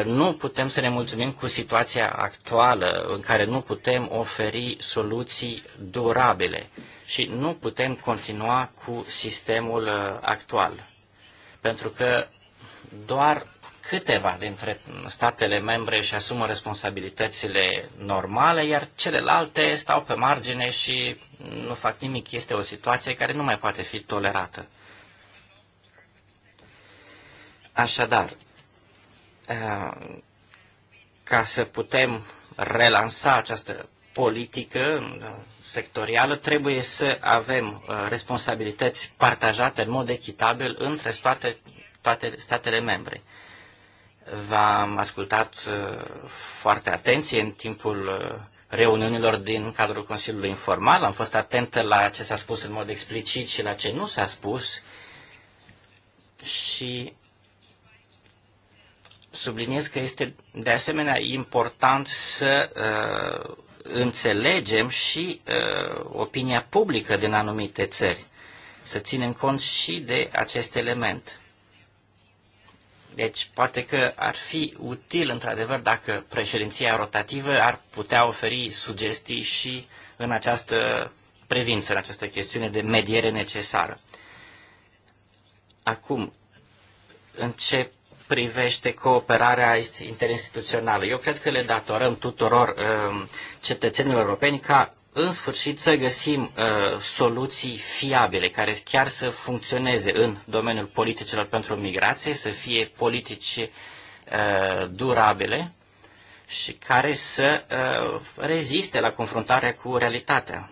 nu putem să ne mulțumim cu situația actuală în care nu putem oferi soluții durabile și nu putem continua cu sistemul actual. Pentru că doar câteva dintre statele membre își asumă responsabilitățile normale, iar celelalte stau pe margine și nu fac nimic. Este o situație care nu mai poate fi tolerată. Așadar, eh, ca să putem relansa această politică eh, sectorială, trebuie să avem eh, responsabilități partajate în mod echitabil între toate, toate statele membre. V-am ascultat foarte atenție în timpul reuniunilor din cadrul Consiliului Informal, am fost atentă la ce s-a spus în mod explicit și la ce nu s-a spus și subliniez că este de asemenea important să uh, înțelegem și uh, opinia publică din anumite țări, să ținem cont și de acest element. Deci, poate că ar fi util, într-adevăr, dacă președinția rotativă ar putea oferi sugestii și în această prevință, în această chestiune de mediere necesară. Acum, în ce privește cooperarea interinstituțională. Eu cred că le datorăm tuturor um, cetățenilor europeni ca în sfârșit să găsim uh, soluții fiabile care chiar să funcționeze în domeniul politicilor pentru migrație, să fie politici uh, durabile și care să uh, reziste la confruntarea cu realitatea.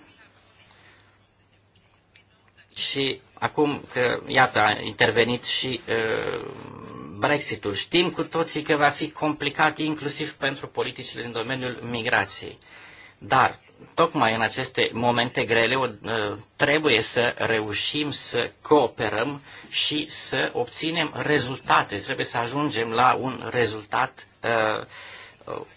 Și acum că, iată, a intervenit și uh, Brexitul, știm cu toții că va fi complicat inclusiv pentru politicile din domeniul migrației. Dar, tocmai în aceste momente grele, uh, trebuie să reușim să cooperăm și să obținem rezultate. Trebuie să ajungem la un rezultat uh,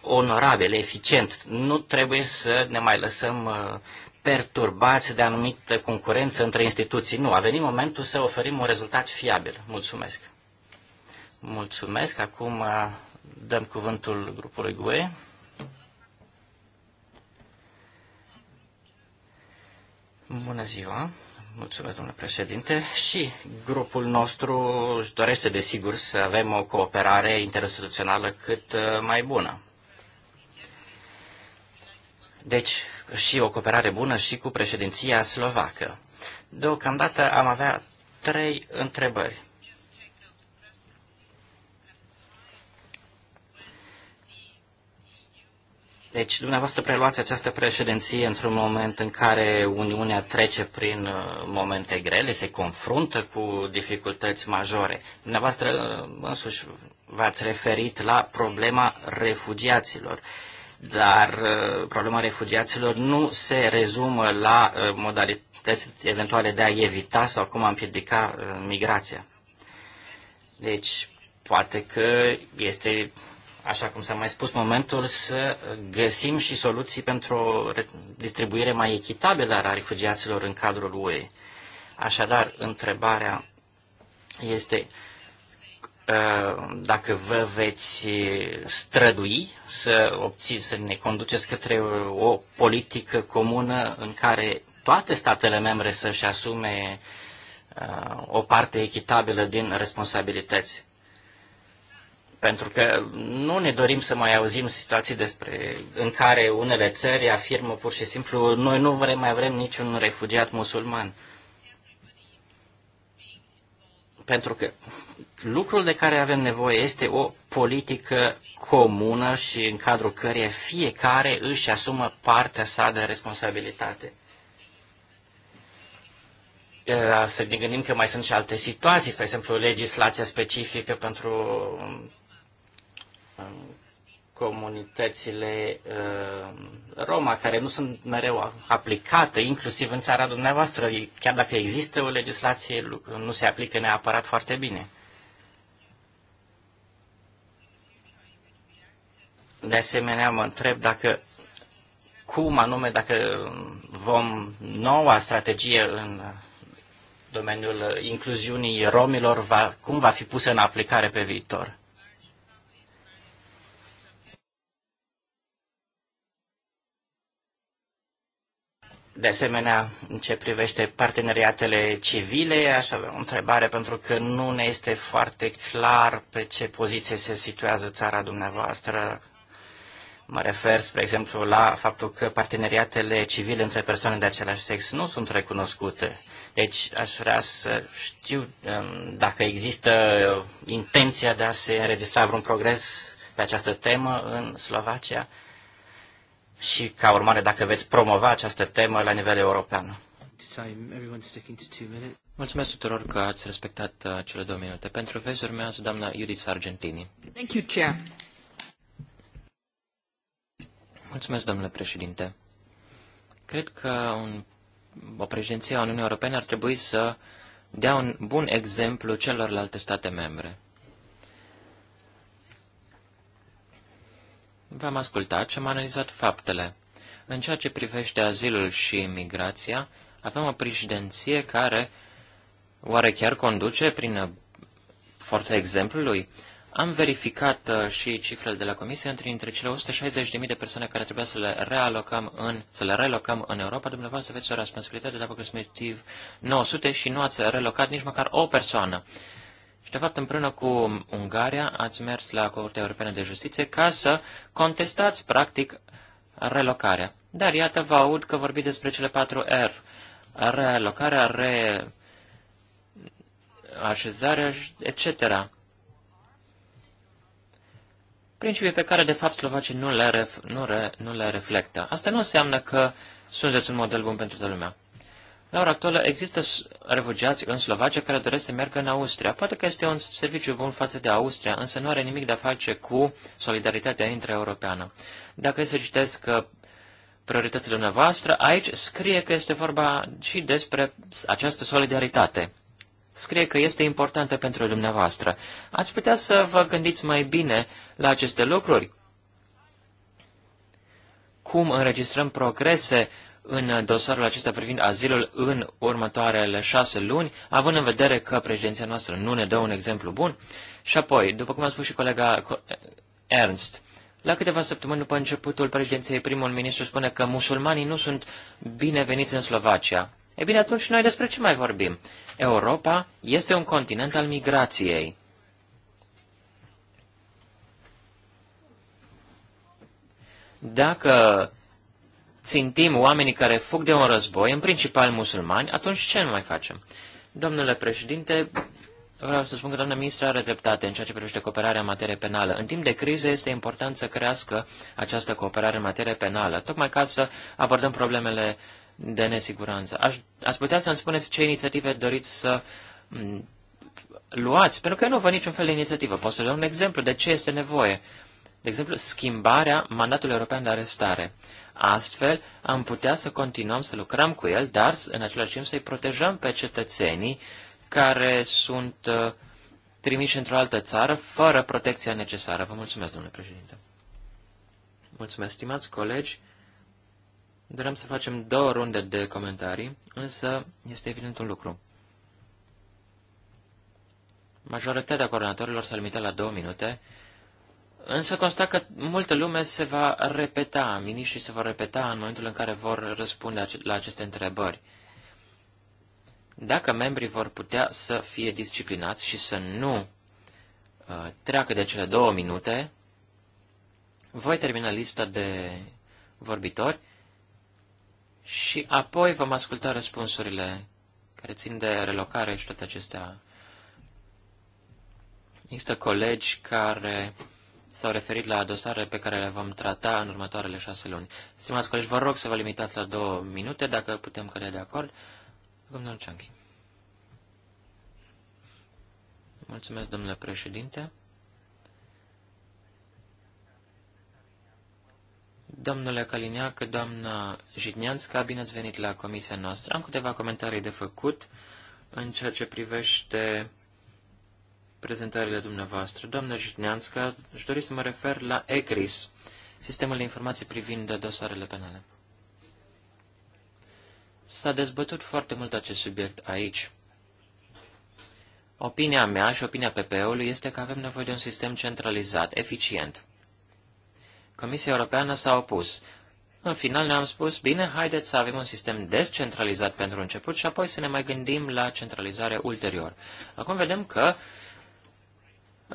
onorabil, eficient. Nu trebuie să ne mai lăsăm uh, perturbați de anumită concurență între instituții. Nu, a venit momentul să oferim un rezultat fiabil. Mulțumesc. Mulțumesc. Acum uh, dăm cuvântul grupului GUE. Bună ziua. Mulțumesc, domnule președinte. Și grupul nostru își dorește, desigur, să avem o cooperare interinstituțională cât uh, mai bună. Deci, și o cooperare bună și cu președinția slovacă. Deocamdată am avea trei întrebări. Deci, dumneavoastră preluați această președinție într-un moment în care Uniunea trece prin uh, momente grele, se confruntă cu dificultăți majore. Dumneavoastră uh, însuși v-ați referit la problema refugiaților. Uh, dar uh, problema refugiaților nu se rezumă la uh, modalități eventuale de a evita sau cum a împiedica uh, migrația. Deci, poate că este, așa cum s-a mai spus, momentul să găsim și soluții pentru o distribuire mai echitabilă a refugiaților în cadrul UE. Așadar, întrebarea este Ă, dacă vă veți strădui să, obții, să ne conduceți către o politică comună în care toate statele membre să-și asume ă, o parte echitabilă din responsabilități. Pentru că nu ne dorim să mai auzim situații despre, în care unele țări afirmă pur și simplu noi nu vrem, mai vrem niciun refugiat musulman. Pentru că lucrul de care avem nevoie este o politică comună și în cadrul căreia fiecare își asumă partea sa de responsabilitate. Să ne gândim că mai sunt și alte situații, spre exemplu legislația specifică pentru um, comunitățile um, Roma, care nu sunt mereu aplicate, inclusiv în țara dumneavoastră, chiar dacă există o legislație, nu se aplică neapărat foarte bine. De asemenea, mă întreb dacă cum anume, dacă vom noua strategie în domeniul incluziunii romilor, va, cum va fi pusă în aplicare pe viitor? De asemenea, în ce privește parteneriatele civile, aș avea o întrebare pentru că nu ne este foarte clar pe ce poziție se situează țara dumneavoastră Mă refer, spre exemplu, la faptul că parteneriatele civile între persoane de același sex nu sunt recunoscute. Deci aș vrea să știu um, dacă există uh, intenția de a se înregistra vreun progres pe această temă în Slovacia și, ca urmare, dacă veți promova această temă la nivel european. Mulțumesc tuturor că ați respectat uh, cele două minute. Pentru vezi urmează doamna Judith Sargentini. Thank you, Chair. Mulțumesc, domnule președinte. Cred că un, o președinție a Uniunii Europene ar trebui să dea un bun exemplu celorlalte state membre. V-am ascultat și am analizat faptele. În ceea ce privește azilul și migrația, avem o președinție care oare chiar conduce prin forța exemplului? Am verificat uh, și cifrele de la Comisie. Între dintre cele 160.000 de persoane care trebuia să le realocăm în, să le relocăm în Europa, dumneavoastră aveți o responsabilitate de aproximativ 900 și nu ați relocat nici măcar o persoană. Și, de fapt, împreună cu Ungaria ați mers la Curtea Europeană de Justiție ca să contestați, practic, relocarea. Dar, iată, vă aud că vorbiți despre cele patru R. Realocarea, re... așezarea, etc principii pe care, de fapt, slovacii nu le, ref, nu, re, nu le reflectă. Asta nu înseamnă că sunteți un model bun pentru toată lumea. La ora actuală există refugiați în Slovacia care doresc să meargă în Austria. Poate că este un serviciu bun față de Austria, însă nu are nimic de a face cu solidaritatea intraeuropeană. Dacă să citesc uh, prioritățile dumneavoastră, aici scrie că este vorba și despre această solidaritate scrie că este importantă pentru dumneavoastră. Ați putea să vă gândiți mai bine la aceste lucruri? Cum înregistrăm progrese în dosarul acesta privind azilul în următoarele șase luni, având în vedere că președinția noastră nu ne dă un exemplu bun? Și apoi, după cum a spus și colega Ernst, la câteva săptămâni după începutul președinției, primul ministru spune că musulmanii nu sunt bineveniți în Slovacia. E bine, atunci noi despre ce mai vorbim? Europa este un continent al migrației. Dacă țintim oamenii care fug de un război, în principal musulmani, atunci ce nu mai facem? Domnule președinte, vreau să spun că doamna ministra are dreptate în ceea ce privește cooperarea în materie penală. În timp de criză este important să crească această cooperare în materie penală, tocmai ca să abordăm problemele uh, de nesiguranță. Aș, ați putea să-mi spuneți ce inițiative doriți să luați, pentru că eu nu văd niciun fel de inițiativă. Pot să dau un exemplu de ce este nevoie. De exemplu, schimbarea mandatului european de arestare. Astfel, am putea să continuăm să lucrăm cu el, dar în același timp să-i protejăm pe cetățenii care sunt uh, trimiși într-o altă țară fără protecția necesară. Vă mulțumesc, domnule președinte. Mulțumesc, stimați colegi. Doream să facem două runde de comentarii, însă este evident un lucru. Majoritatea coordonatorilor s-a limitat la două minute, însă constat că multă lume se va repeta, miniștrii se vor repeta în momentul în care vor răspunde la aceste întrebări. Dacă membrii vor putea să fie disciplinați și să nu uh, treacă de cele două minute, voi termina lista de vorbitori și apoi vom asculta răspunsurile care țin de relocare și toate acestea. Există colegi care s-au referit la dosare pe care le vom trata în următoarele șase luni. Stimați colegi, vă rog să vă limitați la două minute, dacă putem cădea de acord. Domnul Cianchi. Mulțumesc, domnule președinte. Domnule Caliniac, doamna Jidnianska, bine ați venit la comisia noastră. Am câteva comentarii de făcut în ceea ce privește prezentările dumneavoastră. Doamna Jidnianska, aș dori să mă refer la ECRIS, Sistemul de Informații privind dosarele penale. S-a dezbătut foarte mult acest subiect aici. Opinia mea și opinia PP-ului este că avem nevoie de un sistem centralizat, eficient. Comisia Europeană s-a opus. În final ne-am spus, bine, haideți să avem un sistem descentralizat pentru început și apoi să ne mai gândim la centralizare ulterior. Acum vedem că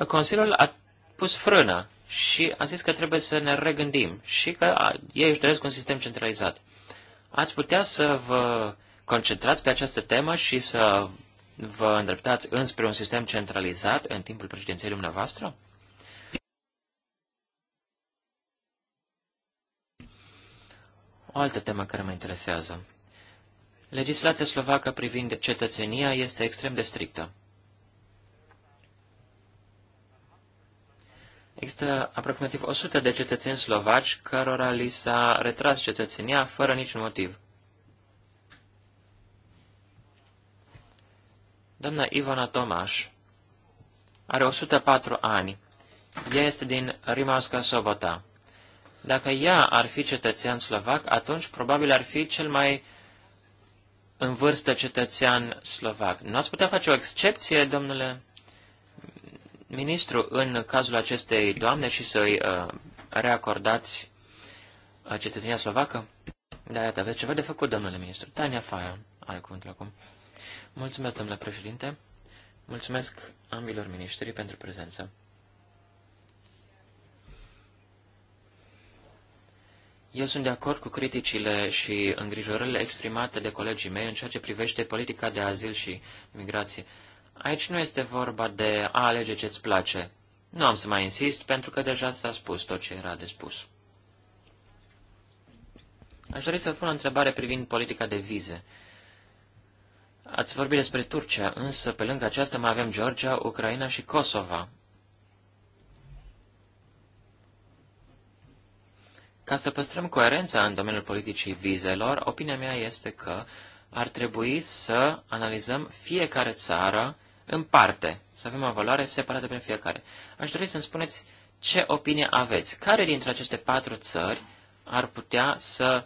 Consiliul a pus frână și a zis că trebuie să ne regândim și că ei își doresc un sistem centralizat. Ați putea să vă concentrați pe această temă și să vă îndreptați înspre un sistem centralizat în timpul președinției dumneavoastră? O altă temă care mă interesează. Legislația slovacă privind cetățenia este extrem de strictă. Există aproximativ 100 de cetățeni slovaci cărora li s-a retras cetățenia fără niciun motiv. Doamna Ivana Tomaș are 104 ani. Ea este din Rimasca Sobota. Dacă ea ar fi cetățean slovac, atunci probabil ar fi cel mai în vârstă cetățean slovac. Nu ați putea face o excepție, domnule ministru, în cazul acestei doamne și să-i uh, reacordați uh, cetățenia slovacă? Da, iată, aveți ceva de făcut, domnule ministru. Tania Faia are cuvântul acum. Mulțumesc, domnule președinte. Mulțumesc ambilor ministrii pentru prezență. Eu sunt de acord cu criticile și îngrijorările exprimate de colegii mei în ceea ce privește politica de azil și migrație. Aici nu este vorba de a alege ce-ți place. Nu am să mai insist, pentru că deja s-a spus tot ce era de spus. Aș dori să pun o întrebare privind politica de vize. Ați vorbit despre Turcia, însă pe lângă aceasta mai avem Georgia, Ucraina și Kosova, Ca să păstrăm coerența în domeniul politicii vizelor, opinia mea este că ar trebui să analizăm fiecare țară în parte, să avem o valoare separată pentru fiecare. Aș dori să-mi spuneți ce opinie aveți. Care dintre aceste patru țări ar putea să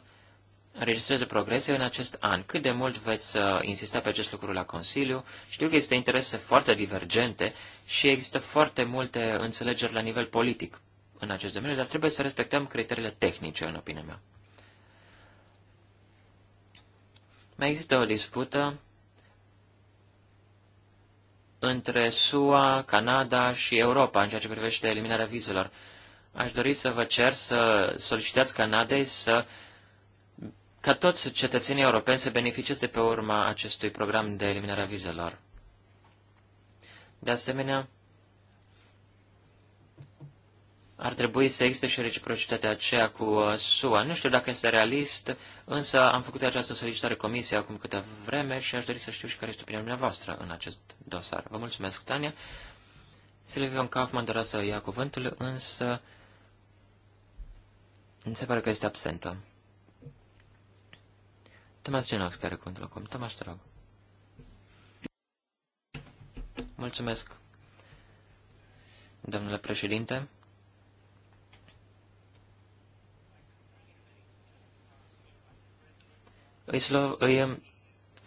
înregistreze progrese în acest an? Cât de mult veți uh, insista pe acest lucru la Consiliu? Știu că există interese foarte divergente și există foarte multe înțelegeri la nivel politic în acest domeniu, dar trebuie să respectăm criteriile tehnice, în opinia mea. Mai există o dispută între SUA, Canada și Europa în ceea ce privește eliminarea vizelor. Aș dori să vă cer să solicitați Canadei să ca toți cetățenii europeni să beneficieze pe urma acestui program de eliminare a vizelor. De asemenea, ar trebui să existe și reciprocitatea aceea cu uh, SUA. Nu știu dacă este realist, însă am făcut această solicitare comisie acum câte vreme și aș dori să știu și care este opinia dumneavoastră în acest dosar. Vă mulțumesc, Tania. Silvion Kaufman dorea să ia cuvântul, însă mi se pare că este absentă. Tomas Genovski care cuvântul acum. Tomas, te rog. Mulțumesc, domnule președinte. Îi, slo- îi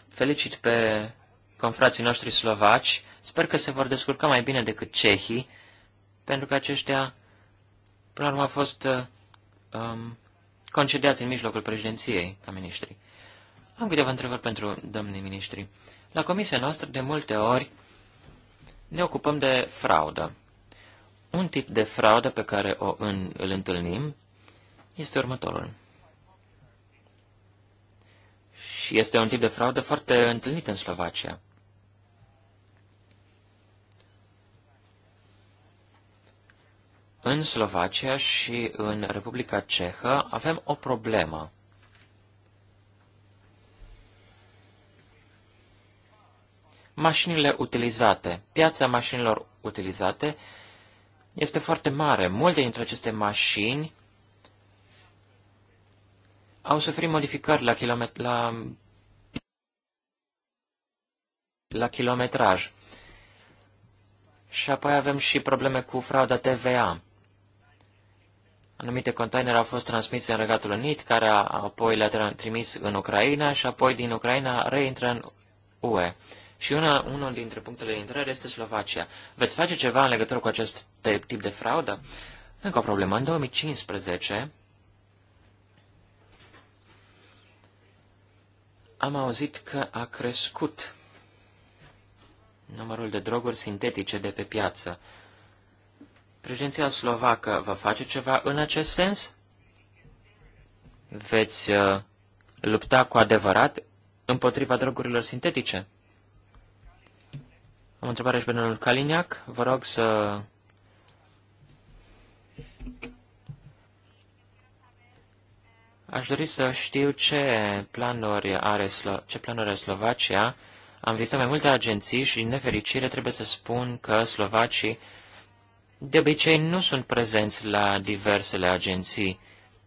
felicit pe confrații noștri slovaci. Sper că se vor descurca mai bine decât cehii, pentru că aceștia, până la urmă, au fost uh, um, concediați în mijlocul președinției ca miniștri. Am câteva întrebări pentru domnii miniștri. La comisia noastră, de multe ori, ne ocupăm de fraudă. Un tip de fraudă pe care o în, îl întâlnim este următorul. Și este un tip de fraudă foarte întâlnit în Slovacia. În Slovacia și în Republica Cehă avem o problemă. Mașinile utilizate, piața mașinilor utilizate este foarte mare. Multe dintre aceste mașini au suferit modificări la, kilomet- la, la kilometraj. Și apoi avem și probleme cu frauda TVA. Anumite containere au fost transmise în Regatul Unit, care apoi le-a trimis în Ucraina și apoi din Ucraina reintră în UE. Și una, unul dintre punctele de intrare este Slovacia. Veți face ceva în legătură cu acest tip de fraudă? Încă o problemă. În 2015, am auzit că a crescut numărul de droguri sintetice de pe piață. Prezenția slovacă va face ceva în acest sens? Veți uh, lupta cu adevărat împotriva drogurilor sintetice? Am întrebare și pe domnul Caliniac. Vă rog să Aș dori să știu ce planuri are, Slo- ce planuri are Slovacia. Am vizitat mai multe agenții și, în nefericire, trebuie să spun că slovacii de obicei nu sunt prezenți la diversele agenții,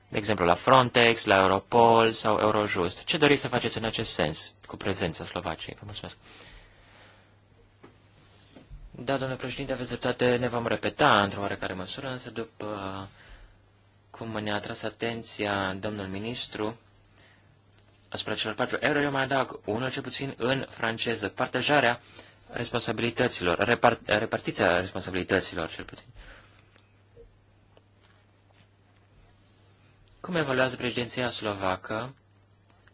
de exemplu la Frontex, la Europol sau Eurojust. Ce doriți să faceți în acest sens cu prezența Slovaciei? Vă mulțumesc. Da, domnule președinte, aveți dreptate, ne vom repeta într-o oarecare măsură, însă după cum ne-a atras atenția domnul ministru, asupra celor patru euro, eu mai adaug unul cel puțin în franceză. Partajarea responsabilităților, repart, repartiția responsabilităților cel puțin. Cum evaluează președinția slovacă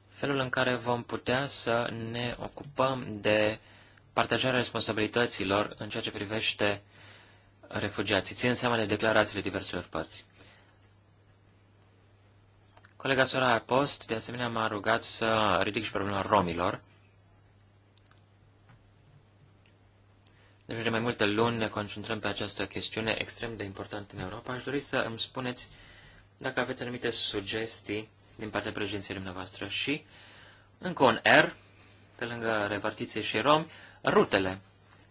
felul în care vom putea să ne ocupăm de partajarea responsabilităților în ceea ce privește refugiații, țin seama de declarațiile diverselor părți. Colega Soraya Post, de asemenea, m-a rugat să ridic și problema romilor. Deci de mai multe luni ne concentrăm pe această chestiune extrem de importantă în Europa. Aș dori să îmi spuneți dacă aveți anumite sugestii din partea președinției dumneavoastră și încă un R, pe lângă repartiție și romi, rutele,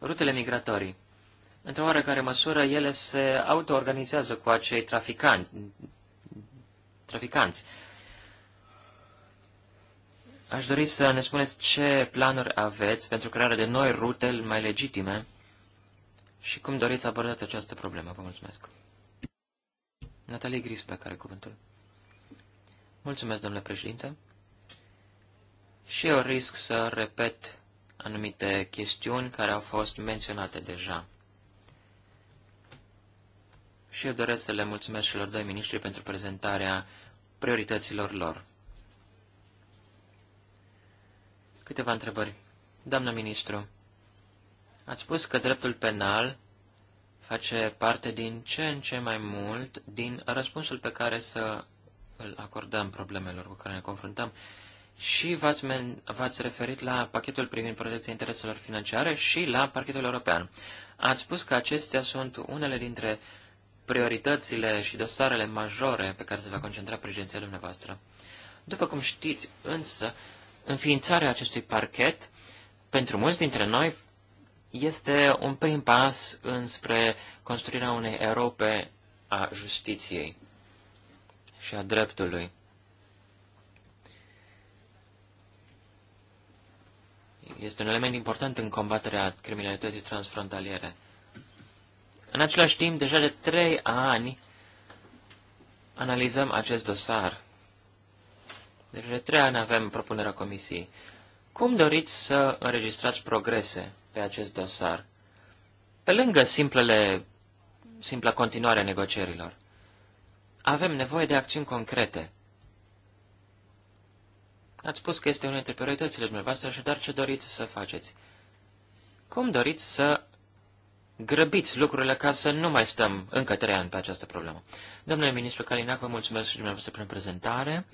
rutele migratorii. Într-o oarecare măsură, ele se autoorganizează cu acei traficanți, traficanți. Aș dori să ne spuneți ce planuri aveți pentru crearea de noi rute mai legitime și cum doriți să abordați această problemă. Vă mulțumesc. Natalie Grisbeck are cuvântul. Mulțumesc, domnule președinte. Și eu risc să repet anumite chestiuni care au fost menționate deja. Și eu doresc să le mulțumesc celor doi miniștri pentru prezentarea priorităților lor. Câteva întrebări. Doamnă ministru, ați spus că dreptul penal face parte din ce în ce mai mult din răspunsul pe care să îl acordăm problemelor cu care ne confruntăm și v-ați, v-ați referit la pachetul privind protecția intereselor financiare și la pachetul european. Ați spus că acestea sunt unele dintre prioritățile și dosarele majore pe care se va concentra președinția dumneavoastră. După cum știți, însă, Înființarea acestui parchet, pentru mulți dintre noi, este un prim pas înspre construirea unei Europe a justiției și a dreptului. Este un element important în combaterea criminalității transfrontaliere. În același timp, deja de trei ani analizăm acest dosar. Deci de trei ani avem propunerea comisiei. Cum doriți să înregistrați progrese pe acest dosar? Pe lângă simplele, simpla continuare a negocierilor, avem nevoie de acțiuni concrete. Ați spus că este una dintre prioritățile dumneavoastră și dar ce doriți să faceți? Cum doriți să grăbiți lucrurile ca să nu mai stăm încă trei ani pe această problemă? Domnule ministru Calinac, vă mulțumesc și dumneavoastră pentru prezentare.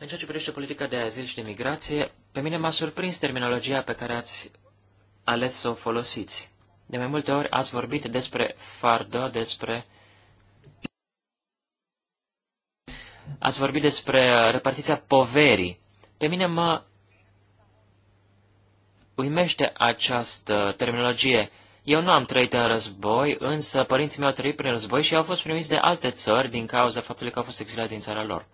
În ceea ce privește politica de azil și de migrație, pe mine m-a surprins terminologia pe care ați ales să o folosiți. De mai multe ori ați vorbit despre fardă, despre... Ați vorbit despre uh, repartiția poverii. Pe mine mă uimește această terminologie. Eu nu am trăit în război, însă părinții mei au trăit prin război și au fost primiți de alte țări din cauza faptului că au fost exilați din țara lor.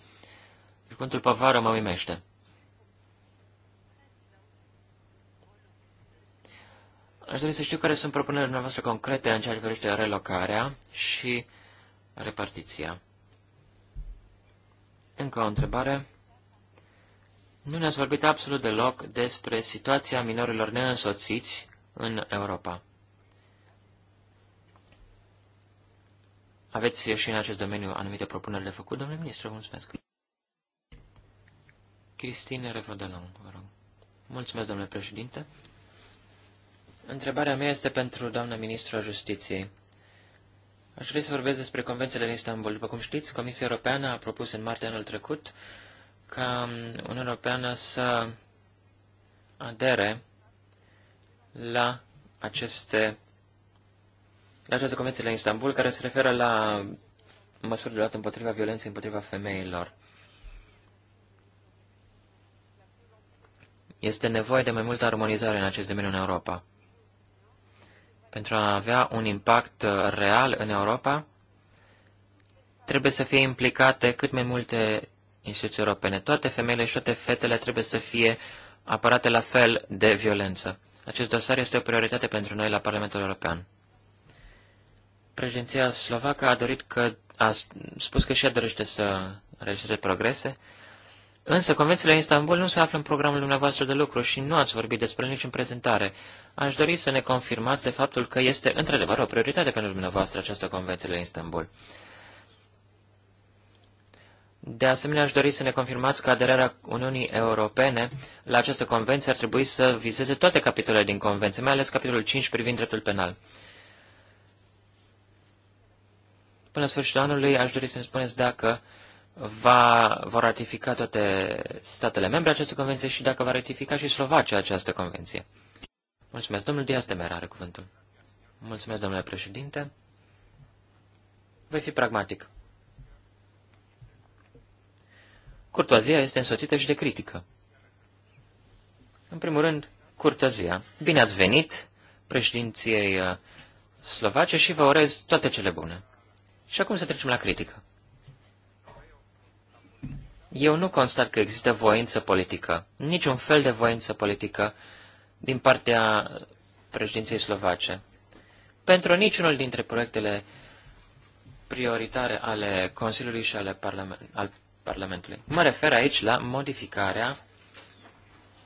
Cuvântul povară mă uimește. Aș dori să știu care sunt propunerile noastre concrete în ceea ce privește relocarea și repartiția. Încă o întrebare. Nu ne-ați vorbit absolut deloc despre situația minorilor neînsoțiți în Europa. Aveți și în acest domeniu anumite propuneri de făcut, domnule ministru? Mulțumesc! Cristine Revodelon, vă rog. Mulțumesc, domnule președinte. Întrebarea mea este pentru doamna ministru a Justiției. Aș vrea să vorbesc despre Convenția de la Istanbul. După cum știți, Comisia Europeană a propus în martie anul trecut ca Uniunea Europeană să adere la aceste la această convenție la Istanbul, care se referă la măsuri de luat împotriva violenței împotriva femeilor. Este nevoie de mai multă armonizare în acest domeniu în Europa. Pentru a avea un impact uh, real în Europa, trebuie să fie implicate cât mai multe instituții europene. Toate femeile și toate fetele trebuie să fie apărate la fel de violență. Acest dosar este o prioritate pentru noi la Parlamentul European. Președinția slovacă a dorit că a spus că și-a dorește să registreze progrese Însă, Convenția la Istanbul nu se află în programul dumneavoastră de lucru și nu ați vorbit despre nici în prezentare. Aș dori să ne confirmați de faptul că este într-adevăr o prioritate pentru dumneavoastră această Convenție la Istanbul. De asemenea, aș dori să ne confirmați că aderarea Uniunii Europene la această convenție ar trebui să vizeze toate capitolele din convenție, mai ales capitolul 5 privind dreptul penal. Până la sfârșitul anului, aș dori să ne spuneți dacă va, vor ratifica toate statele membre aceste convenție și dacă va ratifica și Slovacia această convenție. Mulțumesc. Domnul Dias de are cuvântul. Mulțumesc, domnule președinte. Voi fi pragmatic. Curtoazia este însoțită și de critică. În primul rând, curtoazia. Bine ați venit președinției uh, slovace și vă urez toate cele bune. Și acum să trecem la critică. Eu nu constat că există voință politică, niciun fel de voință politică din partea președinției slovace. Pentru niciunul dintre proiectele prioritare ale Consiliului și ale Parlament, al Parlamentului. Mă refer aici la modificarea,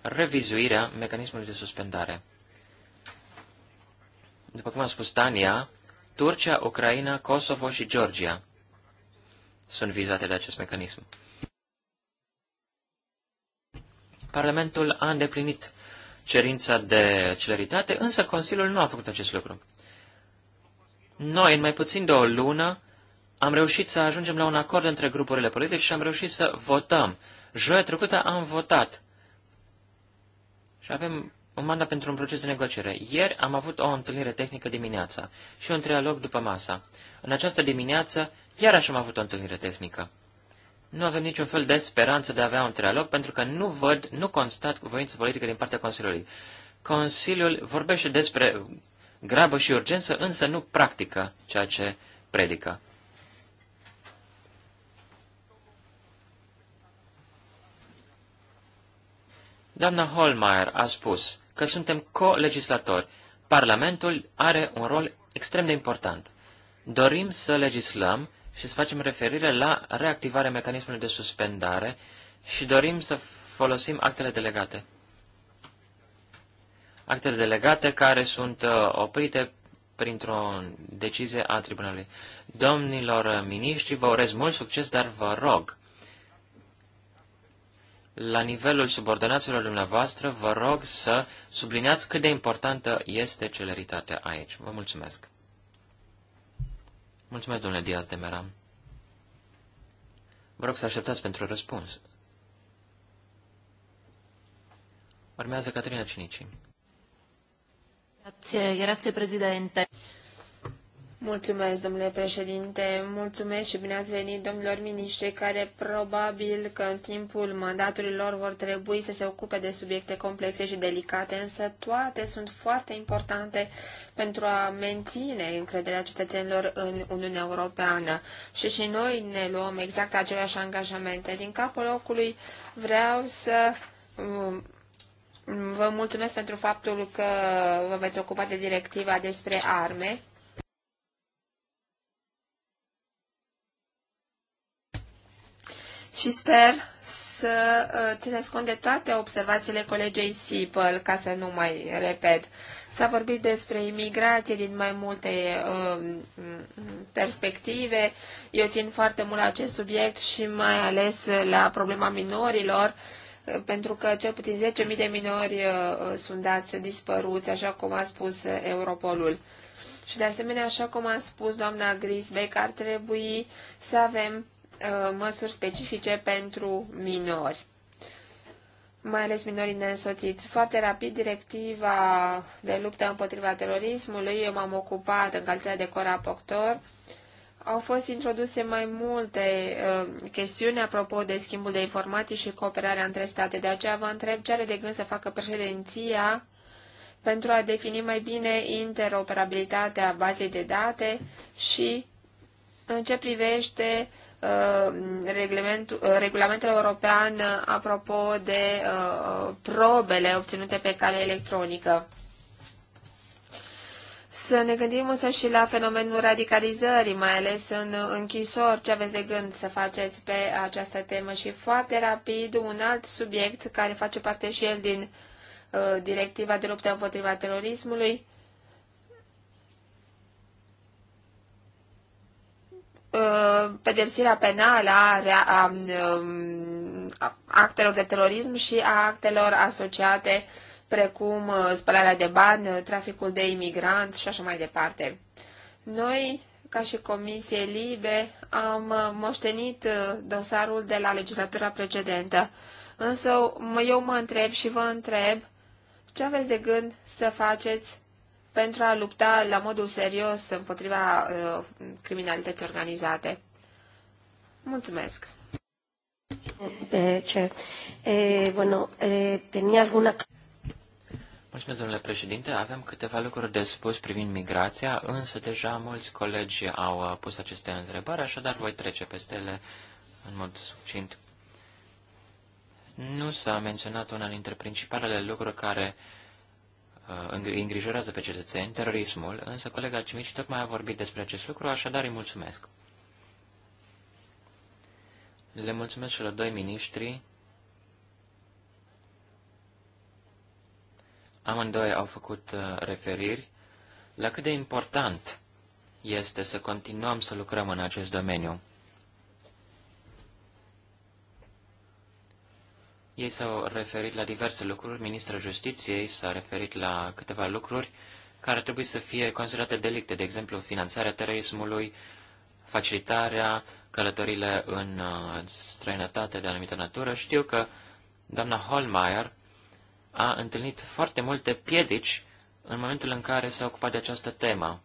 revizuirea mecanismului de suspendare. După cum am spus, Tania, Turcia, Ucraina, Kosovo și Georgia sunt vizate de acest mecanism. Parlamentul a îndeplinit cerința de celeritate, însă Consiliul nu a făcut acest lucru. Noi, în mai puțin de o lună, am reușit să ajungem la un acord între grupurile politice și am reușit să votăm. Joia trecută am votat. Și avem un mandat pentru un proces de negociere. Ieri am avut o întâlnire tehnică dimineața și un trialog după masa. În această dimineață, iarăși am avut o întâlnire tehnică. Nu avem niciun fel de speranță de a avea un trialog, pentru că nu văd, nu constat voință politică din partea Consiliului. Consiliul vorbește despre grabă și urgență, însă nu practică ceea ce predică. Doamna Holmeier a spus că suntem co-legislatori. Parlamentul are un rol extrem de important. Dorim să legislăm și să facem referire la reactivarea mecanismului de suspendare și dorim să folosim actele delegate. Actele delegate care sunt uh, oprite printr-o decizie a tribunalului. Domnilor uh, miniștri, vă urez mult succes, dar vă rog, la nivelul subordonaților dumneavoastră, vă rog să subliniați cât de importantă este celeritatea aici. Vă mulțumesc! Mulțumesc, domnule Diaz de Mera. Vă rog să așteptați pentru răspuns. Urmează Caterina Cinici. Grazie, grazie, președinte. Mulțumesc, domnule președinte, mulțumesc și bine ați venit, domnilor miniștri, care probabil că în timpul mandatului lor vor trebui să se ocupe de subiecte complexe și delicate, însă toate sunt foarte importante pentru a menține încrederea cetățenilor în Uniunea Europeană. Și și noi ne luăm exact aceleași angajamente. Din capul locului vreau să um, vă mulțumesc pentru faptul că vă veți ocupa de directiva despre arme și sper să uh, țineți cont de toate observațiile colegei Sipel, ca să nu mai repet. S-a vorbit despre imigrație din mai multe uh, perspective. Eu țin foarte mult la acest subiect și mai ales la problema minorilor, uh, pentru că cel puțin 10.000 de minori uh, uh, sunt dați dispăruți, așa cum a spus Europolul. Și de asemenea, așa cum a spus doamna Grisbeck, ar trebui să avem Uh, măsuri specifice pentru minori mai ales minorii neînsoțiți. Foarte rapid, directiva de luptă împotriva terorismului, eu m-am ocupat în calitate de corapoctor, au fost introduse mai multe uh, chestiuni apropo de schimbul de informații și cooperarea între state. De aceea vă întreb ce are de gând să facă președinția pentru a defini mai bine interoperabilitatea bazei de date și în ce privește Uh, uh, regulamentul european uh, apropo de probele obținute pe cale electronică. Să ne gândim însă și la fenomenul radicalizării, mai ales în închisori. Ce aveți de gând să faceți pe această temă? Și foarte rapid, un alt subiect care face parte și el din uh, directiva de luptă împotriva terorismului, Uh, pedepsirea penală a, a, a um, actelor de terorism și a actelor asociate precum uh, spălarea de bani, uh, traficul de imigranți și așa mai departe. Noi, ca și Comisie Libe, am moștenit dosarul de la legislatura precedentă. Însă eu mă întreb și vă întreb ce aveți de gând să faceți pentru a lupta la modul serios împotriva uh, criminalității organizate. Mulțumesc! Eh, ce? Eh, bueno, eh, alguna... Mulțumesc, domnule președinte. Avem câteva lucruri de spus privind migrația, însă deja mulți colegi au uh, pus aceste întrebări, așadar voi trece peste ele în mod succint. Nu s-a menționat una dintre principalele lucruri care uh, Uh, îi îngrijorează pe cetățeni, terorismul, însă colega Cimici tocmai a vorbit despre acest lucru, așadar îi mulțumesc. Le mulțumesc celor doi miniștri. Amândoi au făcut uh, referiri la cât de important este să continuăm să lucrăm în acest domeniu. Ei s-au referit la diverse lucruri, ministrul justiției s-a referit la câteva lucruri care trebuie să fie considerate delicte, de exemplu finanțarea terorismului, facilitarea călătorile în uh, străinătate de anumită natură. Știu că doamna Holmeier a întâlnit foarte multe piedici în momentul în care s-a ocupat de această temă.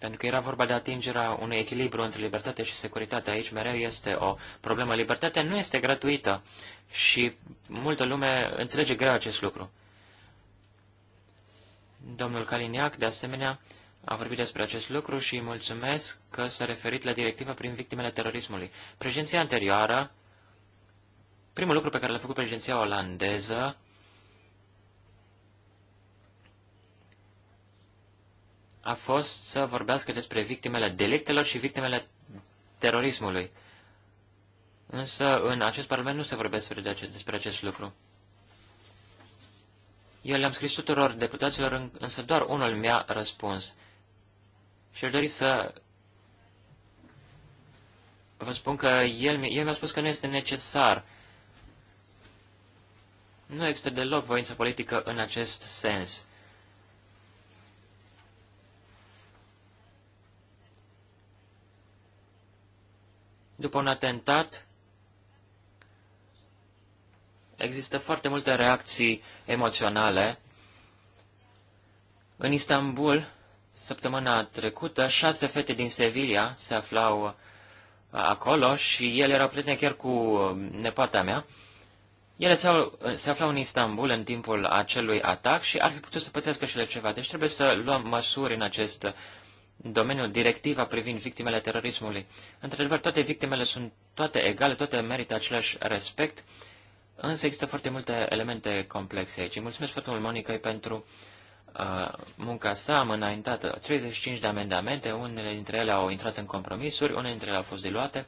Pentru că era vorba de atingerea unui echilibru între libertate și securitate. Aici mereu este o problemă. Libertatea nu este gratuită și multă lume înțelege greu acest lucru. Domnul Caliniac, de asemenea, a vorbit despre acest lucru și îi mulțumesc că s-a referit la directiva prin victimele terorismului. Președinția anterioară, primul lucru pe care l-a făcut președinția olandeză a fost să vorbească despre victimele delictelor și victimele terorismului. Însă în acest parlament nu se vorbește despre acest lucru. Eu le-am scris tuturor deputaților, însă doar unul mi-a răspuns. Și aș dori să vă spun că el, el mi-a spus că nu este necesar. Nu există deloc voință politică în acest sens. După un atentat, există foarte multe reacții emoționale. În Istanbul, săptămâna trecută, șase fete din Sevilla se aflau uh, acolo și ele erau prietene chiar cu uh, nepoata mea. Ele se, au, uh, se aflau în Istanbul în timpul acelui atac și ar fi putut să pățească și le ceva. Deci trebuie să luăm măsuri în acest în domeniul directiva privind victimele terorismului. Într-adevăr, toate victimele sunt toate egale, toate merită același respect, însă există foarte multe elemente complexe aici. Mulțumesc foarte mult, Monica, pentru uh, munca sa. Am înaintat 35 de amendamente, unele dintre ele au intrat în compromisuri, unele dintre ele au fost diluate,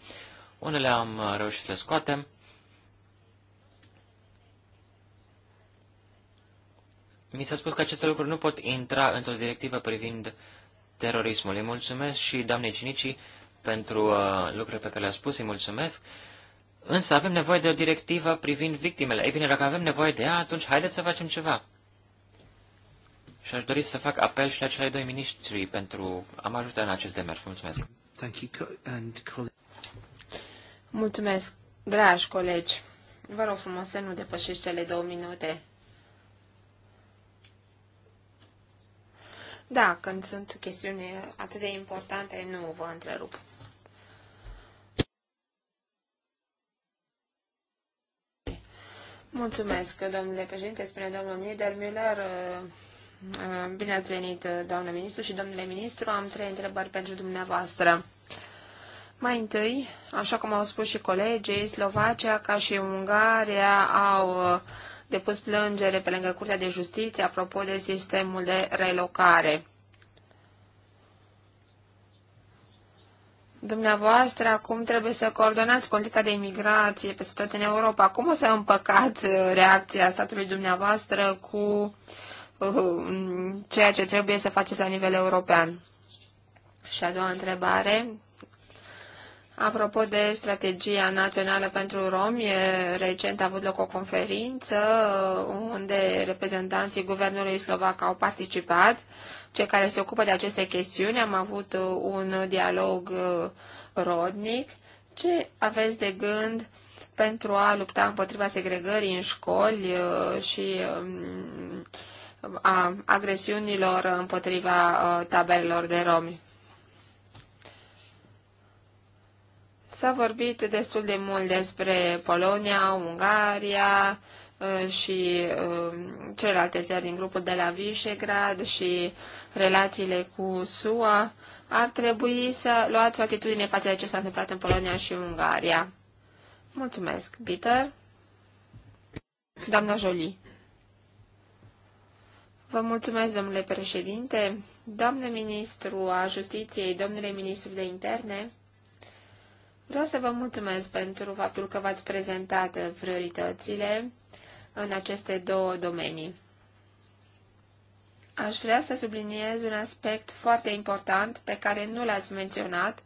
unele am reușit să le scoatem. Mi s-a spus că aceste lucruri nu pot intra într-o directivă privind terorismul. Îi mulțumesc și doamnei Cinici pentru uh, lucrurile pe care le-a spus, îi mulțumesc. Însă avem nevoie de o directivă privind victimele. Ei bine, dacă avem nevoie de ea, atunci haideți să facem ceva. Și aș dori să fac apel și la cele doi miniștri pentru a mă ajuta în acest demers. Mulțumesc. Thank you, and Mulțumesc, dragi colegi. Vă rog frumos să nu depășiți cele două minute. Da, când sunt chestiuni atât de importante, nu vă întrerup. Mulțumesc, domnule președinte, spune domnul Müller. Uh, bine ați venit, doamnă ministru și domnule ministru. Am trei întrebări pentru dumneavoastră. Mai întâi, așa cum au spus și colegii, Slovacia ca și Ungaria au uh, depus plângere pe lângă Curtea de Justiție apropo de sistemul de relocare. Dumneavoastră acum trebuie să coordonați politica de imigrație peste tot în Europa. Cum o să împăcați uh, reacția statului dumneavoastră cu uh, ceea ce trebuie să faceți la nivel european? Și a doua întrebare Apropo de strategia națională pentru romi, recent a avut loc o conferință uh, unde reprezentanții guvernului slovac au participat. Cei care se ocupă de aceste chestiuni am avut uh, un dialog uh, rodnic. Ce aveți de gând pentru a lupta împotriva segregării în școli și um, a agresiunilor împotriva taberelor de romi? S-a vorbit destul de mult despre Polonia, Ungaria uh, și uh, celelalte țări din grupul de la Visegrad și relațiile cu SUA. Ar trebui să luați o atitudine față de ce s-a întâmplat în Polonia și Ungaria. Mulțumesc, Peter. Doamna Jolie. Vă mulțumesc, domnule președinte, doamnă ministru a justiției, domnule ministru de interne. Vreau să vă mulțumesc pentru faptul că v-ați prezentat prioritățile în aceste două domenii. Aș vrea să subliniez un aspect foarte important pe care nu l-ați menționat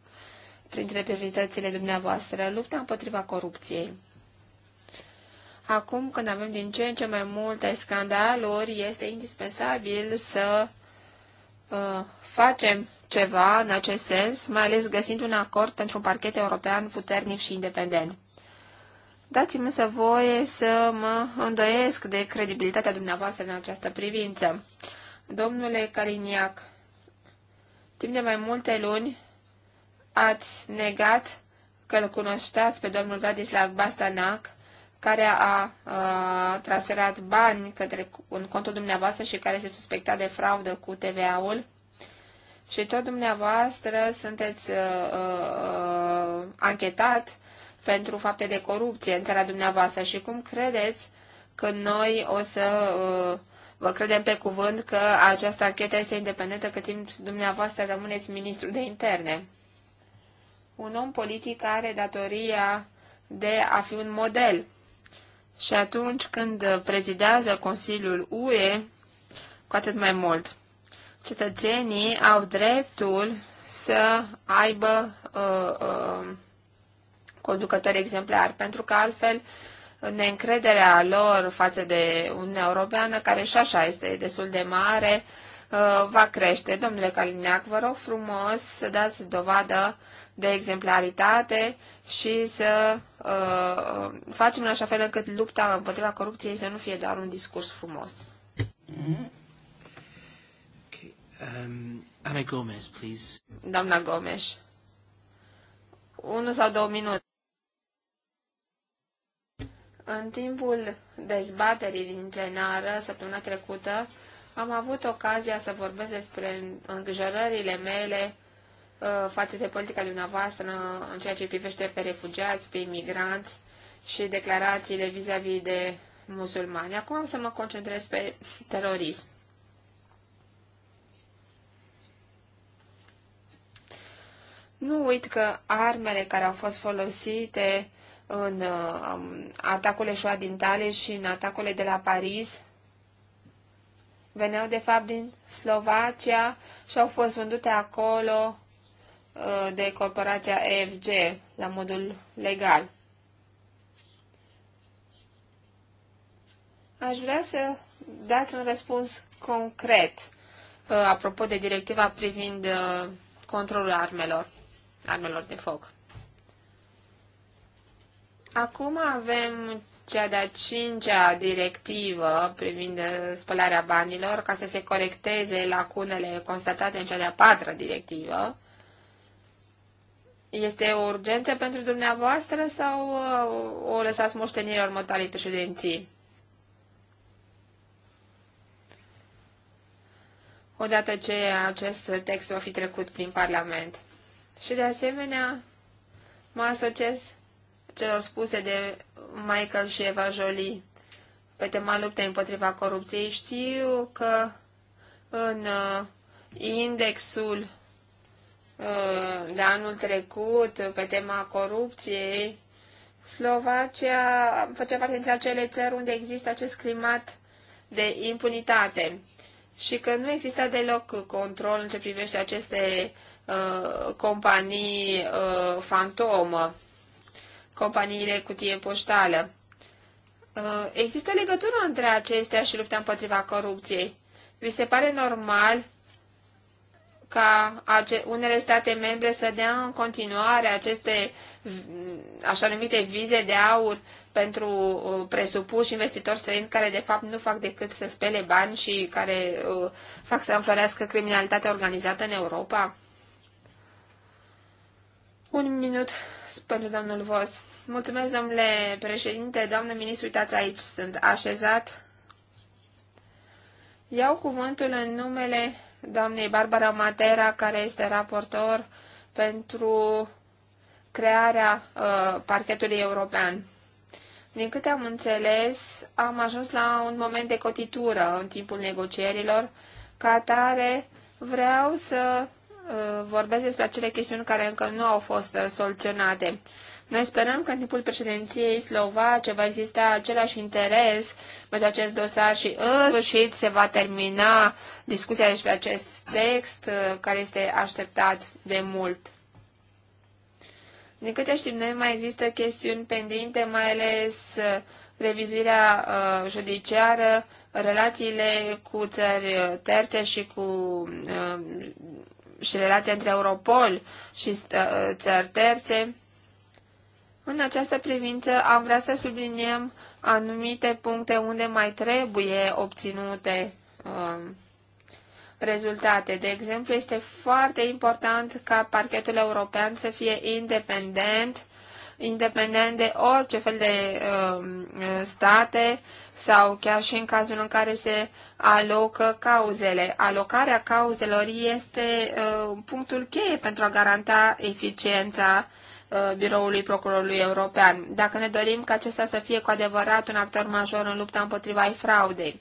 printre prioritățile dumneavoastră, lupta împotriva corupției. Acum, când avem din ce în ce mai multe scandaluri, este indispensabil să uh, facem ceva în acest sens, mai ales găsind un acord pentru un parchet european puternic și independent. Dați-mi să voie să mă îndoiesc de credibilitatea dumneavoastră în această privință. Domnule Caliniac, timp de mai multe luni ați negat că îl cunoșteați pe domnul Vladislav Bastanac, care a, a transferat bani către, un contul dumneavoastră și care se suspecta de fraudă cu TVA-ul și tot dumneavoastră sunteți uh, uh, anchetat pentru fapte de corupție în țara dumneavoastră și cum credeți că noi o să uh, vă credem pe cuvânt că această anchetă este independentă cât timp dumneavoastră rămâneți ministru de interne? Un om politic are datoria de a fi un model. Și atunci când prezidează Consiliul UE, cu atât mai mult cetățenii au dreptul să aibă uh, uh, conducători exemplari, pentru că altfel neîncrederea lor față de Uniunea Europeană, care și așa este destul de mare, uh, va crește. Domnule Calineac, vă rog frumos să dați dovadă de exemplaritate și să uh, facem în așa fel încât lupta împotriva corupției să nu fie doar un discurs frumos. Mm-hmm. Um, Ana Gomez, please. Doamna Gomes. Unu sau două minute. În timpul dezbaterii din plenară săptămâna trecută, am avut ocazia să vorbesc despre îngrijorările mele uh, față de politica dumneavoastră în ceea ce privește pe refugiați, pe imigranți și declarațiile vis-a-vis -vis de musulmani. Acum am să mă concentrez pe terorism. Nu uit că armele care au fost folosite în uh, atacul eșua din Tale și în atacurile de la Paris veneau de fapt din Slovacia și au fost vândute acolo uh, de corporația EFG la modul legal. Aș vrea să dați un răspuns concret uh, apropo de directiva privind uh, controlul armelor armelor de foc. Acum avem cea de-a cincea directivă privind spălarea banilor ca să se corecteze lacunele constatate în cea de-a patra directivă. Este o urgență pentru dumneavoastră sau uh, o lăsați moștenirea următoarei președinții? Odată ce acest text va fi trecut prin Parlament. Și de asemenea, mă asociez celor spuse de Michael și Eva Jolie pe tema luptei împotriva corupției. Știu că în uh, indexul uh, de anul trecut pe tema corupției, Slovacia face parte dintre acele țări unde există acest climat de impunitate și că nu există deloc control în ce privește aceste Uh, companii uh, fantomă, companiile cutie poștală. Uh, există legătură între acestea și lupta împotriva corupției. Vi se pare normal ca unele state membre să dea în continuare aceste așa numite vize de aur pentru uh, presupuși investitori străini care de fapt nu fac decât să spele bani și care uh, fac să înflorească criminalitatea organizată în Europa? Un minut pentru domnul Vos. Mulțumesc, domnule președinte, doamnă ministru, uitați aici, sunt așezat. Iau cuvântul în numele doamnei Barbara Matera, care este raportor pentru crearea uh, parchetului european. Din câte am înțeles, am ajuns la un moment de cotitură în timpul negocierilor, ca atare vreau să Uh, vorbesc despre acele chestiuni care încă nu au fost uh, soluționate. Noi sperăm că în timpul președinției slovace va exista același interes pentru acest dosar și în sfârșit se va termina discuția despre acest text uh, care este așteptat de mult. Din câte știm noi, mai există chestiuni pendinte, mai ales revizuirea judiciară, relațiile cu țări terțe și cu și relația între Europol și ă, țări terțe. În această privință am vrea să subliniem anumite puncte unde mai trebuie obținute ă, rezultate. De exemplu, este foarte important ca parchetul european să fie independent independent de orice fel de uh, state sau chiar și în cazul în care se alocă cauzele. Alocarea cauzelor este uh, punctul cheie pentru a garanta eficiența uh, biroului procurorului european, dacă ne dorim ca acesta să fie cu adevărat un actor major în lupta împotriva fraudei.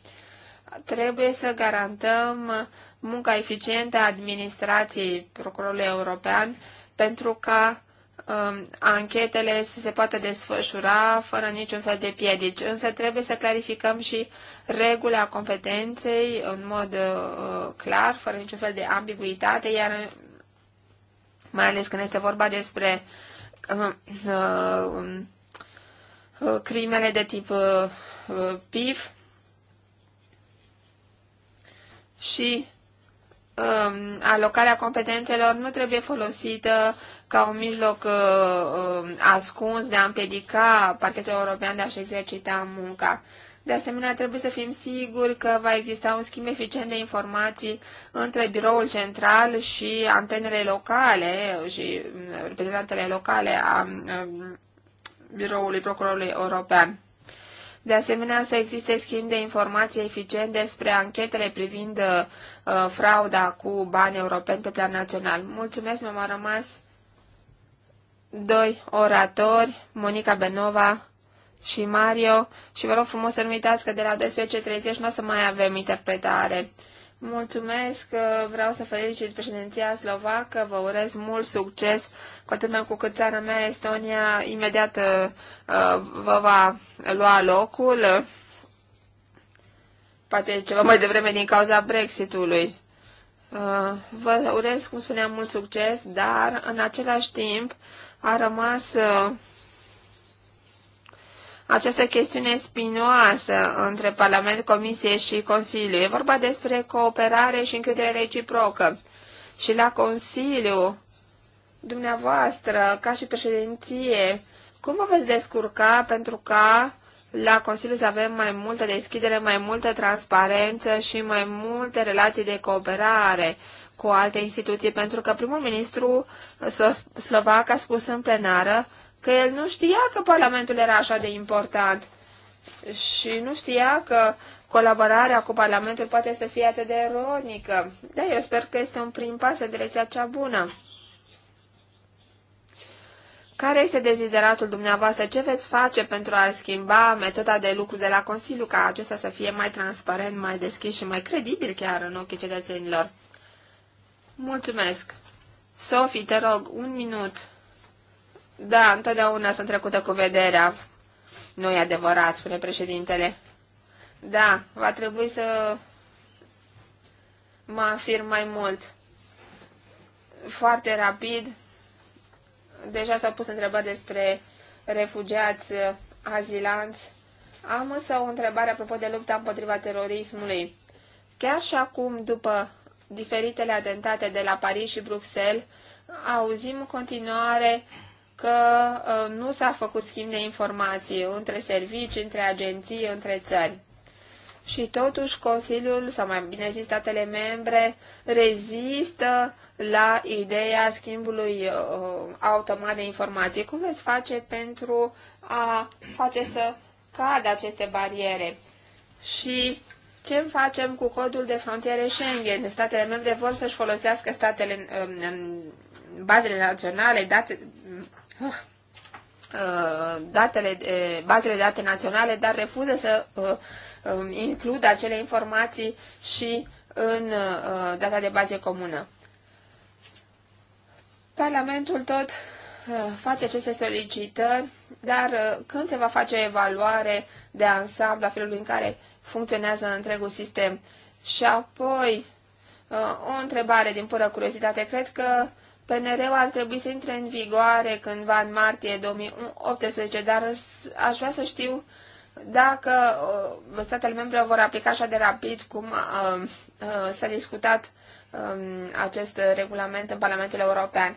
Trebuie să garantăm munca eficientă a administrației procurorului european pentru ca Um, anchetele să se poată desfășura fără niciun fel de piedici. Însă trebuie să clarificăm și regula competenței în mod uh, clar, fără niciun fel de ambiguitate, iar mai ales când este vorba despre uh, uh, uh crimele de tip uh, PIF și um, alocarea competențelor nu trebuie folosită ca un mijloc uh, uh, ascuns de a împiedica parchetul european de a-și exercita munca. De asemenea, trebuie să fim siguri că va exista un schimb eficient de informații între biroul central și antenele locale și uh, reprezentantele locale a uh, biroului procurorului european. De asemenea, să existe schimb de informații eficient despre anchetele privind uh, frauda cu bani europeni pe plan național. Mulțumesc, mi-am rămas doi oratori, Monica Benova și Mario, și vă rog frumos să nu uitați că de la 12.30 nu o să mai avem interpretare. Mulțumesc, uh, vreau să felicit președinția slovacă, vă urez mult succes, cu atât mai cu cât țara mea, Estonia, imediat uh, uh, vă va lua locul, poate ceva mai devreme din cauza Brexitului. Vă urez, cum spuneam, mult succes, dar în același timp a rămas uh, această chestiune spinoasă între Parlament, Comisie și Consiliu. E vorba despre cooperare și încredere reciprocă. Și la Consiliu, dumneavoastră, ca și președinție, cum vă veți descurca pentru ca la Consiliu să avem mai multă deschidere, mai multă transparență și mai multe relații de cooperare cu alte instituții, pentru că primul ministru slovac a spus în plenară că el nu știa că Parlamentul era așa de important și nu știa că colaborarea cu Parlamentul poate să fie atât de eronică. Da, eu sper că este un prim pas în direcția cea bună. Care este dezideratul dumneavoastră? Ce veți face pentru a schimba metoda de lucru de la Consiliu ca acesta să fie mai transparent, mai deschis și mai credibil chiar în ochii cetățenilor? Mulțumesc. Sophie, te rog, un minut. Da, întotdeauna sunt trecută cu vederea. Nu e adevărat, spune președintele. Da, va trebui să mă afirm mai mult. Foarte rapid. Deja s-au pus întrebări despre refugiați, azilanți. Am însă o întrebare apropo de lupta împotriva terorismului. Chiar și acum, după diferitele atentate de la Paris și Bruxelles, auzim în continuare că uh, nu s-a făcut schimb de informații între servicii, între agenții, între țări. Și totuși Consiliul, sau mai bine zis statele membre, rezistă la ideea schimbului uh, automat de informații. Cum veți face pentru a face să cadă aceste bariere? Și ce facem cu codul de frontiere Schengen? Statele membre vor să-și folosească statele, um, um, bazele naționale, date, uh, uh, datele, eh, bazele date naționale, dar refuză să uh, um, includă acele informații și în data de bază comună. Parlamentul tot face aceste solicitări, dar când se va face evaluare de ansamblu a felului în care funcționează întregul sistem. Și apoi, uh, o întrebare din pură curiozitate. Cred că PNR-ul ar trebui să intre în vigoare cândva în martie 2018, dar aș vrea să știu dacă uh, statele membre vor aplica așa de rapid cum uh, s-a discutat um, acest regulament în Parlamentul European.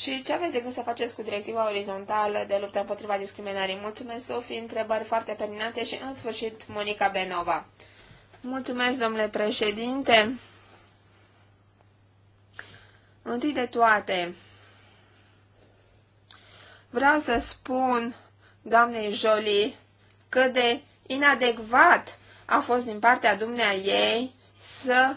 Și ce aveți de gând să faceți cu directiva orizontală de luptă împotriva discriminării? Mulțumesc, Sofie, întrebări foarte pertinente și, în sfârșit, Monica Benova. Mulțumesc, domnule președinte. Întâi de toate, vreau să spun doamnei Jolie cât de inadecvat a fost din partea dumnea ei să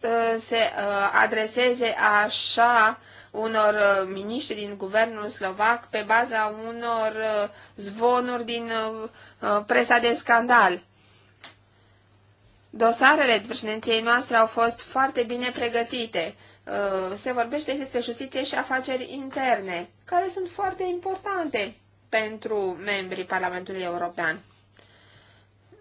uh, se uh, adreseze așa unor uh, miniștri din guvernul slovac pe baza unor uh, zvonuri din uh, presa de scandal. Dosarele președinției noastre au fost foarte bine pregătite. Se vorbește despre justiție și afaceri interne, care sunt foarte importante pentru membrii Parlamentului European.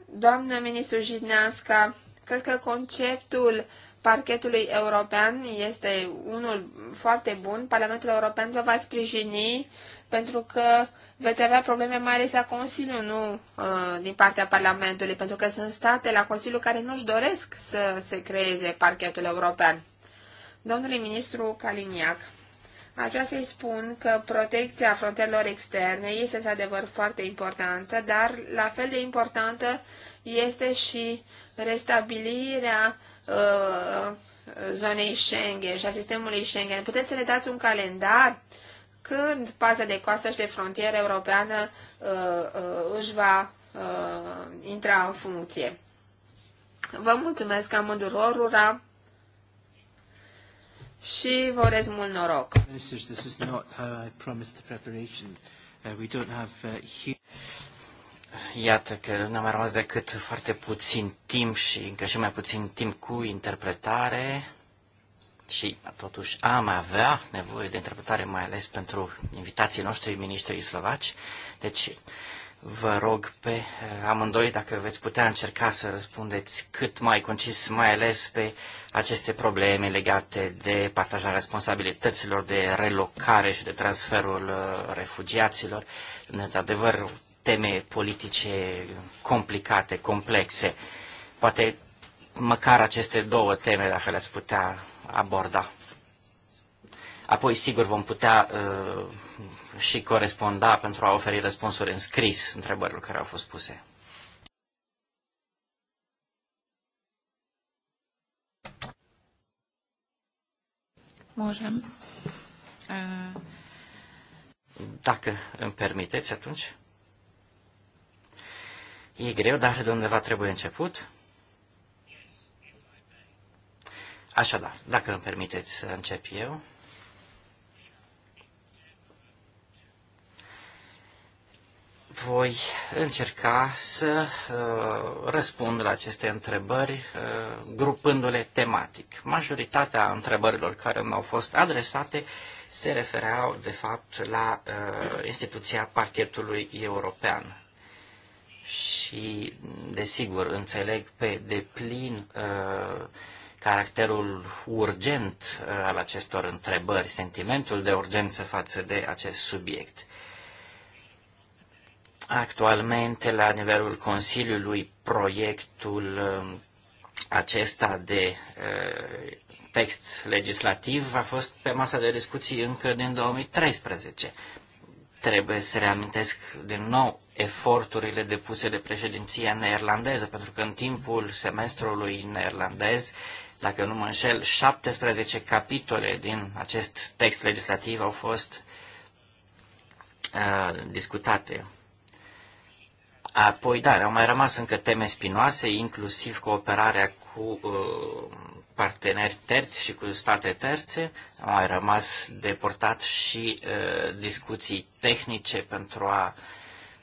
Doamnă ministru Jidneasca, cred că conceptul uh, parchetului european este unul foarte bun. Parlamentul European vă va sprijini pentru că veți avea probleme mai ales la Consiliu, nu uh, din partea Parlamentului, pentru că sunt state la Consiliu care nu-și doresc să se creeze parchetul european. Domnule ministru Caliniac, aș vrea să-i spun că protecția frontierelor externe este într-adevăr foarte importantă, dar la fel de importantă este și restabilirea Uh, zonei Schengen și a sistemului Schengen. Puteți să ne dați un calendar când paza de coastă și de frontieră europeană uh, uh, își va uh, intra în funcție. Vă mulțumesc amândurorura și vă urez mult noroc. Iată că nu am mai rămas decât foarte puțin timp și încă și mai puțin timp cu interpretare și totuși am avea nevoie de interpretare, mai ales pentru invitații noștri, ministrii slovaci. Deci vă rog pe eh, amândoi dacă veți putea încerca să răspundeți cât mai concis, mai ales pe aceste probleme legate de partajarea responsabilităților, de relocare și de transferul eh, refugiaților. În adevăr teme politice complicate, complexe. Poate măcar aceste două teme, dacă le-ați putea aborda. Apoi, sigur, vom putea uh, și coresponda pentru a oferi răspunsuri în scris întrebărilor care au fost puse. Можем. Dacă îmi permiteți, atunci E greu, dar de undeva trebuie început. Așadar, dacă îmi permiteți să încep eu. voi încerca să uh, răspund la aceste întrebări uh, grupându-le tematic. Majoritatea întrebărilor care mi-au fost adresate se refereau, de fapt, la uh, instituția parchetului european și, desigur, înțeleg pe deplin uh, caracterul urgent uh, al acestor întrebări, sentimentul de urgență față de acest subiect. Actualmente, la nivelul Consiliului, proiectul uh, acesta de uh, text legislativ a fost pe masa de discuții încă din 2013. Trebuie să reamintesc din nou eforturile depuse de președinția neerlandeză, pentru că în timpul semestrului neerlandez, dacă nu mă înșel, 17 capitole din acest text legislativ au fost uh, discutate. Apoi, da, au mai rămas încă teme spinoase, inclusiv cooperarea cu uh, parteneri terți și cu state terțe. Au mai rămas deportat și uh, discuții tehnice pentru a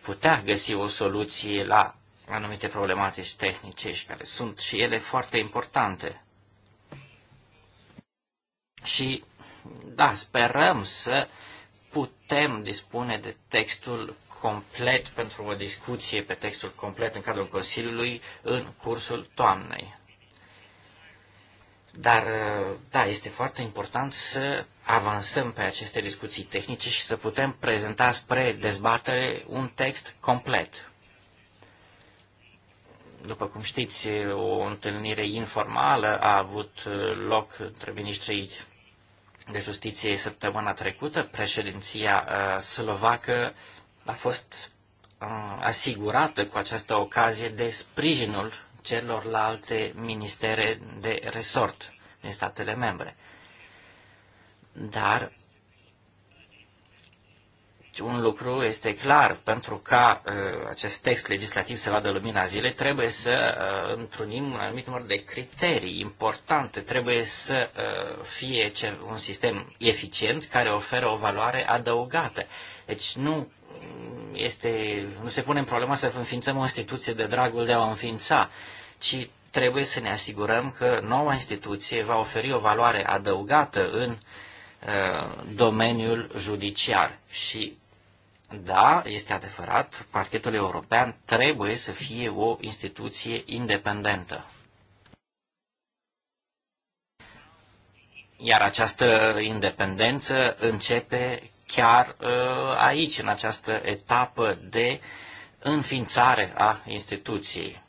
putea găsi o soluție la anumite problematici tehnice și care sunt și ele foarte importante. Și da, sperăm să putem dispune de textul complet pentru o discuție pe textul complet în cadrul Consiliului în cursul toamnei. Dar, uh, da, este foarte important să avansăm pe aceste discuții tehnice și să putem prezenta spre dezbatere un text complet. După cum știți, o întâlnire informală a avut uh, loc între ministrii de justiție săptămâna trecută. Președinția uh, slovacă a fost asigurată cu această ocazie de sprijinul celorlalte ministere de resort din statele membre. Dar un lucru este clar, pentru ca uh, acest text legislativ să vadă lumina zilei, trebuie să uh, întrunim un anumit număr de criterii importante, trebuie să uh, fie ce, un sistem eficient care oferă o valoare adăugată. Deci nu este, nu se pune în problema să înființăm o instituție de dragul de a o înființa. Uh, ci trebuie să ne asigurăm că noua instituție va oferi o valoare adăugată în uh, domeniul judiciar. Și da, este adevărat, parchetul european trebuie să fie o instituție independentă. Iar această independență începe chiar uh, aici, în această etapă de înființare a instituției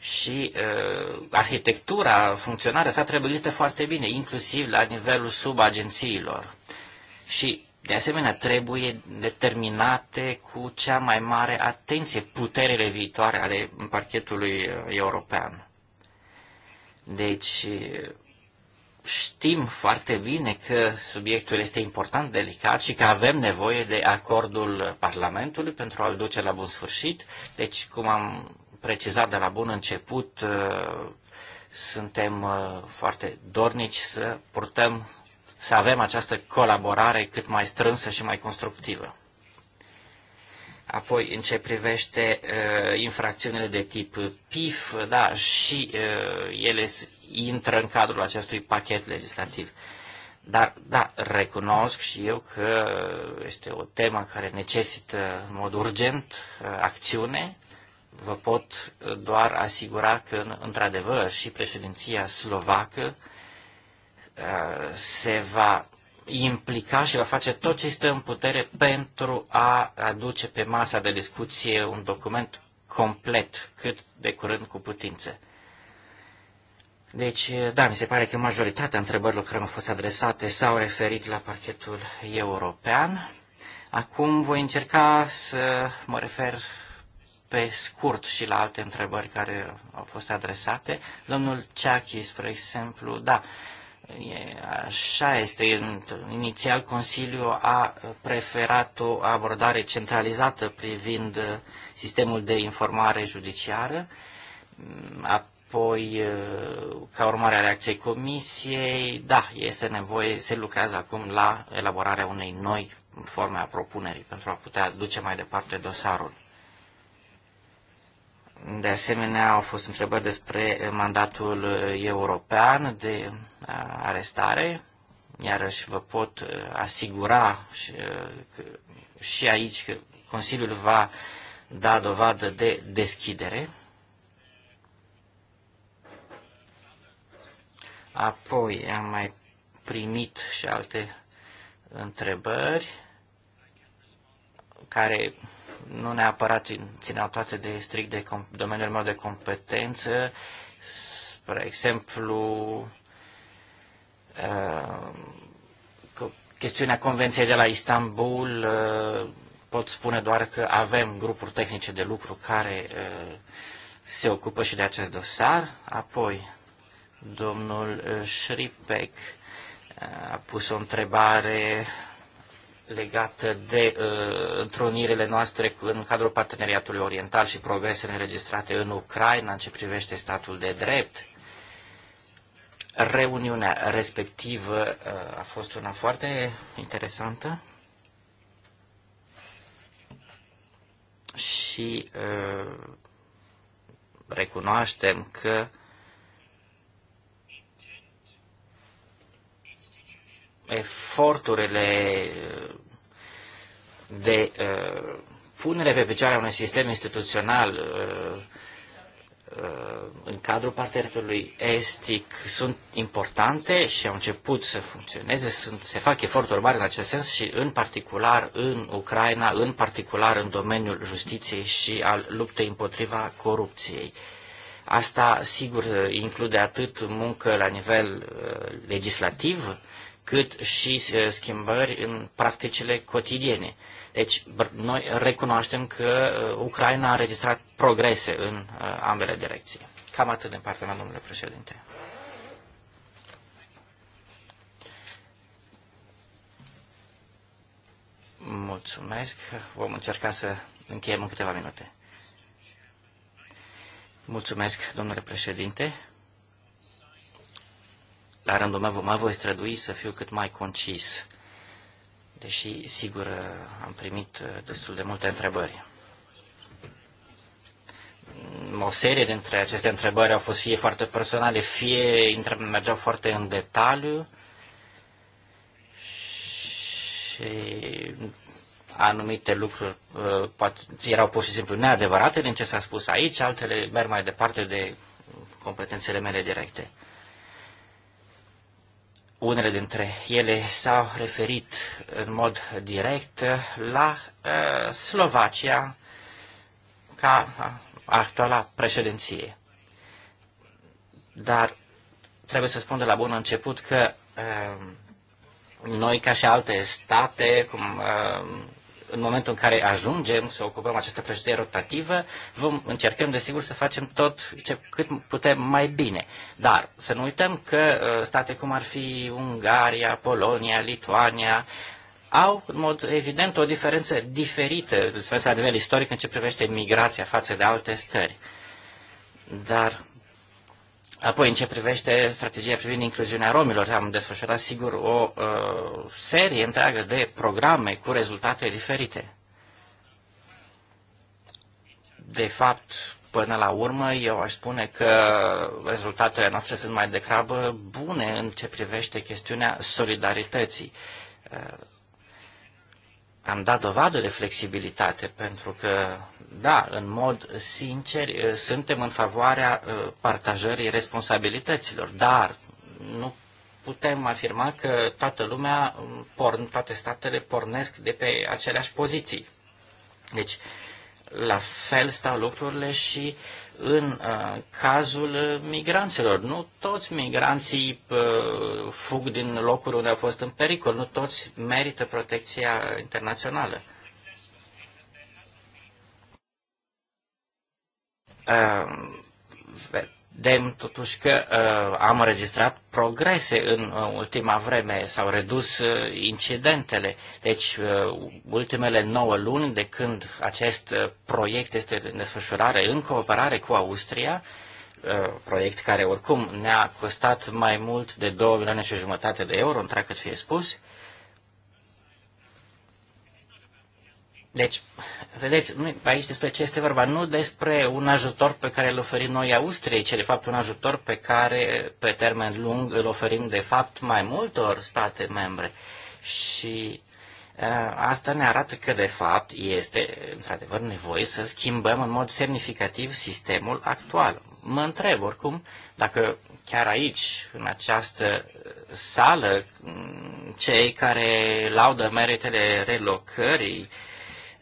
și uh, arhitectura, funcționare s-a trebuită foarte bine, inclusiv la nivelul subagențiilor. Și, de asemenea, trebuie determinate cu cea mai mare atenție puterile viitoare ale parchetului uh, european. Deci, uh, știm foarte bine că subiectul este important, delicat și că avem nevoie de acordul Parlamentului pentru a-l duce la bun sfârșit. Deci, cum am precizat de la bun început, uh, suntem uh, foarte dornici să purtăm, să avem această colaborare cât mai strânsă și mai constructivă. Apoi, în ce privește uh, infracțiunile de tip PIF, da, și uh, ele intră în cadrul acestui pachet legislativ. Dar, da, recunosc și eu că uh, este o temă care necesită în mod urgent acțiune vă pot uh, doar asigura că, într-adevăr, și președinția slovacă uh, se va implica și va face tot ce stă în putere pentru a aduce pe masa de discuție un document complet, cât de curând cu putință. Deci, uh, da, mi se pare că majoritatea întrebărilor care mi-au fost adresate s-au referit la parchetul european. Acum voi încerca să mă refer pe scurt și la alte întrebări care au fost adresate. Domnul Ceachi, spre exemplu, da, e, așa este. Inițial, Consiliul a preferat o abordare centralizată privind sistemul de informare judiciară. Apoi, ca urmare a reacției Comisiei, da, este nevoie, se lucrează acum la elaborarea unei noi forme a propunerii pentru a putea duce mai departe dosarul. De asemenea, au fost întrebări despre mandatul european de uh, arestare. Iarăși vă pot uh, asigura și, uh, și aici că Consiliul va da dovadă de deschidere. Apoi am mai primit și alte întrebări care nu neapărat țineau toate de strict de domeniul meu de competență. Spre exemplu, uh, chestiunea Convenției de la Istanbul, uh, pot spune doar că avem grupuri tehnice de lucru care uh, se ocupă și de acest dosar. Apoi, domnul Șripec a pus o întrebare legată de uh, întrunirile noastre în cadrul parteneriatului oriental și progresele înregistrate în Ucraina în ce privește statul de drept. Reuniunea respectivă uh, a fost una foarte interesantă și uh, recunoaștem că eforturile uh, de uh, punere pe picioare a unui sistem instituțional uh, în cadrul parteneriatului estic sunt importante și au început să funcționeze, sunt, se fac eforturi mari în acest sens și în particular în Ucraina, în particular în domeniul justiției și al luptei împotriva corupției. Asta, sigur, include atât muncă la nivel uh, legislativ, cât și schimbări în practicile cotidiene. Deci noi recunoaștem că Ucraina a registrat progrese în ambele direcții. Cam atât din partea mea, domnule președinte. Mulțumesc. Vom încerca să încheiem în câteva minute. Mulțumesc, domnule președinte. La rândul meu mă voi strădui să fiu cât mai concis, deși, sigur, am primit uh, destul de multe întrebări. O serie dintre aceste întrebări au fost fie foarte personale, fie mergeau foarte în detaliu și anumite lucruri uh, poate, erau pur și simplu neadevărate din ce s-a spus aici, altele merg mai departe de competențele mele directe. Unele dintre ele s-au referit în mod direct la uh, Slovacia ca actuala președinție. Dar trebuie să spun de la bun început că uh, noi, ca și alte state, cum uh, în momentul în care ajungem să ocupăm această președinție rotativă, vom încercăm, desigur, să facem tot ce cât putem mai bine. Dar să nu uităm că uh, state cum ar fi Ungaria, Polonia, Lituania, au, în mod evident, o diferență diferită, diferența la nivel istoric, în ce privește migrația față de alte stări. Dar Apoi, în ce privește strategia privind incluziunea romilor, am desfășurat, sigur, o uh, serie întreagă de programe cu rezultate diferite. De fapt, până la urmă, eu aș spune că rezultatele noastre sunt mai degrabă bune în ce privește chestiunea solidarității. Uh, am dat dovadă de flexibilitate, pentru că, da, în mod sincer, eh, suntem în favoarea eh, partajării responsabilităților, dar nu putem afirma că toată lumea, mm, porn, toate statele pornesc de pe aceleași poziții. Deci, la fel stau lucrurile și în uh, cazul uh, migranților. Nu toți migranții uh, fug din locuri unde au fost în pericol, nu toți merită protecția internațională. Vedem totuși că uh, am înregistrat progrese în uh, ultima vreme, s-au redus uh, incidentele. Deci, uh, ultimele nouă luni de când acest uh, proiect este în desfășurare în cooperare cu Austria, uh, proiect care oricum ne-a costat mai mult de 2 milioane și jumătate de euro, cât fie spus, Deci, vedeți, aici despre ce este vorba, nu despre un ajutor pe care îl oferim noi Austriei, ci de fapt un ajutor pe care pe termen lung îl oferim de fapt mai multor state membre. Și eh, Asta ne arată că, de fapt, este, într-adevăr, nevoie să schimbăm în mod semnificativ sistemul actual. Mă întreb, oricum, dacă chiar aici, în această sală, mm, cei care laudă meritele relocării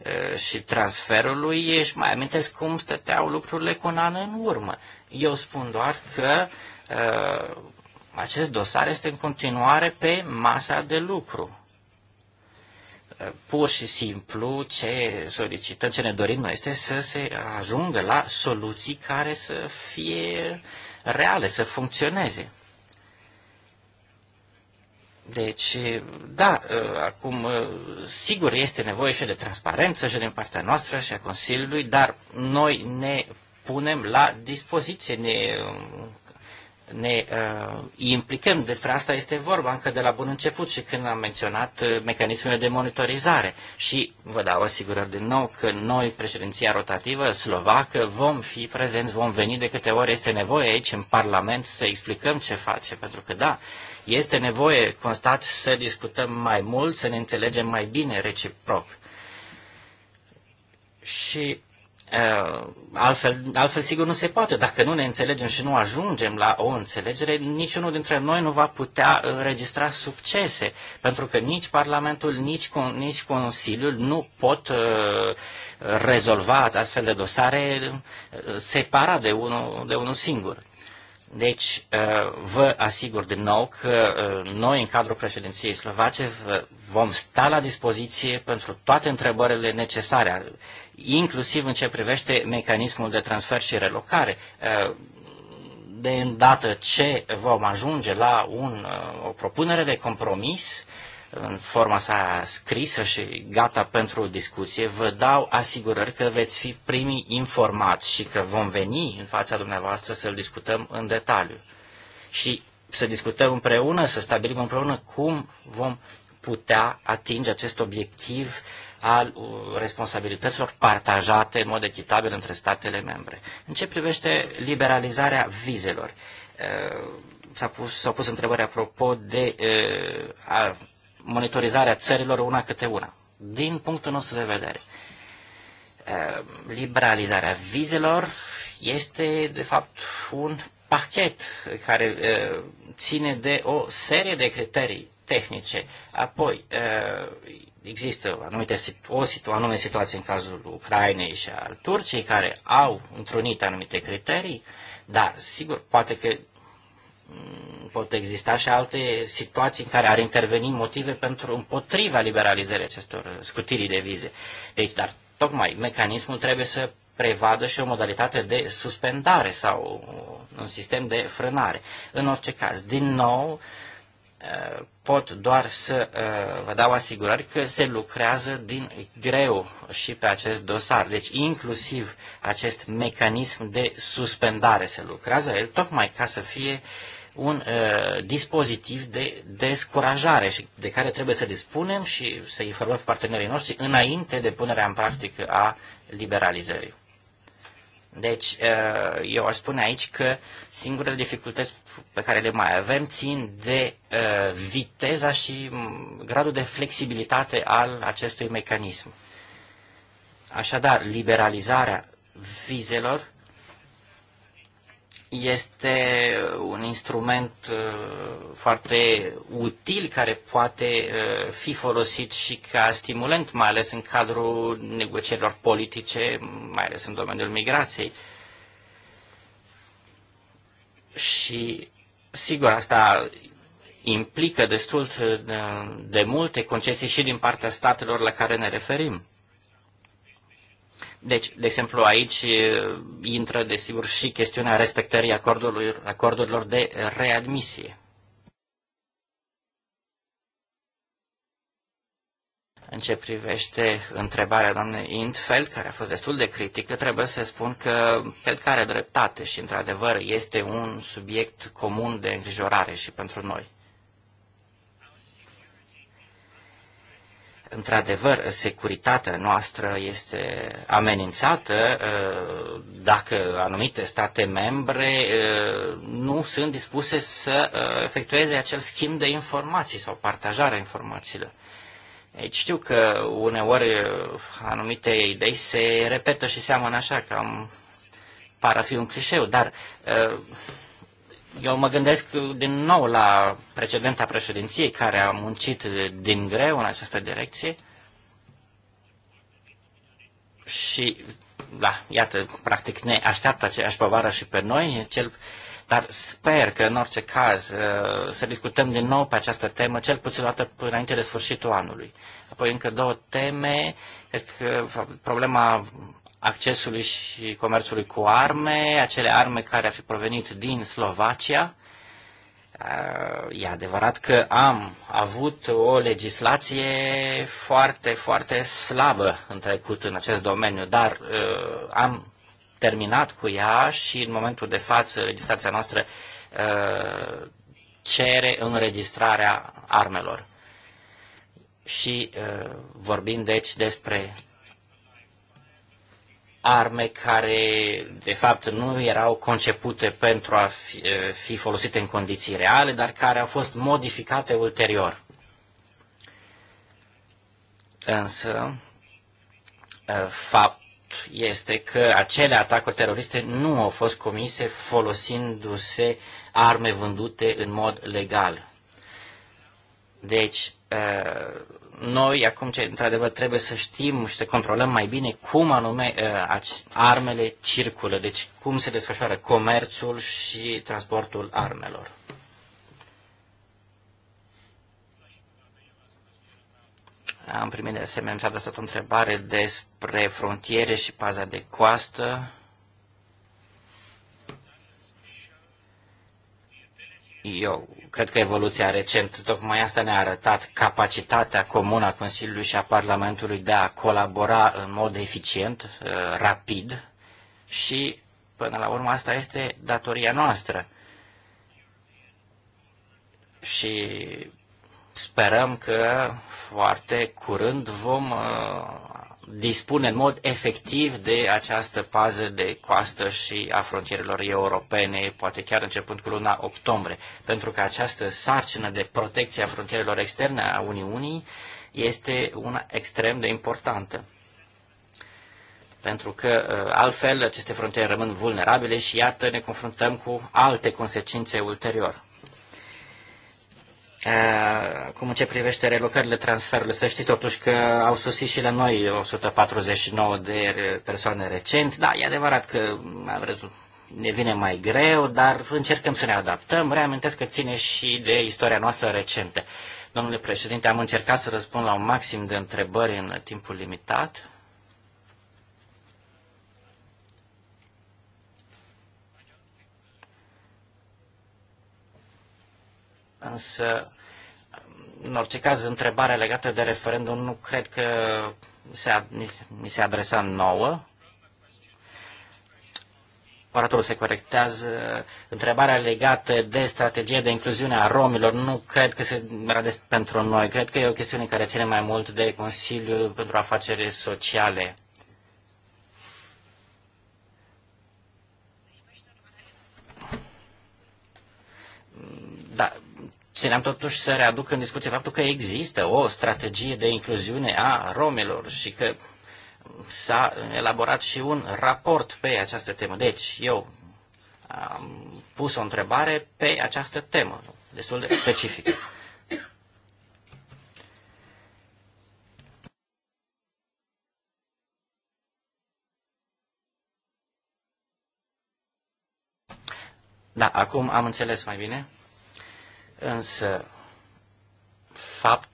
Eh, și transferului, își mai amintesc cum stăteau lucrurile cu un an în urmă. Eu spun doar că eh, acest dosar este în continuare pe masa de lucru. Eh, pur și simplu, ce solicităm, ce ne dorim noi este să se ajungă la soluții care să fie reale, să funcționeze. Deci, da, ă, acum, ă, sigur, este nevoie și de transparență și din partea noastră și a Consiliului, dar noi ne punem la dispoziție, ne, ne uh, implicăm. Despre asta este vorba încă de la bun început și când am menționat mecanismele de monitorizare. Și vă dau asigurări din nou că noi, președinția rotativă slovacă, vom fi prezenți, vom veni de câte ori este nevoie aici în Parlament să explicăm ce face, pentru că da, uh, este nevoie, constat, să discutăm mai mult, să ne înțelegem mai bine reciproc. Și Uh, altfel, altfel, sigur, nu se poate. Dacă nu ne înțelegem și nu ajungem la o înțelegere, niciunul dintre noi nu va putea înregistra succese, pentru că nici Parlamentul, nici, nici Consiliul nu pot uh, rezolva astfel de dosare uh, separat de unul, de unul singur. Deci, uh, vă asigur din nou că uh, noi, în cadrul președinției slovace, vom sta la dispoziție pentru toate întrebările necesare, inclusiv în ce privește mecanismul de transfer și relocare. Uh, de îndată ce vom ajunge la un, o propunere de compromis, în forma sa scrisă și gata pentru o discuție, vă dau asigurări că veți fi primii informați și că vom veni în fața dumneavoastră să-l discutăm în detaliu. Și să discutăm împreună, să stabilim împreună cum vom putea atinge acest obiectiv al uh, responsabilităților partajate în mod echitabil între statele membre. În ce privește liberalizarea vizelor, uh, s-au pus, s-a pus întrebări apropo de uh, a, monitorizarea țărilor una câte una. Din punctul nostru de vedere, eh, liberalizarea vizelor este, de fapt, un pachet care eh, ține de o serie de criterii tehnice. Apoi, eh, există anumite, o situ, anume situație în cazul Ucrainei și al Turciei care au întrunit anumite criterii, dar, sigur, poate că Mm, pot exista și alte situații în care ar interveni motive pentru împotriva liberalizării acestor uh, scutirii de vize. Deci, dar tocmai mecanismul trebuie să prevadă și o modalitate de suspendare sau uh, un sistem de frânare. În orice caz, din nou, uh, pot doar să vă dau asigurări că se lucrează din greu și pe acest dosar. Deci inclusiv acest mecanism de suspendare se lucrează el tocmai ca să fie uh, un uh, dispozitiv de descurajare și de care trebuie să dispunem și să informăm partenerii noștri înainte de punerea în practică a liberalizării. Deci, uh, eu aș spune aici că singurele dificultăți pe care le mai avem țin de uh, viteza și mm, gradul de flexibilitate al acestui mecanism. Așadar, liberalizarea vizelor este un instrument uh, foarte util care poate uh, fi folosit și ca stimulant, mai ales în cadrul negocierilor politice, mai ales în domeniul migrației. Și, sigur, asta implică destul uh, de multe concesii și din partea statelor la care ne referim. Deci, de exemplu, aici intră, desigur, și chestiunea respectării acordurilor, acordurilor de readmisie. În ce privește întrebarea doamnei Intfeld, care a fost destul de critică, trebuie să spun că cred că are dreptate și, într-adevăr, este un subiect comun de îngrijorare și pentru noi. Într-adevăr, securitatea noastră este amenințată uh, dacă anumite state membre uh, nu sunt dispuse să uh, efectueze acel schimb de informații sau partajarea informațiilor. Deci știu că uneori anumite idei se repetă și seamănă așa, că am par a fi un clișeu, dar eu mă gândesc din nou la precedenta președinție care a muncit din greu în această direcție și, da, iată, practic ne așteaptă aceeași povară și pe noi, cel, dar sper că, în orice caz, uh, să discutăm din nou pe această temă, cel puțin o dată până înainte de sfârșitul anului. Apoi încă două teme, cred că problema accesului și comerțului cu arme, acele arme care ar fi provenit din Slovacia. Uh, e adevărat că am avut o legislație foarte, foarte slabă în trecut în acest domeniu, dar uh, am terminat cu ea și în momentul de față legislația noastră uh, cere înregistrarea armelor. Și vorbim deci despre arme care, de fapt, nu erau concepute pentru a fi, fi folosite în condiții reale, dar care au fost modificate ulterior. Însă, fapt este că acele atacuri teroriste nu au fost comise folosindu-se arme vândute în mod legal. Deci, noi, acum ce într-adevăr trebuie să știm și să controlăm mai bine cum anume uh, armele circulă, deci cum se desfășoară comerțul și transportul armelor. Am primit de asemenea, mi o întrebare despre frontiere și paza de coastă. eu cred că evoluția recent, tocmai asta ne-a arătat capacitatea comună a Consiliului și a Parlamentului de a colabora în mod eficient, uh, rapid și, până la urmă, asta este datoria noastră. Și sperăm că foarte curând vom uh, dispune în mod efectiv de această pază de coastă și a frontierelor europene, poate chiar începând cu luna octombrie, pentru că această sarcină de protecție a frontierelor externe a Uniunii este una extrem de importantă. Pentru că uh, altfel aceste frontiere rămân vulnerabile și iată ne confruntăm cu alte consecințe ulterior. Eh, Cum în ce privește relocările, transferurile, să știți totuși că au sosit și la noi 149 de persoane recent. Da, e adevărat că am rezult, ne vine mai greu, dar încercăm să ne adaptăm. Reamintesc că ține și de istoria noastră recentă. Domnule președinte, am încercat să răspund la un maxim de întrebări în timpul limitat. Însă în orice caz, întrebarea legată de referendum nu cred că se, ni se adresa nouă. Oratorul se corectează. Întrebarea legată de strategia de incluziune a romilor nu cred că se radesc pentru noi. Cred că e o chestiune care ține mai mult de Consiliul pentru Afaceri Sociale. țineam totuși să readuc în discuție faptul că există o strategie de incluziune a romilor și că s-a elaborat și un raport pe această temă. Deci, eu am pus o întrebare pe această temă, destul de specifică. Da, acum am înțeles mai bine. Însă, fapt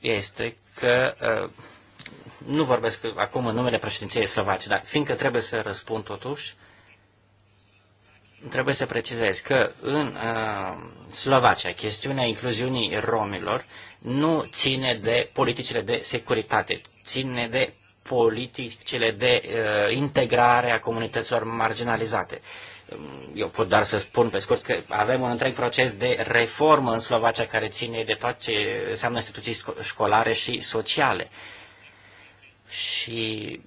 este că uh, nu vorbesc acum în numele președinției slovace, dar fiindcă trebuie să răspund totuși, trebuie să precizez că în uh, Slovacia chestiunea incluziunii romilor nu ține de politicile de securitate, ține de politicile de uh, integrare a comunităților marginalizate. Uh, Ehm, eu pot doar să spun pe scurt că avem un întreg proces de reformă în Slovacia care ține de tot ce înseamnă instituții școlare și sociale. Și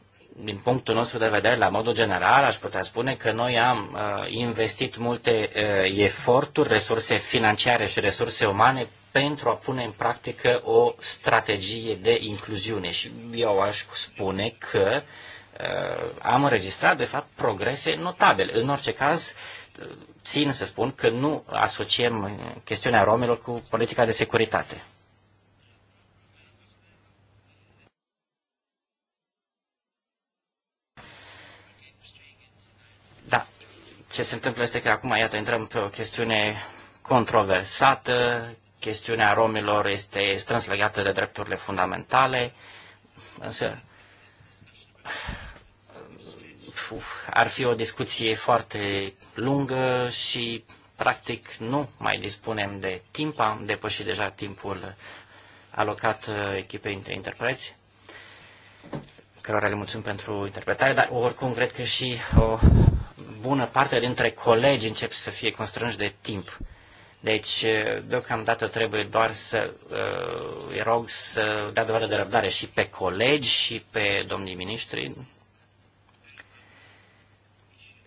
din punctul nostru de vedere, la modul general, aș putea spune că noi am uh, investit multe uh, eforturi, resurse financiare și resurse umane pentru a pune în practică o strategie de incluziune. Și eu aș spune că uh, Uh, am înregistrat, de fapt, progrese notabile. În orice caz, uh, țin să spun că nu asociem chestiunea romilor cu politica de securitate. Da, ce se întâmplă este că acum, iată, intrăm pe o chestiune controversată, chestiunea romilor este strâns legată de drepturile fundamentale, însă ar fi o discuție foarte lungă și practic nu mai dispunem de timp, am depășit deja timpul alocat uh, echipei de interpreți, cărora le mulțumim pentru interpretare, dar oricum cred că și o bună parte dintre colegi încep să fie constrânși de timp. Deci, uh, deocamdată trebuie doar să uh, îi rog să dea dovadă de răbdare și pe colegi și pe domnii miniștri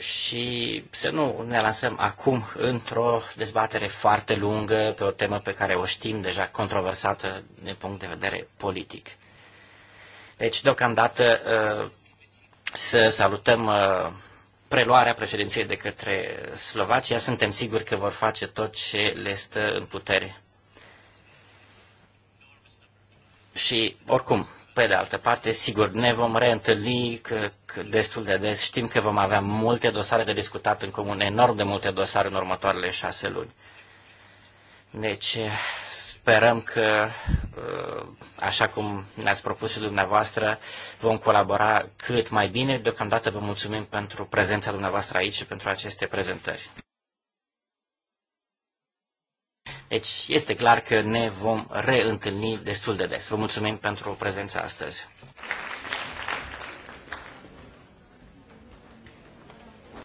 și să nu ne lansăm acum într-o dezbatere foarte lungă pe o temă pe care o știm deja controversată din punct de vedere politic. Deci, deocamdată, uh, să salutăm uh, preluarea președinției de către Slovacia. Suntem siguri că vor face tot ce le stă în putere. Și, oricum, pe de altă parte, sigur, ne vom reîntâlni destul de des. Știm că vom avea multe dosare de discutat în comun, enorm de multe dosare în următoarele șase luni. Deci, eh, sperăm că, eh, așa cum ne-ați propus și dumneavoastră, vom colabora cât mai bine. Deocamdată vă mulțumim pentru prezența dumneavoastră aici și pentru aceste prezentări. Deci este clar că ne vom reîntâlni destul de des. Vă mulțumim pentru prezența astăzi.